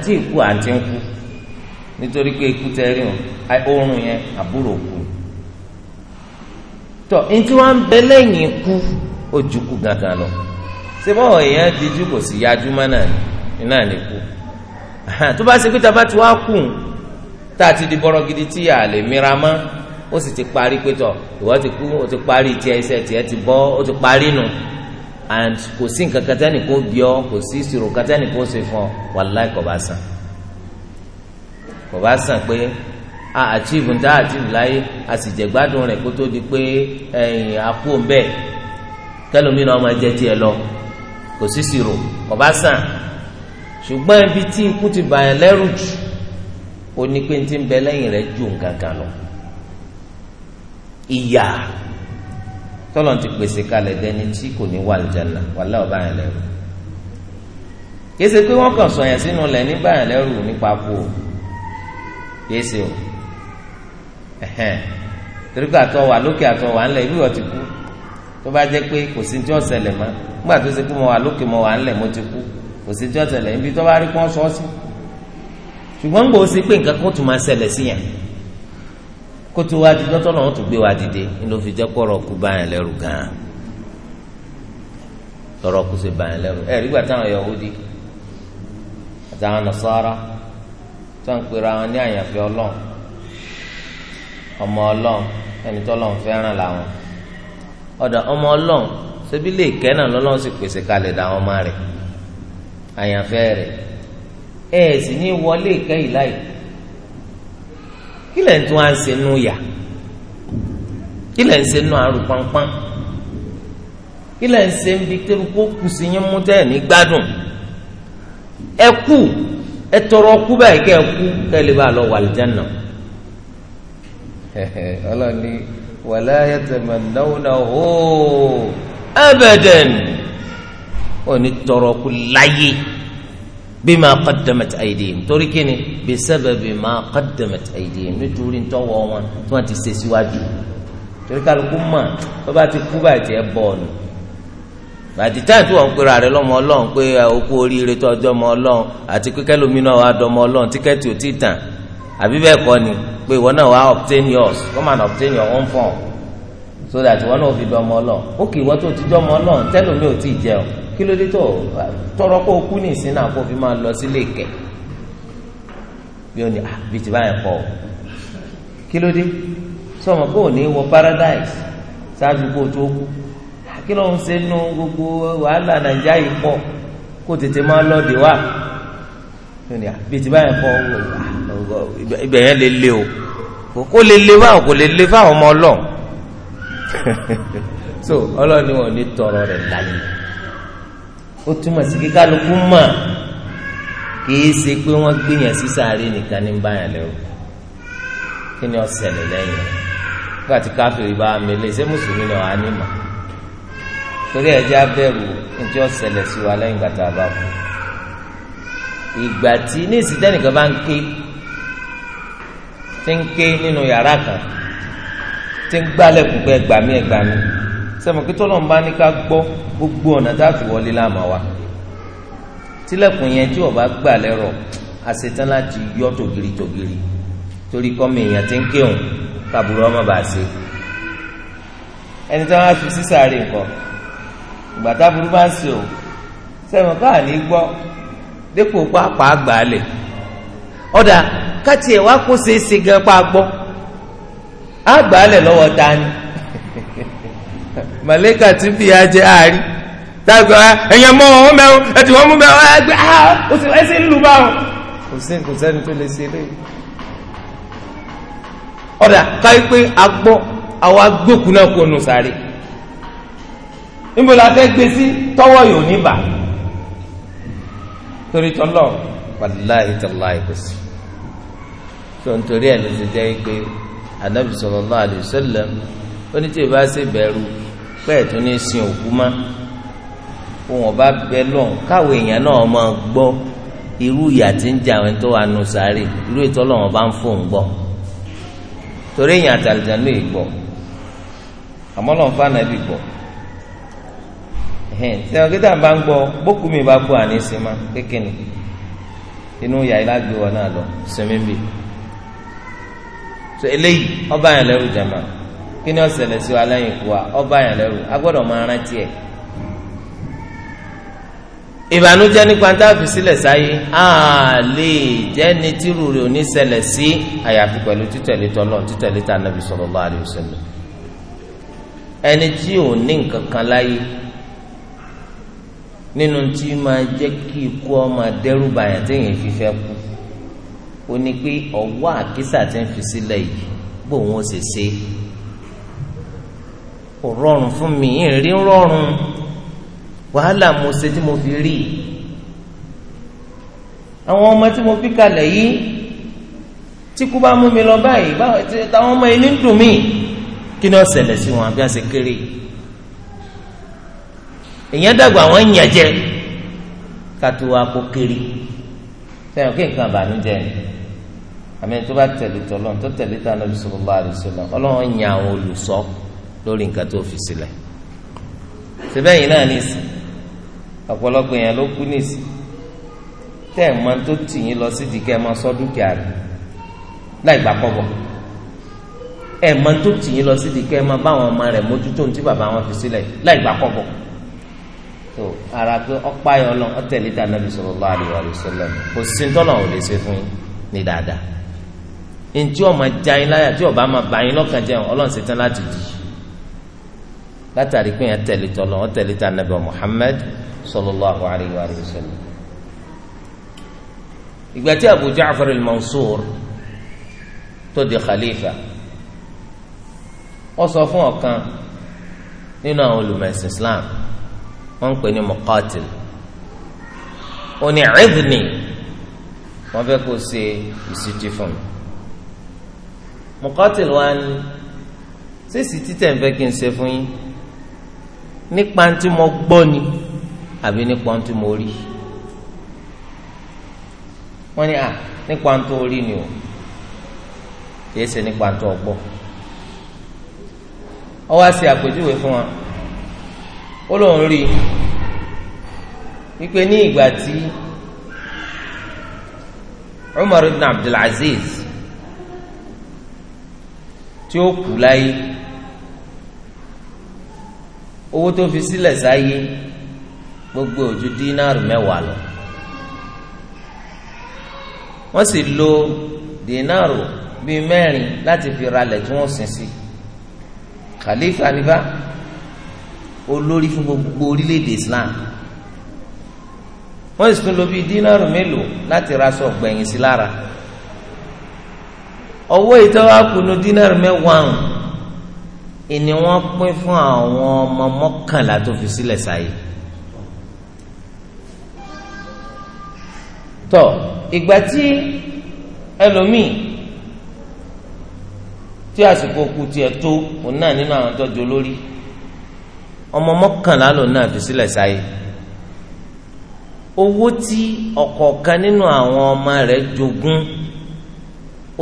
tọ ntí wọn bẹ lẹ́yìn ikú ojú kú gangan lọ ṣé báwọn èèyàn díjú kò sì yájú mọ náà ni náà ni kú tó bá ṣe pé tàbá ti wá kù tá a ti di bọrọ gidi tí a lè mira mọ ó sì ti parí pé tọ ìwọ ti kú ó ti parí tiẹ̀ iṣẹ́ tiẹ̀ ti bọ́ ó ti parí nu and kò sí nǹkan kan tẹ́nì kó bí ọ kò sí ìṣirò kan tẹ́nì kó ṣe fún ọ wàláì kò bá sàn kò bá sàn pé a achieve ntá achieve láyé a sì jẹ gbádùn rẹ̀ kó tó di pé ẹ̀yìn akó ń bẹ kẹlòmíì náà máa jẹ tiẹ̀ lọ kò sí sírò kò bá sàn ṣùgbọ́n ibi tí ikú ti bàyàn lẹ́rù jù ó ní pé ti ń bẹ lẹ́yìn rẹ̀ ju nǹkan lọ ìyà tọ́lọ̀ ti pèsè kalẹ̀ dẹni tí kò ní wà lìjànà wàlẹ́ ọ̀bá yẹn lẹ́rù kìí ṣe pé wọ́n kàn sọ yẹn sínú lẹ̀ nígbà yẹn lẹ́rù nípa kú o kìí ṣe o ẹ̀hẹ́n torí pé àtọ̀ wà lókè àtọ̀ wà ńlẹ̀ ibi wọ́n ti kú tó bá jẹ́ pé kò sí tí ó ṣẹlẹ̀ mọ́ nígbà tó ṣe pé mo wà lókè mo wà ńlẹ̀ mo ti kú kò sí tí ó ṣẹlẹ̀ ibi tó bá rí pọ́n sọ́ sí ṣùgbọ́n gbòó sí pé nǹkan kó tún máa ṣẹlẹ̀ sí yẹn kó tó wá di dọ́tọ́ náà wọ́n tún gbé wá dìde nínú fi jẹ́ kọ́rọ̀ kú báyẹn lẹ́rù gan-an tọrọ kú sí báyẹn lẹ́rù ẹ̀rí gbà táwọn Yahudi àtàwọn Nasara tó ń pera wọn ní ọmọ ọlọ́run ẹni tọ́lọ́run fẹ́ràn làwọn ọ̀dà ọmọ ọlọ́run ṣebí lè kẹ́ náà lọ́lọ́run sì pèsè kalẹ̀ làwọn ọmọ rẹ̀ àyànfẹ́ rẹ̀ ẹ̀ sì ní wọlé ìkẹ́ yìí láì kí lẹ̀ ń tún á ń ṣe nú yà kí ń ṣe nú àrùn pánpán kí ń ṣe ń bi kù sí yín mú tẹ́ ní gbádùn ẹ kú ẹ tọrọ kú báyìí kẹ́ ẹ kú kẹ́ ẹ lè bá a lọ wà lìjánà ọlọ́run ní wàlá yẹtẹmẹ náwó hóó abadan ó ní tọrọ kú láyé bí máa qaddamat aydihim torí kíni bí sababi máa qaddamat aydihim nítorí ntọ́wọ́ wọn tí wọ́n ti ṣe síwájú torí kálukú mọ̀ bàbá ti kú báyìí tiẹ̀ bọ̀ ọ̀nù bàtí táyà tí wọn pera rẹ lọmọ Ọlọ́run pé okú oríire tó ọjọ́ ọmọ Ọlọ́run àti pé kẹlòmínà wà dọmọ Ọlọ́run tíkẹ́ẹ̀tì ò tí ì tàn àbí bẹ́ẹ̀ kọ́ ni pé ìwọ náà wá obtain yours come and obtain your own form so that ìwọ náà fi dọmọ lọ ó kì ìwọ tó ti dọmọ lọ tẹ́lẹ̀ mi ò tí ì jẹun kí ló dé tó tọrọ kó o kú ní ìsìn náà kó o fi máa lọ sílé ìkẹ́ bí o ní àbí ah, ti báyẹn kọ́ o kí ló dé sọmọ kó o ní wọ paradise ṣáájú kó o tó kú ah, kí ló ń ṣe nu gbogbo wàhálà nàìjíríà yìí pọ̀ kó o tètè máa lọ dè wá bí o ní àbí ah, ti báyẹn kọ́ o ibẹ̀ yẹn lè le o kó lè le báwọn kò lè le báwọn ọmọ ọlọ́run so ọlọ́run ni wọn ní tọrọ rẹ̀ láyé ó túmọ̀ sí kíkálukú mọ̀ kìí ṣe pé wọ́n gbìyàn sí sáré nìkan ní báyà lẹ́wọ̀ kí ni ó ṣẹlẹ̀ lẹ́yìn nígbà tí káfíìrì bá mi lé ṣé mùsùlùmí náà á ní mà torí ẹ̀jẹ̀ abẹ́rù ní tí ó ṣẹlẹ̀ sí wa lẹ́yìn gbàtà bá kú ìgbà tí ní ìsìtẹ́nìkan bá ń ké tí ń ké nínú yàrá kan tí ń gbálẹ̀kùn pé ẹgbàmí ẹgbàmí sẹ́mọ̀kí tó lọ́nba ní ká gbọ́ gbogbo ọ̀nà tá a fi wọlé láàmà wa tílẹ̀kùn yẹn tí ọba gbà lẹ́rọ̀ àṣetán láti yọ tògiri tògiri torí kọ́mi èèyàn ti ń kéwòn kàbúrò ọmọ bá ṣe ẹni tí wọ́n á fi sísàárè nǹkan ìgbà táburú bá ń ṣe o sẹ́mọ̀ká àní gbọ́ dépò pàápàá gbà ọ̀dà káti ẹ̀ kó ṣeé ṣe gan pa gbọ́ á gbà á lẹ̀ ti dání màlẹ́kà tí bí a jẹ́ àárí dáàgbà ẹ̀yẹ wọn mẹ́wọ́ ah, kò kò lè pé a gbọ́ àwọn náà sáré gbé sí yòó ní torí tó nítorí ẹ̀ ló ti jẹ́ pé anabi sallallahu alayhi wa sallam onítìyẹ bá ṣe bẹ̀rù pẹ́ẹ́ tó ní sin òkú má òun ọba bẹ lọ́n káwọn èèyàn náà máa gbọ́ irú ìyà tí ń jà wọn tó wà nù sáré irú ìtọ́ lọ́wọ́n bá ń fòun gbọ́ torí èèyàn àtàlùjá ló yìí gbọ́ àmọ́ lọ́n fún anabi gbọ́ ẹ̀hìn wọn kíta bá ń gbọ́ bókú mi bá kú àní sinmi kékeré inú yàrá gbé wọn náà lọ sinmi bíi. so eléyìí ọba yẹn lẹ́rù jama kí ni ọ sí wa lẹ́yìn ikú wa ọba yẹn lẹ́rù agbọ́dọ̀ máa rántí ẹ ìbànújẹ́ nípa tá a fi sílẹ̀ sáyé a lè jẹ́ ní tírù rẹ̀ ò ní sí àyàfi pẹ̀lú títẹ̀lé tọlọ tà ẹni tí fi kú ó ní pé ọwọ́ àkísà ti ń fi sílẹ̀ yìí bó wọn ṣe ṣe kò rọrùn fún mi ìrírí rọrùn wàhálà mo ṣe tí mo fi rí àwọn ọmọ tí mo fi kalẹ̀ yìí tí kú bá mú mi lọ báyìí táwọn ọmọ ilé ń dùn mí kí ni ó sí wọn àbí àṣẹ kéré èèyàn dàgbà àwọn èèyàn jẹ ká tó wa kó kéré fẹ́ràn kí nǹkan àbànújẹ́ ni àmì tó bá tẹ̀lé tọ́lọ́n tó tẹ̀lé tà nàbì sallallahu alaihi wasallam ọlọ́run yan àwọn olùsọ lórí nǹkan tó fi sílẹ̀ síbẹ̀yìn náà nìsí ọ̀pọ̀lọpọ̀ èèyàn ló kú nìsí tẹ́ ẹ̀ máa tó tì yín lọ sídìí kẹ́ ẹ máa sọ dúkìá rẹ̀ láì gbà kọ́bọ̀ ẹ̀ máa tó tì yín lọ sídìí kẹ́ ẹ máa bá àwọn ọmọ rẹ̀ mójútó ní tí bàbá wọn fi sílẹ̀ láì gbà kọ́bọ̀ tó ara pé ọ̀pá yọ lọ ọ̀tẹ̀lẹ́ta nàbì sallallahu alaihi wasallam kò sí tọ́lọ̀ ò ntí ọmọ já yín láyà tí ọba máa bá yín lọ́kàn jẹ́ ọlọ́run ṣetán láti jì látàrí pé yẹn tẹ̀lé tọ́lọ́ wọn tẹ̀lé tà nàbẹ̀ Muhammad sallallahu alayhi wa sallam. ìgbà tí Abu Ja'far al-Mansur tó di khalifa ó sọ fún ọ̀kan nínú àwọn olùmọ̀ẹ̀sìn Islam wọ́n pè ní Muqatil ó ní wọ́n fẹ́ kó ṣe ìsìtì fún mi. Muqatil wa ni ṣèṣì títẹ̀ ń fẹ́ kí n ṣe fún yín nípa tí mo gbọ́ ni àbí nípa tí mo rí wọ́n ní à nípa tó rí ni o kìí ṣe nípa tó ọgbọ́ ọ wá ṣe àpèjúwe fún wa ó lóun rí wípé ní ìgbà tí Umar ibn Abdul Aziz tí ó kù láyé owó tó fi sílẹ̀ sáyé gbogbo ojú dínárù mẹ́wàá lọ wọ́n sì lo dínárù bíi mẹ́rin láti fi ralẹ̀ tí wọ́n sin sí khalifa nífà olórí fún gbogbo orílẹ̀-èdè Islam wọ́n sì tún lo bíi dínárù mélòó láti ra gbẹ̀yìn sí lára owó ìtọ́wákùnú dínárì mẹ́wàá ìní wọ́n pín fún àwọn ọmọ mọ́kànlá tó fi sílẹ̀ sáyé. tọ́ ìgbà tí ẹlòmíì tí àsìkò kù tiẹ̀ tó òun náà nínú àwọn tọ́jú olórí ọmọ mọ́kànlá lòun náà fi sílẹ̀ sáyé owó tí ọ̀kọ̀ọ̀kan nínú àwọn ọmọ rẹ̀ jogún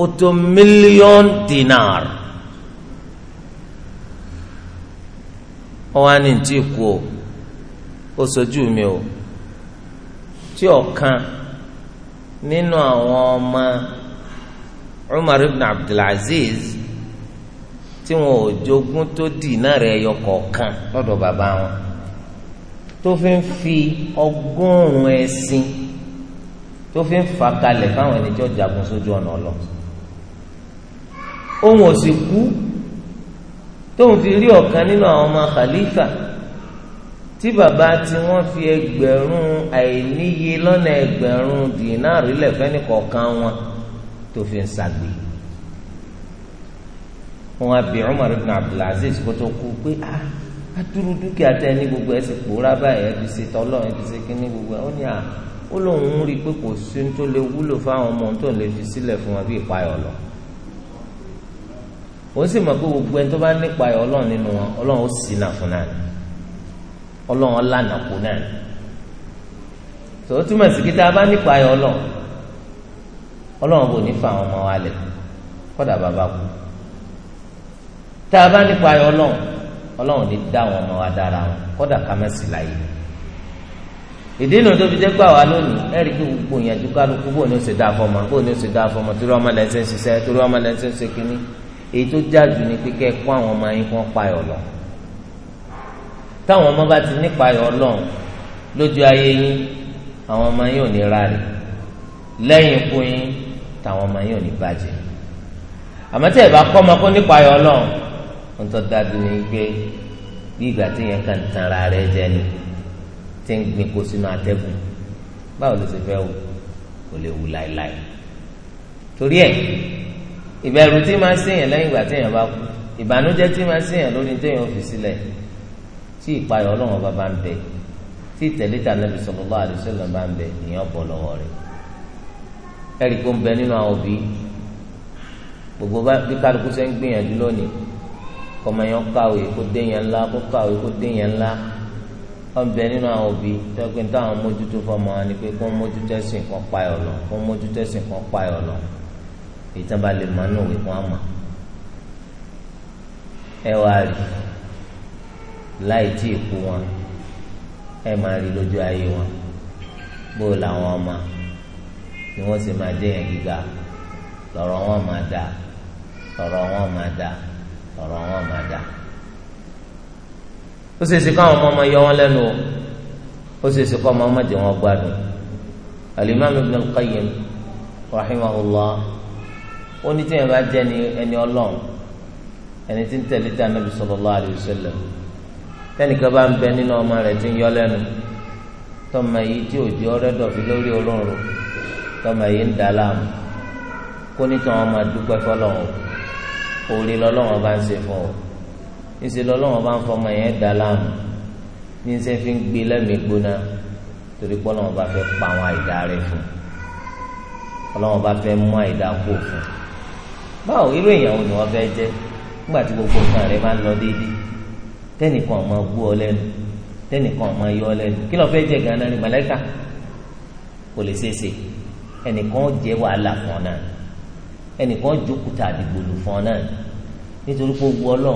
ó tó mílíọ̀n dinar ó wá ní tí kú o ó sojú mi o tí ọ̀kan nínú àwọn ọmọ Umar ibn Abdulaziz tí wọn ò jogún tó dinar ẹyọ kọ̀ọ̀kan lọ́dọ̀ bàbá wọn tó fi ń fi ọgọ́rùn-ún ẹ̀sìn tó fi ń fà kalẹ̀ fáwọn ẹni tí ó jagun sójú ọ̀nà ọlọ́run ohun ọ̀sìn kú tóun fi rí ọ̀kan nínú àwọn ọmọ khalifa tí bàbá tí wọ́n fi ẹgbẹ̀rún àìníye lọ́nà ẹgbẹ̀rún dìínárì lẹ́fẹ̀ẹ́nì kọ̀ọ̀kan wọn tó fi ń ṣàgbé wọn àbí Umar ibn Abdulaziz kó tó kú pé ah, a adúrú dúkìá tẹ ní gbogbo ẹ sì pòórá báyìí ẹ fi ṣe tọ́lọ́ ẹ fi ṣe kínní gbogbo ẹ ó ní à ó lóun ń rí i pé kò sí ní tó lè wúlò fáwọn ọmọ tó lè fi sílẹ̀ fún wọn bí ìpayọ̀ lọ. O sì mọ̀ pé gbogbo ẹni tó bá nípa ẹ̀ ọlọ́run nínú wọn ọlọ́run ó sì nà fún náà ọlọ́run ọlànà kú náà tòun túmọ̀ sí kí bá nípa ẹ̀ ọlọ́run ọlọ́run ní fa àwọn ọmọ wa lẹ̀ kọ́dà bàbá kú tá a bá nípa ẹ̀ ọlọ́run ọlọ́run ní dá àwọn ọmọ wa dára wọn kọ́dà kámẹ́sì ìdí inú tó fi jẹ́ pé àwa èyí tó jáde ní pé kẹ́ ẹ kó àwọn ọmọ yín kó payọ̀ lọ táwọn ọmọ bá ti nípayọ̀ Ọlọ́run lójú ayé yín àwọn ọmọ yín ò ní rárẹ lẹ́yìn ikú yín táwọn ọmọ yín ò ní bàjẹ́ àmọ́ tí ẹ bá kọ́ ọmọ kó nípayọ̀ Ọlọ́run ń tọ́ dájú ní pé bí ìgbà tí yẹn kàn tan ara rẹ jẹ ni tí ń gbin kó sínú atẹ́gùn báwo ló ti fẹ́ wò kò lè wù láéláé torí ẹ̀ ìbẹ̀rù tí máa ṣèyàn lẹ́yìn ìgbà téèyàn bá kú ìbànújẹ́ tí máa ṣèyàn lórí téèyàn fi sílẹ̀ tí ìpayọ̀ ọlọ́run ọba bá ń bẹ tí ìtẹ̀lẹ́tà nàbì sallallahu alaihi wasallam bá ń bẹ ìyẹn ọ̀bọ̀ lọ́wọ́ rẹ̀ ẹ̀rí kó ń bẹ nínú àwọn òbí gbogbo bí kálukú ṣe ń gbìyànjú lónìí kọ́mọ yẹn kàwé kó déyàn ńlá kó kàwé kó déyàn ńlá ó ń bẹ nínú àwọn òbí èyí tí wọn bá lè mọ inú òwe fún àmọ́ ẹ wá rí láì tí ì kú wọn ẹ máa rí lójú ayé wọn bó làwọn ọmọ ni wọn sì máa déyàn gíga lọ́rọ̀ wọn máa dà lọ́rọ̀ wọn máa dà lọ́rọ̀ wọn máa dà ó sì sì káwọn ọmọ ọmọ yọ wọn lẹ́nu o ó sì sì kọ́ ọmọ ọmọ jẹ wọn gbádùn Al-Imam qayyim rahimahullah ó ní tí yẹn bá jẹ́ ni ẹni ọlọ́run ẹni tí ń tẹ̀lé tí anabi sallallahu alaihi wasallam tẹnìkan bá ń bẹ nínú ọmọ rẹ̀ tí ń yọ lẹ́nu tọmọ yìí tí òjì ọrẹ́ dọ̀bí lórí olóòrùn tọmọ yìí ń dà láàmú kó nítorí wọn máa dúpẹ́ fọlọ́run òòrè lọ́lọ́run bá ń ṣe fún ọ níṣẹ́ lọ́lọ́run bá ń fọmọ yẹn dà láàmú níṣẹ́ fi ń gbé lẹ́mìí gbóná torí pọ́lọ́run bá fẹ́ pa àwọn àìdá rẹ̀ fún ọlọ́run bá fẹ́ mú àìdá kó fún un. báwo irú èèyàn ni wọ́n fẹ jẹ nígbà tí gbogbo nǹkan rẹ máa ń lọ déédéé tẹ́nìkan ọmọ gbó ọ lẹ́nu tẹ́nìkan ọmọ yọ ọ lẹnu kí ló fẹ́ jẹ́ gan-an ni màlẹ́kà kò lè ṣeéṣe ẹnìkan jẹ́ wàhálà fún ọ náà ẹnìkan jókòtà àdìgbòlù fún ọ náà nítorí pé gbogbo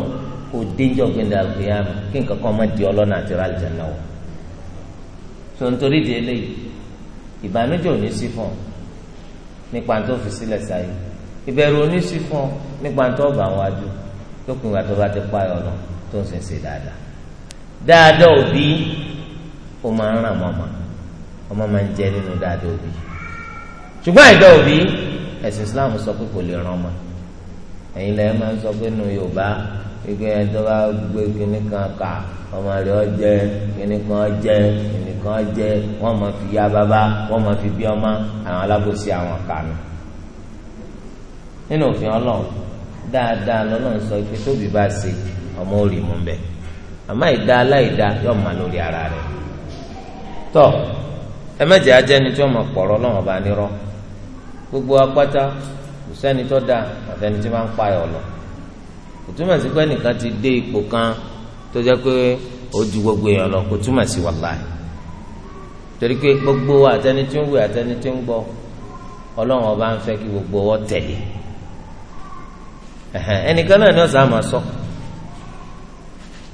kò kí nǹkan kan má di ọlọ́run àti ràlìjà náà so nítorí délé sí fún ọ nípa tó fi ìbẹ̀rù oníṣì fún ọ nípa tó bá wájú lókun ìgbà tó bá ti pa ọ̀ lọ tó ń sèse dáadáa dáadáa òbí ó máa ń ràn mọ́mọ́ ọmọ máa ń jẹ nínú dáadáa òbí ṣùgbọ́n òbí ẹ̀sìn Islam sọ pé kò lè ràn ọmọ ẹ̀yin lẹ́yìn máa ń sọ pé nu Yorùbá gbígbé ẹni tó bá gbé kíní kan kà ọmọ rẹ̀ ọ jẹ kan jẹ kíní kan fi yá bàbá máa fi bí ọmọ nínú òfin ọlọ́run dáadáa lọ́lọ́run sọ pé tóbi bá ṣe ọmọ òrì mú bẹ́ẹ̀ àmọ́ ìdá aláìdá yóò máa lórí ara rẹ̀ tọ́ ẹ mẹ́jẹ̀ ajẹ́ni tí wọ́n mọ̀ pọ̀rọ̀ lọ́wọ́n bá nírọ́ gbogbo apáta kò sẹ́ni tó dáa àfẹni tí wọ́n ń pa ẹ̀ lọ kò túmọ̀ sí pé nìkan ti dé ipò kan tó jẹ́ pé ó ju gbogbo èèyàn lọ kò túmọ̀ sí wàláì torí pé gbogbo àtẹni tí ń wù àtẹni tí ń gbọ́ ọlọ́wọ́n bá ń fẹ́ kí gbogbo ọ tẹ̀lé ẹnìkan náà ni ọ̀sán àmà sọ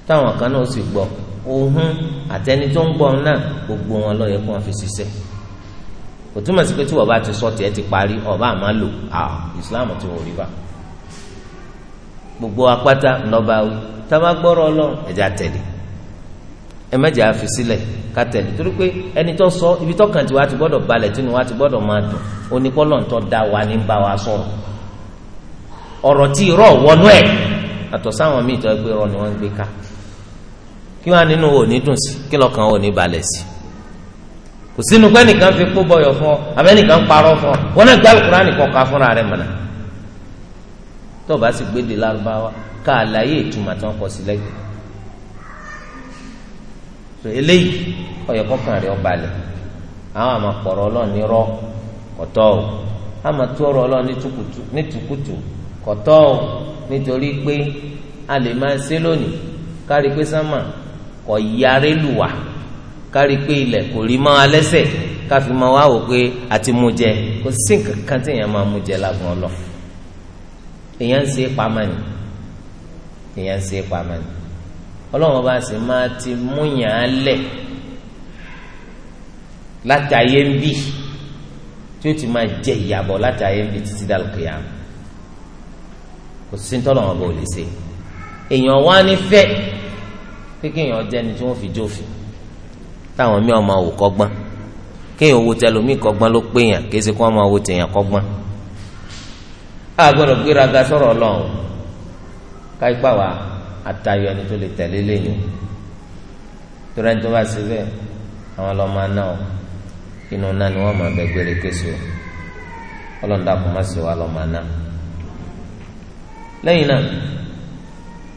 táwọn kan náà sì gbọ́ ohun àtẹni tó ń gbọ́ náà gbogbo wọn ló yẹ kó wọn fi ṣiṣẹ́ kò túmọ̀ sí pé tí wọ́n bá ti sọ tiẹ̀ ti parí ọba àmà lò à ìsìláàmù tí wọ́n rí bá gbogbo apáta ńlọba wí tábà gbọ́rọ̀ ọlọ́run ẹ̀já tẹ̀lé ẹ mẹ́jẹ̀ á fi sílẹ̀ ká tẹ̀lé torí pé ẹni tó sọ ibi tó kàn tí wàá ti gbọ́dọ̀ balẹ̀ tínú wàá ti gbọ́dọ̀ máa dùn oníkọ́lọ́ntọ́ dá wa ní bá wa sọ̀rọ̀ ọ̀rọ̀ tí irọ́ wọnú ẹ̀ àtọ̀ sáwọn míì tó ẹ pé ń gbé ká kí wọ́n á nínú òní dùn sí kí lọ́kàn òní balẹ̀ sí kò sínú pé nìkan fi kó bọyọ̀ fún ọ abẹ́nìkan parọ́ fún wọn náà gbá fúnra mọ̀nà tó bá sì gbé de lárúbáwá ká àlàyé ìtumọ̀ tí wọ́n kọ kọ̀tọ́ o nítorí pé a lè máa ṣe lónìí kárí pé sámà kọ̀ yaré lù wá kárí pé ilẹ̀ kò rí mọ́ alẹ́sẹ̀ káfi máa wá wò pé àti mú jẹ kò sí nǹkan kan tí èèyàn máa mú jẹ lágùn ọlọ èèyàn ń ṣe é pamọ́ ni èèyàn ń ṣe é pamọ́ ni ọlọ́run bá sì máa ti múyàn án lẹ̀ láti ayé ń bì tí ó ti máa jẹ ìyàbọ̀ láti ayé ń bì títí dàlùkìyàmù kò sí tọ́lọ̀ wọn bò lè ṣe èèyàn wá ní fẹ́ pé kéèyàn jẹni tí wọ́n fi jófin táwọn mí ọmọ òwò kọ́gbọ́n kéèyàn wo tẹlomi kọ́gbọ́n ló pé yàn kése kó ọmọ wo tèèyàn kọ́gbọ́n a gbọ́dọ̀ gbéra ga sọ̀rọ̀ Ọlọ́run káyipá wa àtayọ ẹni tó lè tẹ̀lé lẹ́yìn torí ẹni tó bá ṣe bẹ́ẹ̀ àwọn lọ máa ná ọ inú náà ni wọ́n máa bẹ gbére késo Ọlọ́run dàkú má ṣe wa lọ máa ná ọ. lẹ́yìn náà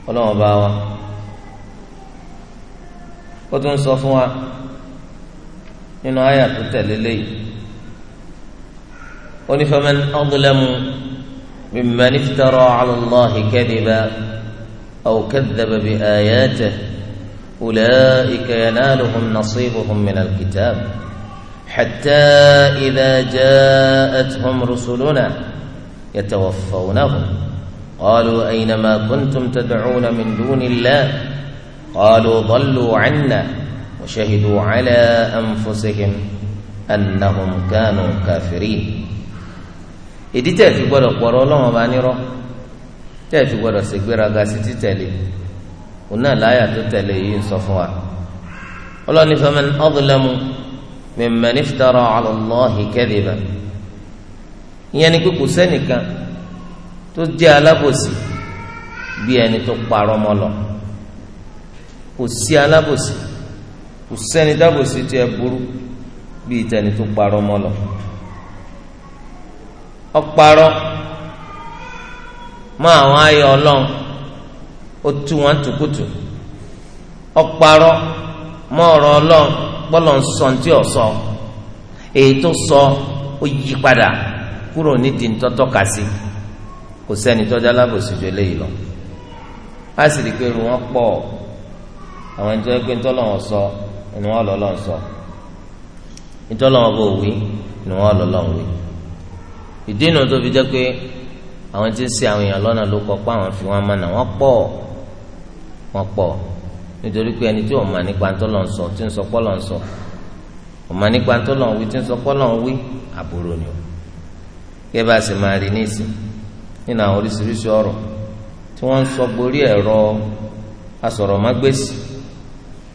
ọlọ́wọ́n bá wa ó tún sọ fún wa nínú àyà tó tẹ̀lé lẹ́yìn ó ní faman adlamu mimman iftara ala Allahi kadiba aw kadhaba bi ayatihi ulaika yanaluhum nasibuhum min alkitab حتى إذا جاءتهم رسلنا يتوفونهم قالوا أينما كنتم تدعون من دون الله قالوا ضلوا عنا وشهدوا على أنفسهم أنهم كانوا كافرين ìdí tẹ̀ fi gbọ́dọ̀ pọ̀rọ̀ ọlọ́run ọba nírọ́ tẹ̀ fi gbọ́dọ̀ ṣègbéraga sí títẹ̀lé òun náà láyà tó tẹ̀lé yìí ń sọ fún wa ọlọ́ni faman adlamu mimman iftara ala Allahi kadhiban ìyẹn ni pé kò sẹ́nìkan tó jẹ́ alábòsí bí ẹni tó parọ́ mọ́ lọ kò sí alábòsí kò sẹ́ni dábòsí tí ẹ burú bí ìtẹni tó parọ́ mọ́ lọ ọparọ́ mọ́ àwọn ayọ̀ ọlọ́run ó tú wọn tùkùtù ọparọ́ mọ́ ọ̀rọ̀ ọlọ́run gbọ́dọ̀ ń sọ ní tí ò sọ èyí tó sọ ó yí padà kúrò nídìí ń tọ́tọ́ sí i. kò sẹ́ni tọ́jà lábòsí ju eléyìí lọ a sì rí i pé irun wọn pọ̀ àwọn ẹni tó yẹ sọ ni wọn lọ́ lọ́n sọ ntọ́lọ́ bò wí ni wọn lọ́ lọ́n wí ìdí inú tó fi jẹ́ pé àwọn tí ń àwọn èèyàn lọ́nà ló kọ́ pé àwọn fi wọn mọ̀nà wọn pọ̀ wọn pọ̀ nítorí pé ẹni tí ò nípa sọ tí ń sọ sọ nínú àwọn oríṣiríṣi ọ̀rọ̀ tí wọ́n ń sọ borí ẹ̀rọ asọ̀rọ̀mágbèsì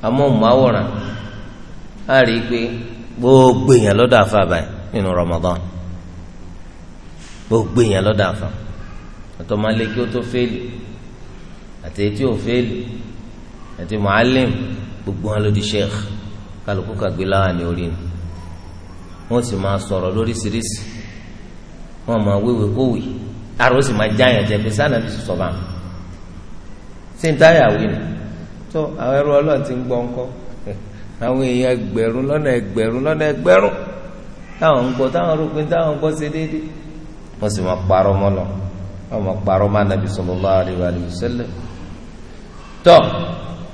amóhùnmáwòrán á rí i pé gbogbo èèyàn lọ́dọ̀ àfa báyìí nínú Ramadan gbogbo èèyàn lọ́dọ̀ àfa àtọ́mọ́lẹ́kí ó tó fẹ́ẹ̀lì àti etí ò fẹ́ẹ̀lì àti mu'allim gbogbo wọn ló sheikh kálukú kàgbé láwa ní orí ni wọ́n sì máa sọ̀rọ̀ lóríṣiríṣi wọ́n máa wéwèé kówèé. àrò sì já jáyàn jẹ pé sáà nàbí sọ̀bà ṣé n táyàwó ni tó àwọn ẹrú ọlọ́run ti ń gbọ́ ńkọ́ àwọn èèyàn ẹgbẹ̀rún lọ́nà ẹgbẹ̀rún lọ́nà ẹgbẹ̀rún táwọn ń gbọ́ táwọn rúpin táwọn ń gbọ́ ṣe déédéé wọ́n sì máa parọ́ mọ́ lọ wọ́n máa parọ́ mọ́ ànábì sallallahu alaihi wa sallam tọ́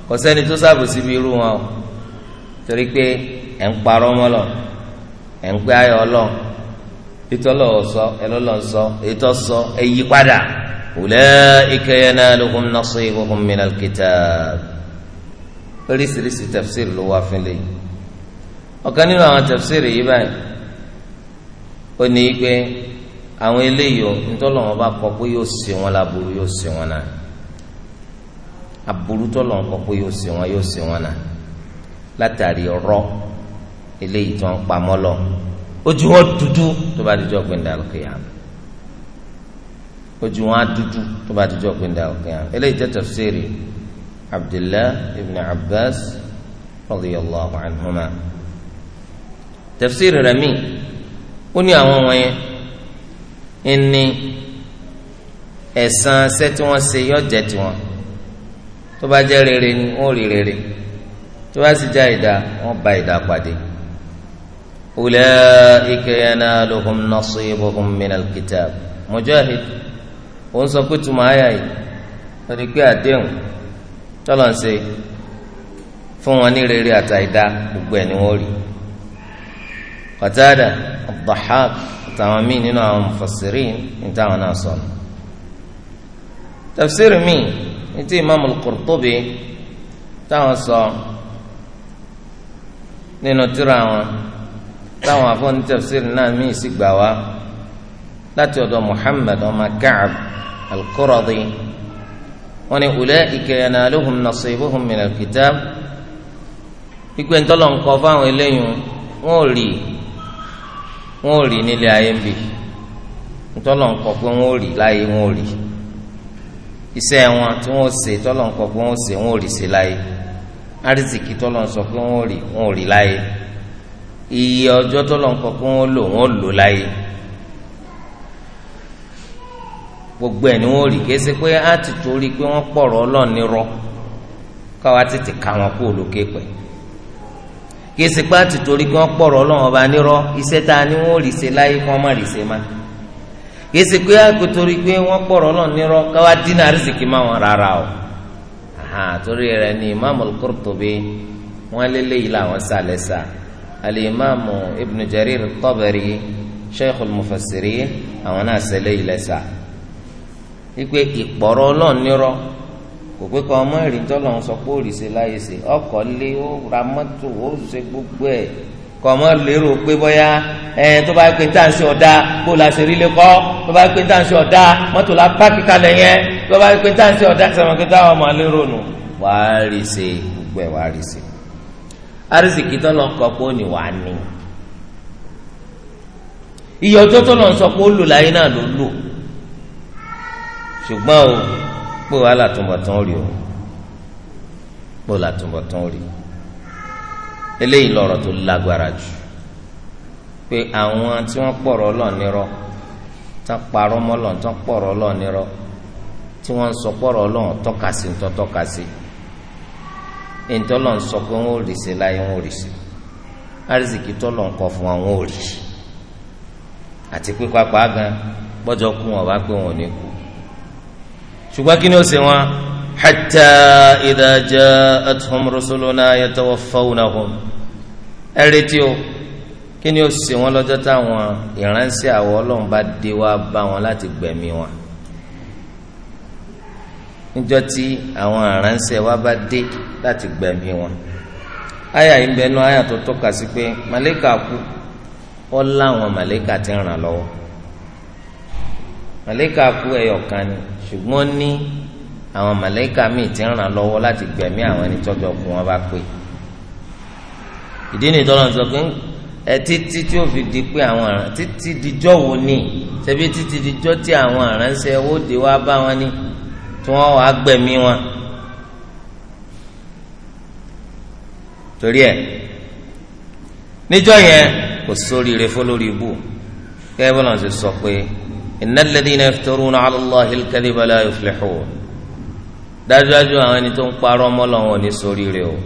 kò sẹ́ni tó sáàbò síbi irú wọn o torí pé ẹ̀ ń parọ́ mọ́ lọ ẹ̀ ń gbé ayọ̀ ọlọ́run ìtọ́lọ̀ sọ ẹlọ́lọ́ sọ ètò sọ èyí padà ulaika yanaluhum nasibuhum minal kitab oríṣiríṣi tafsir ló wá fún lẹ́yìn ọ̀kan nínú àwọn tafsir yìí báyìí ó ní pé àwọn eléyìí ntọ́lọ̀ wọn bá kọ pé yóò ṣe wọn láburú yóò ṣe wọn náà aburú tọ́lọ̀ wọn kọ pé yóò ṣe wọn yóò ṣe wọn náà látàrí ọ̀rọ̀ eléyìí tó ń pamọ́ lọ́wọ́ ojú wọn dúdú tó bá dijọ́ gbẹ̀ndà al-qiyam ojú wọn dúdú tó bá dijọ́ gbẹ̀ndà al-qiyam eléyìí jẹ́ tafsiri abdullahi ibn abbas radiyallahu anhuma tafsiri rami ó ní àwọn wọ̀nyẹn ẹni ẹ̀san ṣẹ́ tí wọ́n ṣe yọ jẹ́ tiwọn tó bá jẹ́ rere ni wọ́n rí rere tó bá sì já ìdá wọ́n bá ìdá pàdé. أولئك ينالهم نصيبهم من الكتاب مجاهد òun sọ pé tùmọ̀ ayà yìí lórí pé àdéhùn tọ́lọ̀ ń ṣe fún wọn ní rere àtàìdá gbogbo ẹ̀ ni wọ́n rí Qatada Ad-Dahhak àtàwọn míì nínú àwọn mufassirin ní táwọn náà sọ nù. tafsir míì ní ti Imam al táwọn sọ nínú tírà wọn táwọn afọ́ni tafsiri náà mí sì gbà wá láti ọ̀dọ̀ Muhammad ọmọ Ka'b al-Quradi wọn ni ulaika yanaluhum nasibuhum min al-kitab pípé ntọ́lọ̀ ń kọ́ fáwọn eléyìí wọn ò rí wọn ò rí nílé ayé ń bì ntọ́lọ̀ ń kọ́ pé wọn ò rí láyé wọn ò rí iṣẹ́ wọn tí wọn ò ṣe tọ́lọ̀ ń pé wọn ò ṣe wọn ò rí ṣe láyé arizikì tọ́lọ̀ ń pé wọn ò rí wọn ò rí láyé iye ọjọ́ tó lọ nǹkan kó wọn lò wọn lò láyé gbogbo ẹ̀ ni wọn rí kése pé á ti torí pé wọ́n pọ̀rọ̀ ọlọ́run ní rọ káwa tètè ká wọn kó olókè pẹ̀ kése pé á ti torí pé wọ́n pọ̀rọ̀ ọlọ́run ọba ní rọ iṣẹ́ tá a ní wọn rí ṣe láyé kí wọ́n má rí ṣe má kése pé á ti torí pé wọ́n pọ̀rọ̀ ọlọ́run rọ káwa dínà àrísìkí má wọn rárá o torí rẹ̀ ni Imam Al-Qurtubi wọn lélẹ́yìí làwọn sálẹ̀ sáà alimami ibn jarir tabari sheikh mufassiri àwọn náà sẹlẹ ìlẹsà wípé ìpọ̀rọ̀ ọlọ́run nírọ̀ kò pé kọ́ ọmọ ìrìn tọ́lọ̀ ń sọ pé òrìṣẹ́ láyé ṣe ọkọ̀ lé ó ra mọ́tò ó ṣe gbogbo ẹ̀ kọ́ ọmọ lérò pé bóyá ẹ tó bá pé tá à ń ṣe ọ̀dà bó la ṣe rí lẹ́kọ́ tó bá pé tá à ń ṣe ọ̀dà mọ́tò la páàkì kalẹ̀ yẹn tó bá pé tá à ń ṣe ọ̀dà sọ̀rọ̀ pé táwọn ọmọ lérò nù wàá rí ṣe gbogbo ẹ̀ wàá rí ṣe arísìkì tó lọ kọ pé ó ní wàá ní iye ọjọ́ tó lọ sọ pé ó lò láyé náà ló lò ṣùgbọ́n o pé wàhálà túnbọ̀ tán rí o pé wàhálà túnbọ̀ tán rí eléyìí lọ̀rọ̀ tó lágbára jù pé àwọn tí wọ́n pọ̀rọ̀ ọlọ́ọ̀nirọ́ tán parọ́ mọ́ tán pọ̀rọ̀ ọlọ́ọ̀nirọ́ tí wọ́n ń sọ pọ̀rọ̀ ọlọ́ọ̀n tọ́ka sí ń tọ́ tọ́ka sí ntọ́lọ̀ ń sọ pé wọ́n ò rìsè láyé wọ́n ò rìsè arizikì tọ́lọ̀ ń kọ́ fún wọn wọ́n ò rì àti pé pápá gan gbọ́dọ̀ kú wọn wá pé wọn ò ní kú ṣùgbọ́n kí ni ó ṣe wọn hatta idha ja'atuhum rusuluna yatawaffawnahum ẹ retí o kí ni ó ṣe wọn lọ́jọ́ táwọn ìránṣẹ́ àwọ̀ ọlọ́run bá dé wá bá wọn láti gbẹ̀mí wọn níjọ́ tí àwọn aránṣẹ́ wa bá dé láti gbẹ̀mí wọn àyà yìí ń bẹnu àyà tó tọ́ka sí pé màlẹ́kà kú ó láwọn màlẹ́kà ti ràn lọ́wọ́ màlẹ́kà kú ẹyọ kan ni ṣùgbọ́n ní àwọn màlẹ́kà míì ti ràn lọ́wọ́ láti gbẹ̀mí àwọn ẹni tọ́jọ́ kú wọn bá pé ìdí nìyí tọ́lọ́ sọ pé ẹ títí tí ó fi di pé àwọn títí dijọ́ wo ni ṣebí títí dijọ́ tí àwọn aránṣẹ́ wo dé wá bá wọn ni tí wọ́n wàá gbẹ̀mí wọn torí ẹ̀ níjọ́ yẹn kò sóríire fọlórí ibù kẹ́ bọ́lá ṣe sọ pé innal ladhina yaftaruna ala Allahi al-kadhiba la yuflihun dájúdájú àwọn ẹni tó ń parọ́ mọ́lọ́ wọn ò ní sóríire o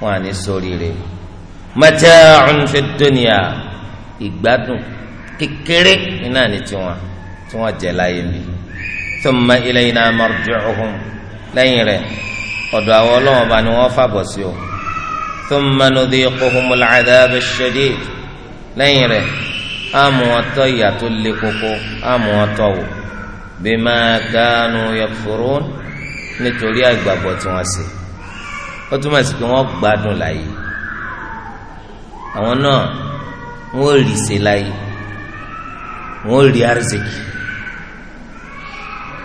wọn à ní sóríire mata'un fid dunya ìgbádùn kékeré iná ni tiwọn tí wọ́n jẹ láyé mi thumma ilayna marji'uhum lẹ́yìn rẹ̀ ọ̀dọ̀ àwọn ọlọ́wọ́n bá ni wọ́n fàbọ̀ sí o thumma nudhiquhumul 'adhaba ash-shadid lẹ́yìn rẹ̀ àmọ́ ọtọ́ ìyà tó le koko àmọ́ ọtọ́ wò bima kanu yakfurun nítorí àgbàgbọ́ tí wọ́n ṣe ó túmọ̀ sí pé wọ́n gbádùn láyé àwọn náà wọ́n rì ṣe láyé wọ́n rì àrísìkì.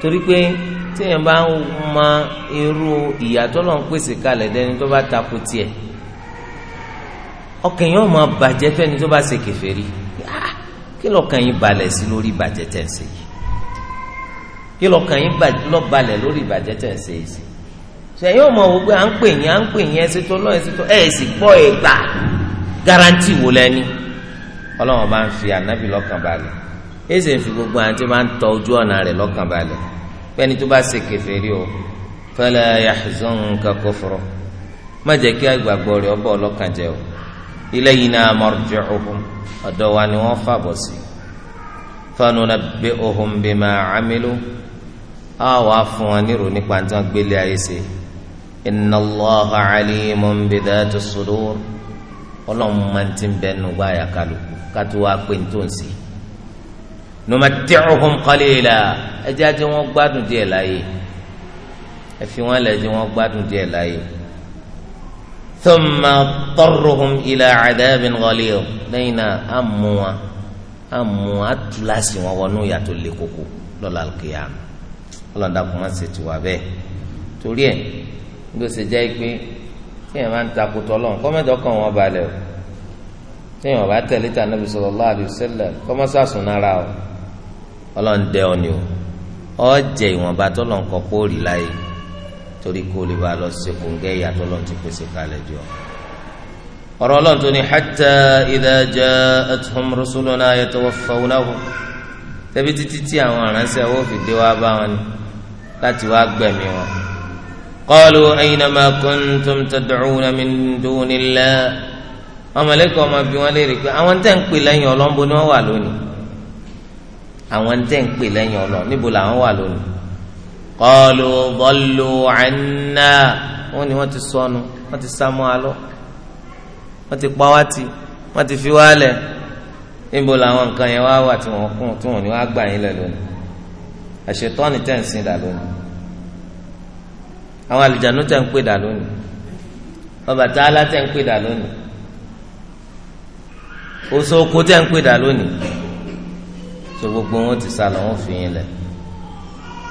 torí pé téèyàn bá ń mọ irú ìyàtọ̀ lọ́n pèsè kalẹ̀ dẹni tó bá takò tiẹ̀ ọkàn yẹn ò máa bàjẹ́ fẹ́ni tó bá ṣe kèfèrí ah, kí lọ́kàn yín balẹ̀ sí lórí ìbàjẹ́ tẹ̀ ń se yìí kí lọ́kàn yín lọ́ balẹ̀ lórí ìbàjẹ́ tẹ̀ ń ṣe yìí sí sẹ́yìn ò mọ̀ wò pé à ń pè yín à ń pè yín ẹsẹ̀ tó lọ́ ẹsẹ̀ tó ẹ̀ sì gbọ́ ẹ̀ gbà garanti wò lẹ́ni ọlọ́run bá ń fi ànábì lọ́kàn balẹ̀ ese fi gbogbo àwọn tí wọ́n tọ ojú ọ̀nà rẹ̀ lọ́kàn balẹ̀ pẹ́ni tó bá ṣe kèfèrí o fala yahzunka kufru má jẹ́ kí àgbàgbọ́ rẹ̀ ọbọ̀ ọlọ́kàn jẹ́ o ilayna marji'uhum ọ̀dọ̀ wa ni wọ́n fàbọ̀ sí fanunabbi'uhum bima 'amilu á wà fún wọn nírò nípa tí wọ́n gbélé ayé ṣe inna Allaha 'alimun bidhatis sudur ọlọ́run máa ti wáyà kálukú ká tó numati'uhum qalila ẹ jẹ́ àti wọ́n gbádùn díẹ̀ láàyè ẹ fi wọ́n lẹ̀ jẹ́ wọ́n gbádùn díẹ̀ láàyè thumma tarruhum ila adabin ghalil lẹ́yìn náà á mú wọn á mú wọn á tú láàsì wọn wọnú yàtọ̀ lè koko lọ́la kìyàmù ọlọ́dà kò má ṣe tiwa bẹ́ẹ̀ torí ẹ̀ ń gbèsè jẹ́ pé kí ẹ̀ máa ń takùtọ̀ lọ́n kọ́mẹ́tọ̀ kan wọn balẹ̀ o téèyàn bá tẹ̀lé tà nàbì sallallahu alaihi wasallam kọ́mọ́sàsùn nára o ọlọ́run dẹ ọ ni o ọ jẹ ìwọ̀nba tọ́lọ́n kọ́ póòrì láyé torí kó lè bá lọ sí kòńgẹ́ ìyá tọ́lọ́n ti pèsè kalẹ̀ jọ. ọ̀rọ̀ ọlọ́run tó ní hatta idha ja'atuhum rusuluna yatawaffawnahum tẹ́bí títí tí àwọn aránṣẹ́ wọ́n fi dé wá bá wọn ni láti wá gbẹ̀mí wọn. qalu aynama kuntum tad'una min dunillah ọmọlẹ́kọ̀ọ́ máa bi wọ́n léèrè pé àwọn tẹ̀ ń pè lẹ́yìn ọlọ́mbo ni wọ́n wà lónìí àwọn tẹ̀ ń pè lẹ́yìn ọlọ́ níbo làwọn wà lónìí kọlu bọlu àná wọ́n ní wọ́n ti sọnù wọ́n ti sá mọ́ alọ́ wọ́n ti pa wá ti wọ́n ti fi wá lẹ̀ níbo làwọn nǹkan yẹn wá wà tí wọ́n kún tí wọ́n ní wọ́n á gbà yín lẹ̀ lónìí àṣetọ́ni tẹ̀ ń sìn dà lónìí àwọn àlìjánu tẹ̀ ń pè dà lónìí Ọbàtálá tẹ̀ ń pè dà lónìí oṣù oko tẹ́ ń pè dà lónìí tó gbogbo wọn ti sá lọ wọn fi yín lẹ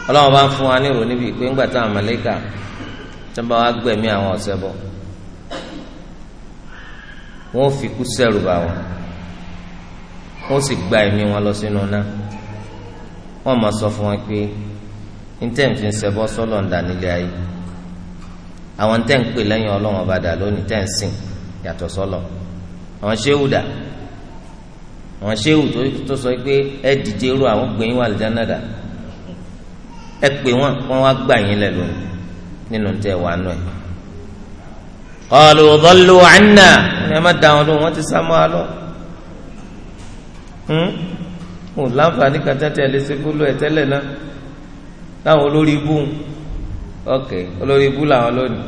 ọlọ́wọ́n bá ń fún wa ní ìròyìn bíi pé ńgbà táwọn mọ̀lẹ́kà tó bá wá gbẹ̀mí àwọn ọ̀sẹ̀ bọ̀ wọn ò fi kú sẹ́rù bá wọn wọn ò sì gba ẹ̀mí wọn lọ sínú náà wọn máa sọ fún wọn pé ntẹ́ǹ ń sẹ́bọ́ sọ́lọ̀ ń dà nílé ayé àwọn ntẹ́ǹ pè lẹ́yìn ọlọ́wọ́n bá dà lónìí tẹ́ǹ sìn yàtọ̀ sọ́lọ̀ àwọn ṣéwù dà àwọn ṣéwù tó sọ pé ẹ dìde ru àwọn gbẹ̀yìn wà lìjánà dà ẹ pè wọn wọn wá gbà yín lẹ lónìí nínú tẹ wà nù ẹ. qalu dhallu anna ẹ má da wọn lóhùn wọn ti sá mọ́ alọ́ mo láǹfààní kan tẹ́tẹ́ lè ṣe fúlù ẹ̀ tẹ́lẹ̀ náà láwọn olórí ibú ok olórí ibú làwọn lónìí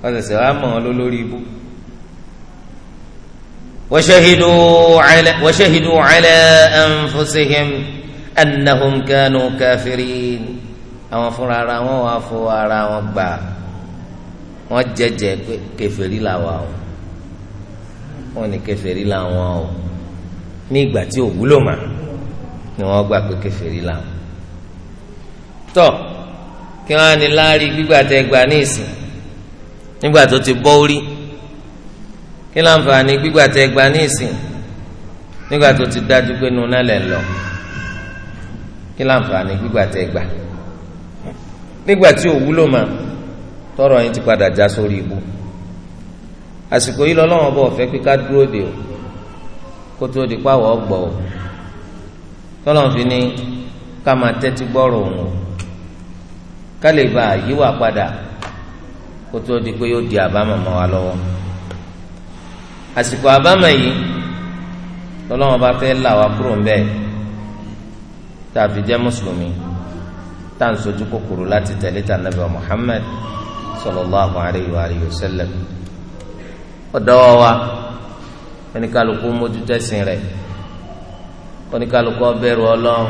wọ́n ṣẹ̀ṣẹ̀ wá mọ̀ wọn lólórí ibú. وشهدوا على وشهدوا على أنفسهم أنهم كانوا كافرين àwọn fúnra ara wọn wàá fọ ara wọn gbà wọn jẹ́jẹ́ pé kèfèrí làwa o wọn ní kèfèrí làwọn o ní ìgbà tí ò wúlò mà ni wọn gbà pé kèfèrí làwọn. tọ kí wọn á ní láárí gbígbà tẹ gbà ní ìsìn nígbà tó ti bọ́ orí kí láǹfààní gbígbà tẹ gba ní ìsìn nígbà tó ti dájú pé nu náà lẹ̀ lọ kí láǹfààní gbígbà tẹ gbà nígbà tí ò wúlò mà tọrọ yín ti padà já sórí ibu àsìkò yìí lọ́lọ́wọ́n bọ̀ fẹ́ pé ká dúró de o kó tó di pàwọ́ ọgbọ̀ o tọ́lọ́n fi ní ká máa tẹ́tí gbọ́rọ̀ òun o ká lè bá àyíwá padà kó tó di pé yóò di àbámọ̀ mọ́ wa lọ́wọ́ àsìkò àbámọ̀ yìí lọ́lọ́wọ́n bá fẹ́ là wá kúrò ńbẹ́ tá a fi jẹ́ mùsùlùmí tá à ń sojú kòkòrò láti tẹ̀lé tà nàbẹ̀ Muhammad sallallahu alayhi wa alihi wa sallam ọ̀dọ́ wa wa oníkàlùkù mójútẹ́sìn rẹ̀ oníkàlùkù ọbẹ̀rù ọlọ́run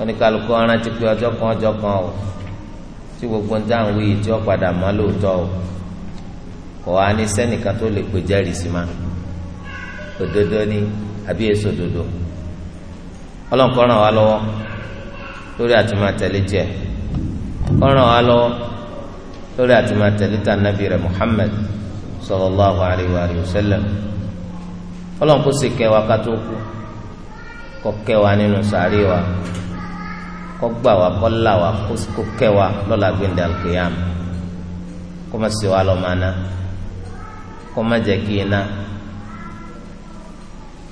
oníkàlùkù ọ̀rántí pé ọjọ́ kan ọjọ́ kan o tí gbogbo ń dáhùn wíyì tí ó padà mọ́ lóòótọ́ o kò wá ní sẹ́nìkan tó lè pè jẹ́rìí sí ma òdodo ni àbí èso òdodo ọlọ́run kó ràn wá lọ́wọ́ lórí àtúmọ̀ tẹ̀lé jẹ́ kó ràn wá lọ́wọ́ lórí àtúmọ̀ tẹ̀lé tà nàbì rẹ̀ Muhammad sallallahu alayhi wa sallam ọlọ́run kó sì kẹwàá ká tó kú kó kẹwàá nínú sàárè wa kó gbà wá kó là wá kó kẹwàá lọ́la gbẹ̀ndàlùkìyàm kó má sì wá lọ́ọ́ máa ná kó má jẹ́ kí iná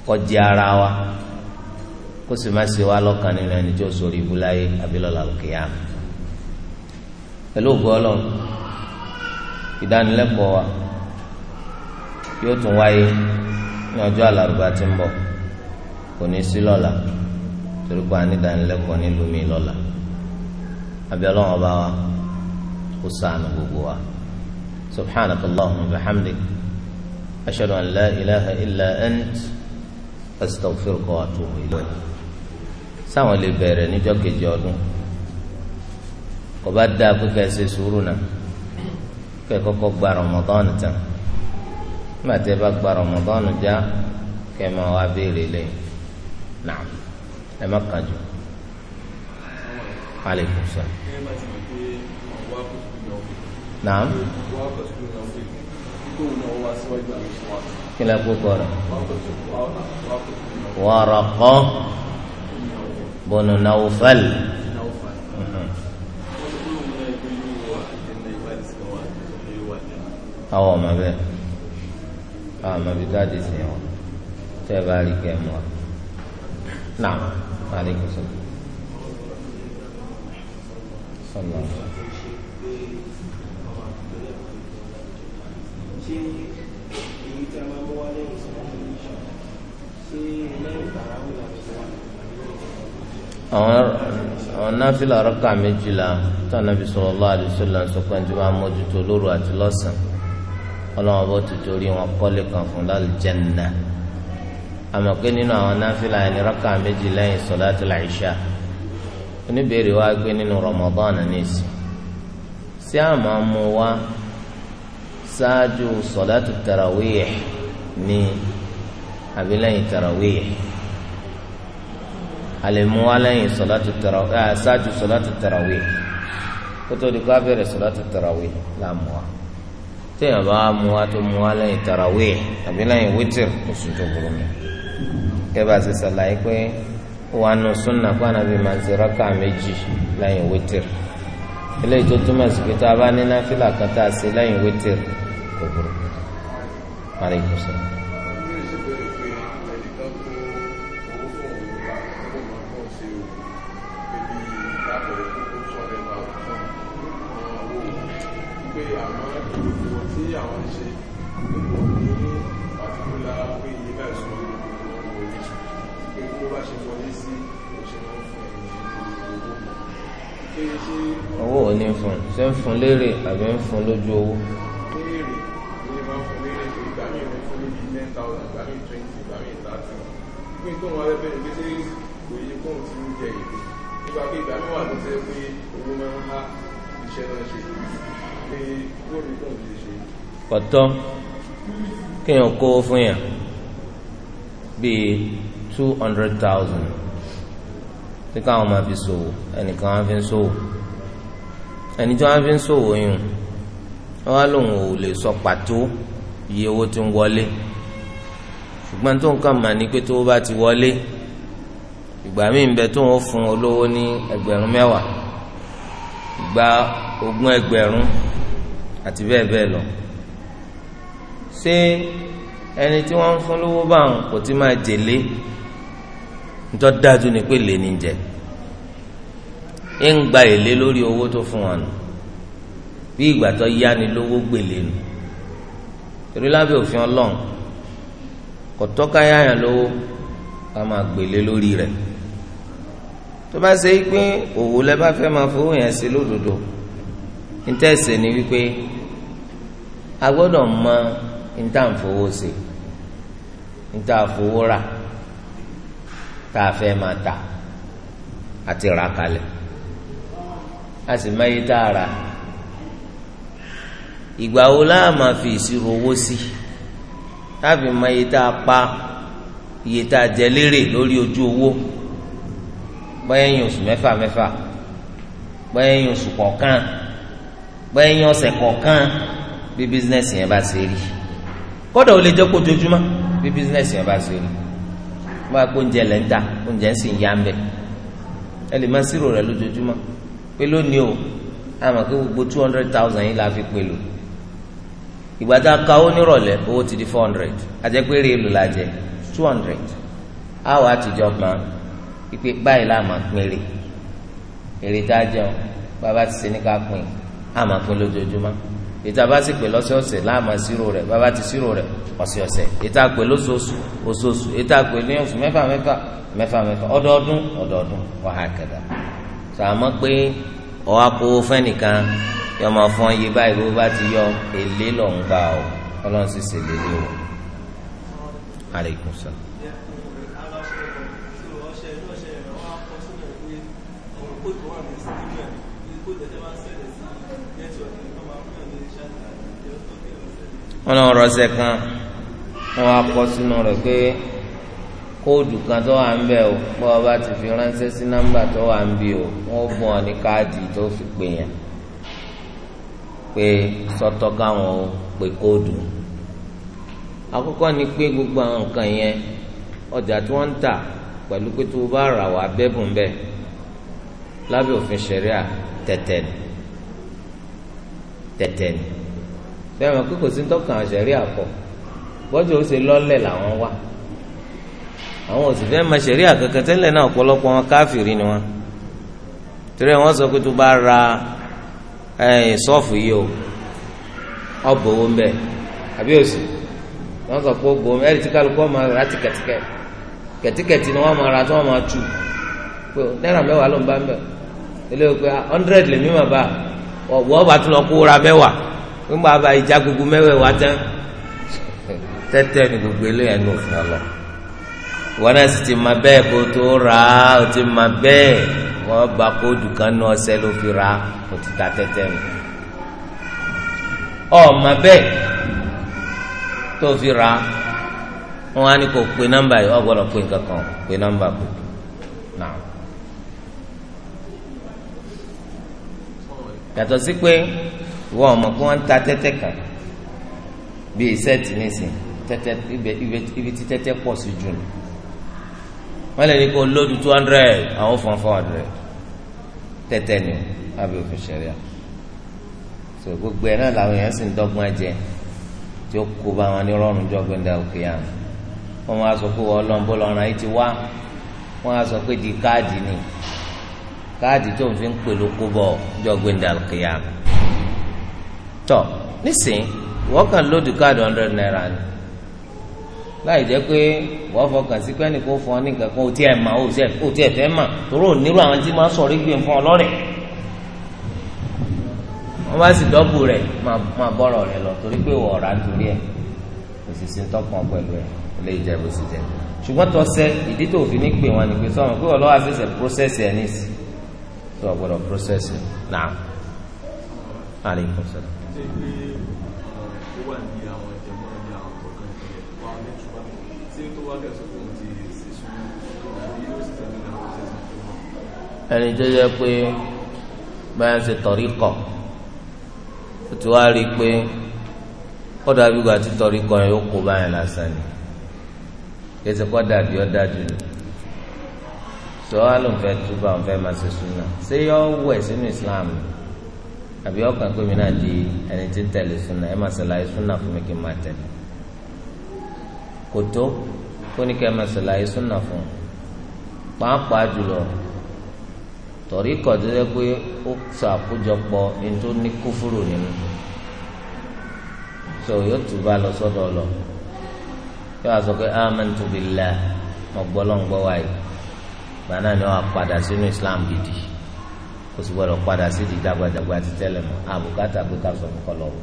kó jẹ ara wa kó sì má ṣe wá lọ́kàn nínú ẹni tí ó sori ibú láyé abilọ́lá òkè yá pẹ̀lú ògbó ọlọ́run ìdánilẹ́kọ̀ọ́ wa yóò tún wáyé ní ọjọ́ àlàrúbá tí ń bọ̀ kò ní sí lọ́la torí pé ní ìdánilẹ́kọ̀ọ́ nílùú mi lọ́la abiola wọn wa kó ṣàánú gbogbo wa subhanakallahumma wa bihamdik. أشهد أن لا إله إلا أنت أستغفرك wa atubu ilayk sáwọn lè bẹ̀rẹ̀ níjọ́ kejì ọdún kò bá dáa pé kẹ́ ẹ ṣe sùúrù náà kẹ́ ẹ kọ́kọ́ gba rọmọdọ́ọ̀nù tán nígbà tí ẹ bá gba rọmọdọ́ọ̀nù já kẹ́ ẹ máa wá béèrè lẹ́yìn náà ẹ má kàn jù alẹ́ kùsà. naam kí lè kó kọ rẹ̀ Waraqa bọ̀nù Nawfal. àwọn ọmọ bẹ́ẹ̀ àwọn ọmọ bíi dáàdi sí wọn tẹ́ ẹ bá rí kẹ́ ẹ wa náà alaikum salaam. ṣé èyí tí a máa mú wálé ìsọ̀rọ̀ ní ìṣọ̀ ṣé lẹ́yìn tàràwọ̀ làwọn ti wà àwọn àwọn náfìlà rákà méjìlá tànàbí sallallahu alaihi wasallam sọpẹ ní wàá mójútó lóru àti lọ́sàn Ọlọ́run ọbọ ti torí wọn kọ́lé kan fún lálùjẹnà àmọ́ pé nínú àwọn náfìlà ẹni rákà méjì lẹ́yìn salatul Isha oníbèrè wa gbé nínú Ramadan nísì sí àmọ́ mú wa ṣáájú sọ̀látù tarawih ní abilẹ́yìn tarawih alẹ́muwalẹ́yìn sọ̀látù tarawih eh, ṣáájú sọ̀látù tarawih kótó di kó abẹ́rẹ́ sọ̀látù tarawih láàmúwa téèyàn bá muwa tó muwa lẹ́yìn tarawih abilẹ́yìn wítìr oṣù tó burú mi kẹ́bà ṣe ṣàlàyé pé wà nù súnà kó ànábì máa ń ṣe rákà méjì lẹ́yìn wítìr eléyìí tó túmọ̀ sí pé tá a bá ní náfìlà kan tá a ṣe lẹ́yìn wítìr kò burú parí ìkọsẹ̀. owó ò ní fún ṣé ń fún lérè àbí ń fún lójú owó. ten thousand ìgbà míì twenty ìgbà míì two hundred thousand tí káwọn máa fi ṣòwò ẹnìkan á fi ń ṣòwò ẹni tí wọn fi ń ṣòwò yìí wọn á lòun ò ṣùgbọ́n tó nǹkan mà ní pé tó bá ti wọlé ìgbà míì ń bẹ tó ń fún olówó ní ẹgbẹ̀rún mẹ́wàá ìgbà ogún ẹgbẹ̀rún àti bẹ́ẹ̀ bẹ́ẹ̀ lọ ṣé ẹni tí wọ́n ń fún lówó báwọn kò ti máa jèlé nítorí dájú ni pé lè ní jẹ ń gba èlé lórí owó tó fún wọn nù bí ìgbà tó yá ni lówó gbèlè nù torí lábẹ́ òfin ọlọ́run kọtọ káyàyàn lówó ká máa gbélé lórí rẹ̀ tó bá ṣe é pé òwò lẹ bá fẹ́ máa fowó yẹn sí lódodo nítẹ̀sẹ̀ ni wípé a gbọ́dọ̀ mọ níta fowó sí níta fowó rà tá a fẹ́ máa tà àti rà kalẹ̀ a sì máa yí tá a rà ìgbà wo láà máa fi ìṣirò owó sí. Si táàbì mọ iye tá a pa iye tá a jẹ lérè lórí ojú owó bẹ́ẹ̀yìn oṣù mẹ́fà mẹ́fà bẹ́ẹ̀yìn oṣù kọ̀ọ̀kan bẹ́ẹ̀yìn ọ̀sẹ̀ kọ̀ọ̀kan bí bísínẹ́sì yẹn bá ṣe rí kódà ó lè jẹ́ kó jojúmọ́ bí bísínẹ́sì yẹn bá ṣe rí bá a kó oúnjẹ lẹ́ ń ta oúnjẹ ń sì ń yá ń bẹ̀ ẹ lè má sírò rẹ̀ lójoojúmọ́ pé lónìí o àmọ́ kí gbogbo two hundred thousand yìí la fi pè lò ìgbà tá a ka owó nírọ̀lẹ́ owó ti di four hundred àjẹpẹ́rẹ́ èlò la jẹ two hundred àwọn àtijọ́ kan ìpè báyìí láàmà péré èrè tá a jẹun bàbá ti ṣe ní ká pín àmà pín lójoojúmọ́ ìta bá sì pè lọ́sọ̀ọ̀sẹ̀ láàmà sírò rẹ̀ bàbá ti sírò rẹ̀ ọ̀sẹ̀ọ̀sẹ̀ ìta pè lóṣooṣù oṣooṣù ìta pè ní oṣù mẹ́fà mẹ́fà mẹ́fà mẹ́fà ọdọọdún ọdọọdún sàmọ́ pé ọwọ́ akówó fẹ́nìkan yọ máa fún iye báyìí bó bá ti yọ èlé lọ ń gbà ọ ọlọ́run sì ṣèlè lé o. aleykum salaam. wọn lọ rọṣẹ kan wọn wá kọ sínú rẹ pé kóòdù kan tó wà ń bẹ o bọ́ ọba ti fi ránṣẹ́ sí nọ́mbà tó wà o wọ́n bùn ọ ní káàdì tó fi pè yàn pé sọ́tọ̀ káwọn o pé kóòdù ni gbogbo àwọn nǹkan yẹn ọjà tí wọ́n ń tà pẹ̀lú pé tó bá rà wá bẹ́bùn bẹ́ẹ̀ lábẹ́ òfin tẹ̀tẹ̀ ni tẹ̀tẹ̀ ni pé kò àwọn òsì sì fẹ́ máa ṣẹ̀rí tẹ́lẹ̀ náà ọ̀pọ̀lọpọ̀ wọn káfìrí ni wọn torí wọn sọ pé tó bá ra sọ́ọ̀fù yìí o ọ̀bọ̀ owó ń àbí òsì wọn sọ pé gbòó ẹ̀rí tí kálukú rà ti kẹ̀tíkẹ̀ ni wọn máa ra tí wọn máa tù pé náírà mẹ́wàá ló ń bá ń bẹ̀ eléyìí pé hundred lè mí bá tún lọ kó ra mẹ́wàá gbogbo wọn náà sì ti ma bẹ́ẹ̀ kó tó rà á ó ti ma bẹ́ẹ̀ wọ́n gba kóòdù kan ní ọsẹ ló fi ra á ti ta nù. ọ ma bẹ́ẹ̀ tó fi ra á wọn á ní kó pe nọ́mbà yìí wọ́n gbọ́dọ̀ pe nǹkan kan pe nọ́mbà kò náà. yàtọ̀ sí pé wọ́n mọ̀ pé wọ́n ń ta tẹ́tẹ́ kan bíi sẹ́ẹ̀tì nísìnyí tẹ́tẹ́ ibi tí tẹ́tẹ́ pọ̀ sí jù nù wọ́n lè ní kó lóòdù two hundred àwọn fún four hundred tẹ́tẹ́ ni lábẹ́ òfin ṣẹ̀ríà so gbogbo ẹ̀ náà làwọn èèyàn sì ń dọ́gbọ́n jẹ tí ó kó bá wọn ní rọrùn jọ́gbọ́n dá òkè àná wọ́n wá sọ pé wọ́n lọ́nbó lọ́ràn yìí ti wá wọ́n wá sọ pé di káàdì ni káàdì tó ń fi ń pè ló kó bọ̀ jọ́gbọ́n dá òkè àná tọ́ nísìnyí wọ́n kàn lóòdù káàdì hundred naira ni láì jẹ́ pé wọ́n fọkàn sí pẹ́ẹ́nì kó fún ọ ní nǹkan kan ó tiẹ̀ mà ó tiẹ̀ fẹ́ mà torí onírú àwọn tí máa sọ̀rọ̀ ìgbìn fún ọ lọ́rẹ̀ wọ́n bá sì dọ́bù rẹ̀ máa bọ́rọ̀ rẹ̀ lọ torí pé wọ́n ọ̀rá torí ẹ̀ kò sì sí tọkàn pẹ̀lú ẹ̀ lè jẹ́ bó sì jẹ́ ṣùgbọ́n tọ́sẹ́ ìdí tó fi ní pè wọ́n ni pé sọ́wọ́n pé ọlọ́wà ṣẹ̀ṣẹ̀ prósẹ́sì ẹ̀ níìsì tó ọ̀gbọ́dọ̀ prósẹ́sì náà. ẹni tó yẹ pé báyà ń ṣe tọ̀rí kọ̀ ó ti wá rí i pé ó dàbí ìgbà tí tọ̀rí kọ̀ yóò kó báyà lásán ni kí ẹsẹ̀ kọ́ dàbí ọ́ dájú ni sọ wá ló ń fẹ́ túbà ń fẹ́ máa ṣe súnà ṣé yọ wẹ̀ sínú Islam àbí ọkàn pé mi náà di ẹni tí ń tẹ̀lé súnà ẹ máa ṣe láì súnà fún mi kí n máa tẹ̀lé kò tó kó ní kẹ́ ẹ máa ṣàlàyé súnà fún un pàápàá jùlọ tọ̀rí kọ̀dúrẹ́ pé ó ṣàkójọpọ̀ ní tó ní kúfúrò nínú So yóò tún bá lọ sọ́dọ̀ lọ yóò wá sọ pé amantu billah mo gbọ́ lọ́n gbọ́ wáyé gbaná ni wọ́n á padà sínú Islam gidi kò sì gbọ́dọ̀ padà sí di dàgbàdàgbà ti tẹ́lẹ̀ mọ́ àbùkátà pé ká sọ fún kọ́ lọ́wọ́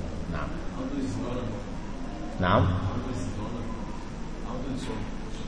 nàám.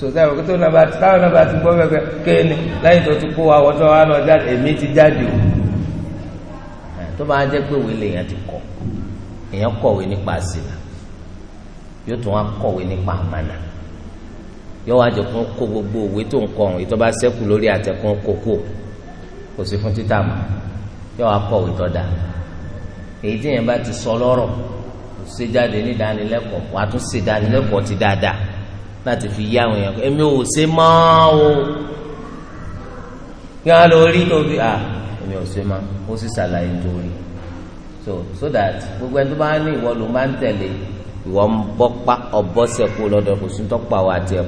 sọtẹ́ ìwọ̀n kótó náà bá ti táwọn náà bá ti gbọ́ pẹ́pẹ́ kéènì lẹ́yìn tó ti kó wa wọ́n tó wá lọ jáde èmi ti jáde o tó bá jẹ́ pé òwe lèèyàn ti kọ èèyàn kọ̀wé nípa àsìlà yóò tún wá kọ̀wé nípa àmàlà yóò wá jẹ́ kó kó gbogbo òwe tó ń kọ ọ̀hún ètò bá sẹ́kù lórí àtẹ̀kùn kókó kò sí fún títà mọ́ yóò wá kọ̀wé tó dáa èyí tí yẹn bá ti sọ lọ́rọ̀ kò sí jáde nídánilẹ́kọ̀ọ́ wàá tún sí dánilẹ́kọ̀ọ́ ti dáadáa láti fi yá àwọn èèyàn èmi ò ṣe mọ́ o kí wọ́n lọ rí tó fi à èmi ò ṣe mọ́ ó sì ṣàlàyé nítorí so so that gbogbo ẹni tó bá ní ìwọ ló máa ń tẹ̀lé ìwọ ń bọ́ pa ọ̀bọ́sẹ̀ kú lọ́dọ̀ kò sí tó pa wà tiẹ̀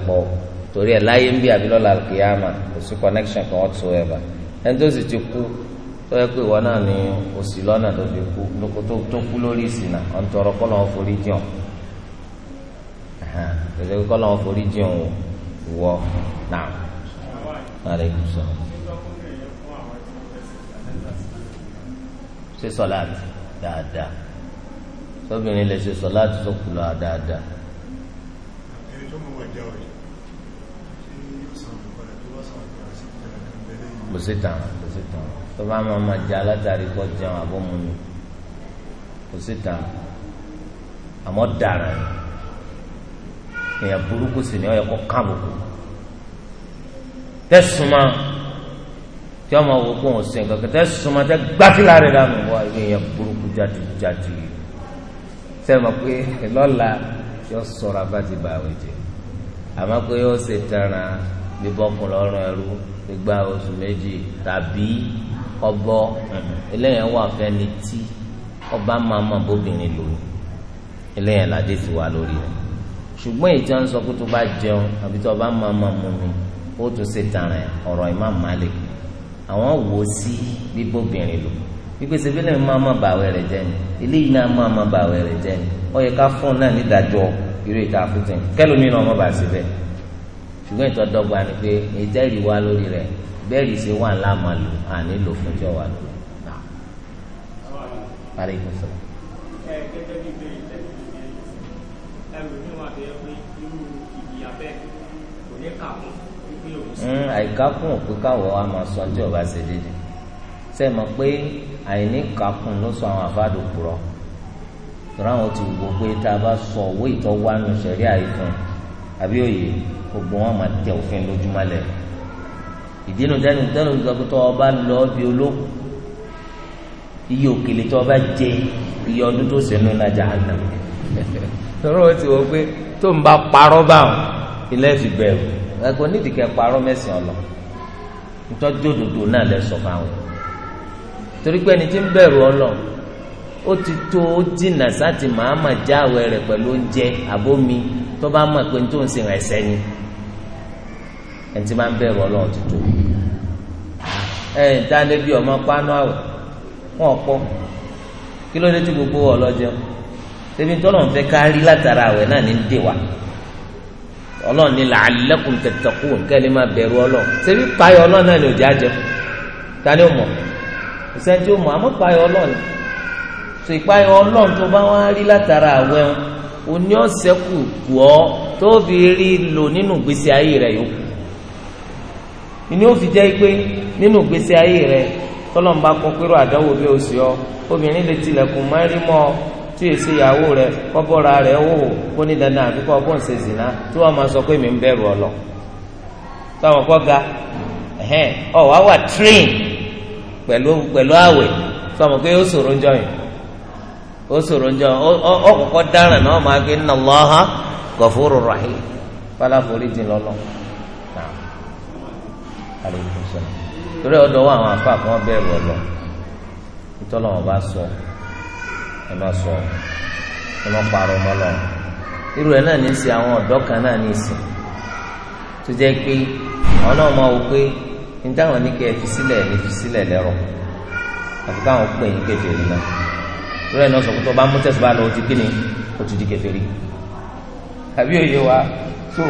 torí ẹ̀ láyé ń bí abilọ́lá kìyàmà kò sí connection kan whatsoever ẹni tó sì ti kú tọ́yẹ pé ìwọ náà ni òsì lọ́nà tó fi kú tó kú lórí ìsìn ọ̀ ń tọrọ kọ́ lọ́wọ́ forí jẹun pèsè kó lọ́wọ́ forí jẹun wọ náà lálẹ́ kù sọ. ṣe sọláàtì dáadáa sóbìnrin lè ṣe sọláàtì tó kù lọ dáadáa. kò sí tàn kò sí tàn tó bá máa ma jẹ alátàrí kọ jẹun àbọ̀mọ́ni kò tàn àmọ́ dára èèyàn burúkú sì ni ó yẹ kó kábùkù tẹsùmá tí ọmọ wò kó wọn sìn kankan tẹsùmá tẹ gbàfílà rẹ dànù wá èèyàn burúkú jáde jáde sẹ́mi pé lọ́la yóò sọ̀rọ̀ abáti bá àwọn jẹ àmọ́ pé yóò ṣe tanran bíbọ́kùn lọ́rùn ẹrú gbígbá oṣù méjì tàbí ọbọ hmm, eléyẹn wà fẹ́ni tí ọba máa mọ̀ bóbìnrin lò eléyẹn làdé ti wà lórí rẹ̀ ṣùgbọ́n ìjọ ń sọ pé tó bá jẹun àbí tó bá máa máa mú mi ó tún ṣe tààrà ọ̀rọ̀ Imam Malik àwọn wò ó sí bíbóbìnrin lò wípé sebílẹ̀ mi máa máa bàwẹ̀ rẹ̀ jẹ́ ni eléyìí náà máa máa bàwẹ̀ rẹ̀ jẹ́ ni ó yẹ ká fún náà nídàájọ́ irú ìta àfúntìn kẹlòmí náà ọmọ bá sí bẹ́ẹ̀ ṣùgbọ́n ìtọ́ dọ́gba ni pé ìjẹ́rìí wá lórí rẹ̀ bẹ́ẹ̀rì sí wà láàmà lò àní lò fún jọ wà lò. Alaikum salaam ẹlòmíì wà tó yẹ pé irú ìyà bẹ́ẹ̀ kò ní kà fún wípé òun sí. àìkákùn òpin káwọ a máa sọ tí ọba ṣe déédéé ṣe mọ̀ pé àìní kàkùn ló sọ àwọn àfáàdù purọ́ tọ́ra àwọn ti wò pé tá a bá sọ owó ìtọ́wánu ṣẹ̀rí àìfún àbí òye gbogbo wọn máa tẹ òfin lójúmọ́lẹ̀ ìdínú dání dání olùdókòwò tó ọba lọ bí olóko iye òkèlè tó ọba jẹ iye ọdún tó sẹnu náà jà hàn tọrọ ti wọ pé tó ń bá parọ́ báwọn ilé ìfìgbẹ́rù ẹ̀kọ́ nídìí kẹ́ parọ́ mẹ́sìn ọ̀lọ́ ntọ́jú òdòdó náà lẹ sọ fáwọn torí pé ẹni tí ń bẹ̀rù na ó ti tó ó dìnà sáti màámà já àwẹ̀ rẹ̀ pẹ̀lú oúnjẹ àbómi tó bá mọ̀ pé tó ń sìn ni ẹni tí máa ń bẹ̀rù ọlọ́run ti tó bí ọmọ pánú gbogbo ṣebí tọ́lọ̀ ń fẹ́ la látara àwẹ̀ náà ní dè wá ọlọ́run ní la'allakum tattaqun kẹ́lẹ́ máa bẹ̀rù ọlọ́run ṣebí payọ̀ ọlọ́run náà ní òjì àjẹ tani ó mọ̀ ìṣẹ́ni tí ó mọ̀ àmọ́ payọ̀ ọlọ́run tó ìpayọ̀ ọlọ́run tó bá wá rí látara àwẹ̀ oní ọ̀sẹ̀ kù kù ọ́ tó fi rí lò nínú ìgbésí ayé rẹ̀ yòókù ìní ó fi jẹ́ pé nínú ìgbésí ayé rẹ̀ tọ́lọ́mbà kọ́ pé tí èsì ìyàwó rẹ kọ́bọ́ra rẹ̀ wò kó ní dandan àfikọ́ kó ń ṣe zìnà tí máa sọ pé mi ń ọlọ táwọn kọ́ ga ẹ̀hẹ́n ọ̀ wá wà train pẹ̀lú pẹ̀lú àwẹ̀ sọmọ pé ó ṣòro ń jọyìn ó ṣòro ń ó kọ́kọ́ dáràn náà máa gbé nà lọ́hán gọ̀fóró rahim fàlàforí dín lọ́lọ́ torí ọ̀dọ̀ wọn àwọn afa kan bẹ̀rù ọlọ ìtọ́lọ́wọ́n bá sọ. ẹ má sọ ẹ má parọ́ ọmọ lọ irú ẹ náà ní í ṣe àwọn ọ̀dọ́ kan náà ní í sìn tó jẹ́ pé àwọn náà máa wò pé ní táwọn ní kẹ́ ẹ fi sílẹ̀ ẹ fi sílẹ̀ lẹ́rọ àti káwọn pè ní kèfèrí náà irú ẹ náà sọ pé tó bá mú tẹ̀sí bá lọ ó ti kí ni ó ti di kèfèrí àbí òye wa tó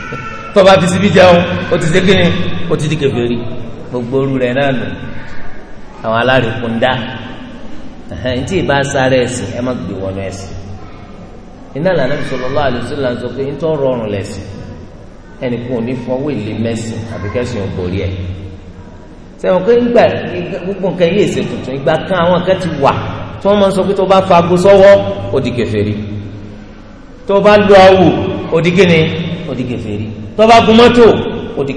tó bá fi síbi jẹun ó ti ṣe kí ni ó ti di kèfèrí gbogbo orú rẹ náà nù àwọn alárekùn dá ntí ìbá sáré ẹ̀sìn ẹ má gbé wọnú ẹ̀sìn iná lànà sallallahu alaihi wasallam sọ pé ntọ́ rọrùn lẹ̀sìn ẹnì kan ò ní fọwọ́ ìlé mẹ́sìn àbí kẹ́sìn ò borí ẹ̀ sẹ́wọ̀n pé ìgbà gbogbo nǹkan yìí èsè tuntun ìgbà kan àwọn kan ti wà tí wọ́n máa ń sọ pé tó bá fagbó sọ́wọ́ ó di tó bá lu awù ó di kíni ó tó bá gun mọ́tò ó di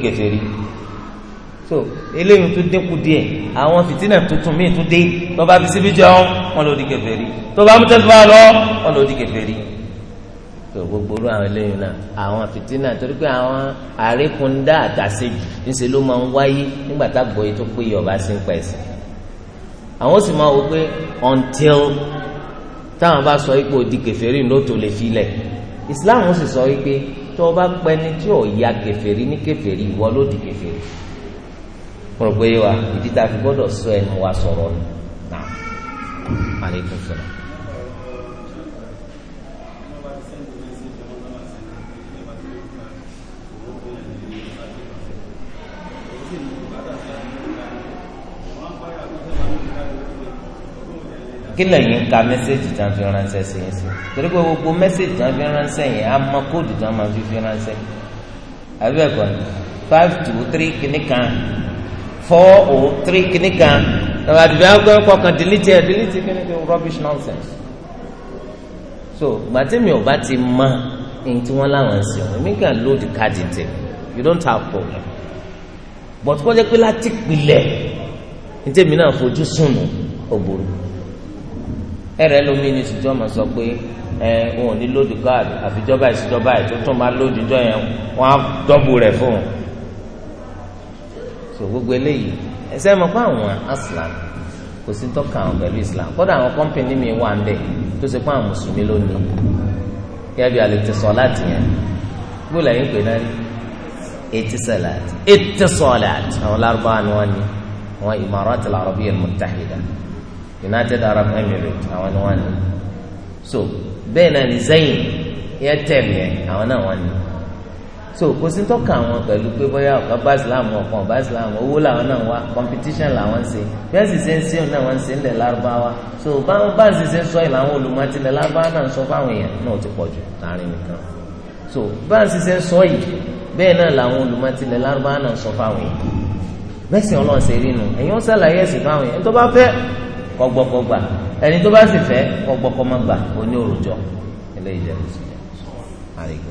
so eléyìí tó dínkù díẹ̀ àwọn fìtínà tuntun míì tó dé tó bá fi síbi jẹun wọn lò di kèfèrí tó bá mutẹ́tù bá lọ wọn lò di kèfèrí tó gbogbo ru àwọn eléyìí náà àwọn fìtínà torí pé àwọn àríkúndá àtàṣejù níṣẹ́ ló máa ń wáyé nígbà tá gbọ́yé tó péye ọba sí ń pa ẹ̀sìn àwọn sì máa wò pé until táwọn bá sọ ipò di kèfèrí ló tó lè filẹ̀ Islam sì sọ wípé tó o bá pẹ́ni tí ò ya kèfèrí ní kèfèrí ìwọ ló mo rò pé wa ìdí tá a fi gbọ́dọ̀ sọ ẹnu wa ni ka four or three kìíní kan nàbà àdìbò àgbẹ̀ kọkàn delete ẹ̀ delete kìíní kan rubbish nonsense so gbàtẹ́mi ò bá ti mọ ẹni tí wọ́n láwọn ń sìn èmi kàn load card tẹ̀ you don't have problem but kọ́jà pé láti pilẹ̀ ní tèmi náà fojú sùnù òbòrò ẹ̀rẹ́ lómi ní ìṣèjọ́ máa sọ pé ẹ̀ wọn ò ní load card àfijọba ìṣèjọba ètò tó máa load ìjọ yẹn wọ́n á dọ́bù rẹ̀ fún un so gbogbo eléyìí ẹsẹ mọ pé àwọn aslam kò sí tọ́ka àwọn pẹ̀lú islam kódà àwọn kọ́mpìnì mi wà ń bẹ̀ tó ṣe pé àwọn mùsùlùmí ló ní yẹ́bi al-ittisalat yẹn gbọ́dọ̀ lẹ́yìn pé náà ittisalat ittisalat àwọn lárúbáwá ni wọ́n ní àwọn imarat al-arabiyya al-muttahida united arab emirates àwọn ni wọ́n ní so bẹ́ẹ̀ náà ni zayin yẹn tẹ̀lé àwọn náà wọ́n ní so kò sí tọ́ka àwọn pẹ̀lú pé bóyá ọ̀kan bá ìsìláàmù ọ̀kan ọ̀bá ìsìláàmù owó làwọn náà wá competition làwọn ń ṣe bí wọ́n sì ṣe ń ṣeun náà wọ́n ń ṣe lárúbáwá so báwọn bá sì ṣe ń sọ ìlànà olùmọ̀tìlẹ̀ lárúbáwá náà ń sọ fáwọn èèyàn náà ti pọ̀ jù láàrin nìkan so báwọn sì ṣe ń sọ yìí bẹ́ẹ̀ náà làwọn olùmọ̀tìlẹ̀ lárúbáwá náà ń sọ fáwọn èèyàn mẹ́sìn ọlọ́run ṣe rí nu ẹ̀yin ó ṣàlàyé ẹ̀sìn fáwọn èèyàn tó bá fẹ́ kọgbọ́kọgbà ẹni tó bá sì fẹ́ kọgbọ́kọmọgbà oní òròjọ eléyìí jẹ́ lóṣù jẹ́ àríkò.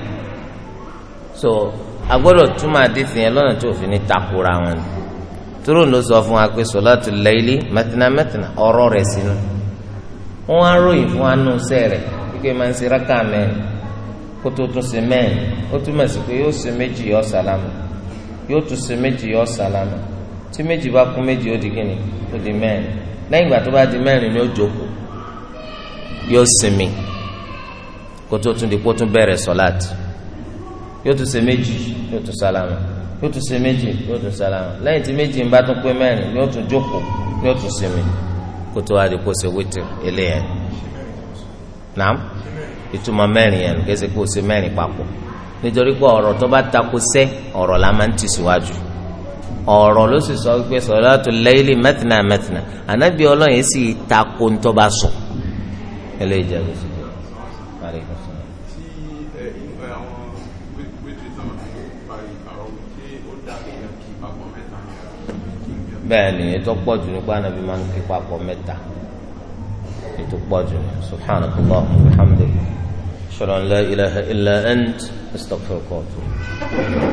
so agbọ́dọ̀ túmọ̀ àdìsí yẹn lọ́nà tí òfin ní takora wọn ni tóró ló sọ fún wa pé sọláàtù láìlí mẹtìnà mẹtìnà ọ̀rọ̀ rẹ̀ sínú wọn á ròyìn fún wa nù sẹ rẹ kíkẹ́ máa ń ṣe rákà mẹ́rin kó tó tún ṣe mẹ́rin ó túmọ̀ sí pé yóò ṣe méjì yọ sàlámù yóò tún ṣe méjì yọ sàlámù tí méjì bá kún méjì ó di kíni ó di mẹ́rin lẹ́yìn ìgbà tó bá di mẹ́rin ni ó jókòó yóò sinmi kó tó tún di kó tún bẹ̀rẹ̀ sọláàtì yóò tún ṣe méjì yóò tún sálámà yóò tún ṣe méjì yóò tún sálámà lẹ́yìn tí méjì ń bá tún pé mẹ́rin yóò tún jókòó yóò tún sinmi kó tó wá di kó ṣe wítìrì eléyẹn naam ìtumọ̀ mẹ́rin yẹn kí ẹ ṣe kó ṣe mẹ́rin papọ̀ nítorí pé ọ̀rọ̀ tó bá takò sẹ́ ọ̀rọ̀ la máa ń tì síwájú ọ̀rọ̀ ló sì sọ pé sọ̀rọ̀tò lẹ́yìnlẹ́ mẹ́tìnà mẹ́tìnà ànábì ọlọ́yin sì takò ń tó bá sọ eléyìí jẹ́ lọ́sọ̀ bẹ́ẹ̀ ni ètò pọ̀jù nípa anabi máa ń kí papọ̀ mẹ́ta ètò pọ̀jù subhanakallah alhamdulilayi sọlá ń la ilaha illa ant astaghfirullah.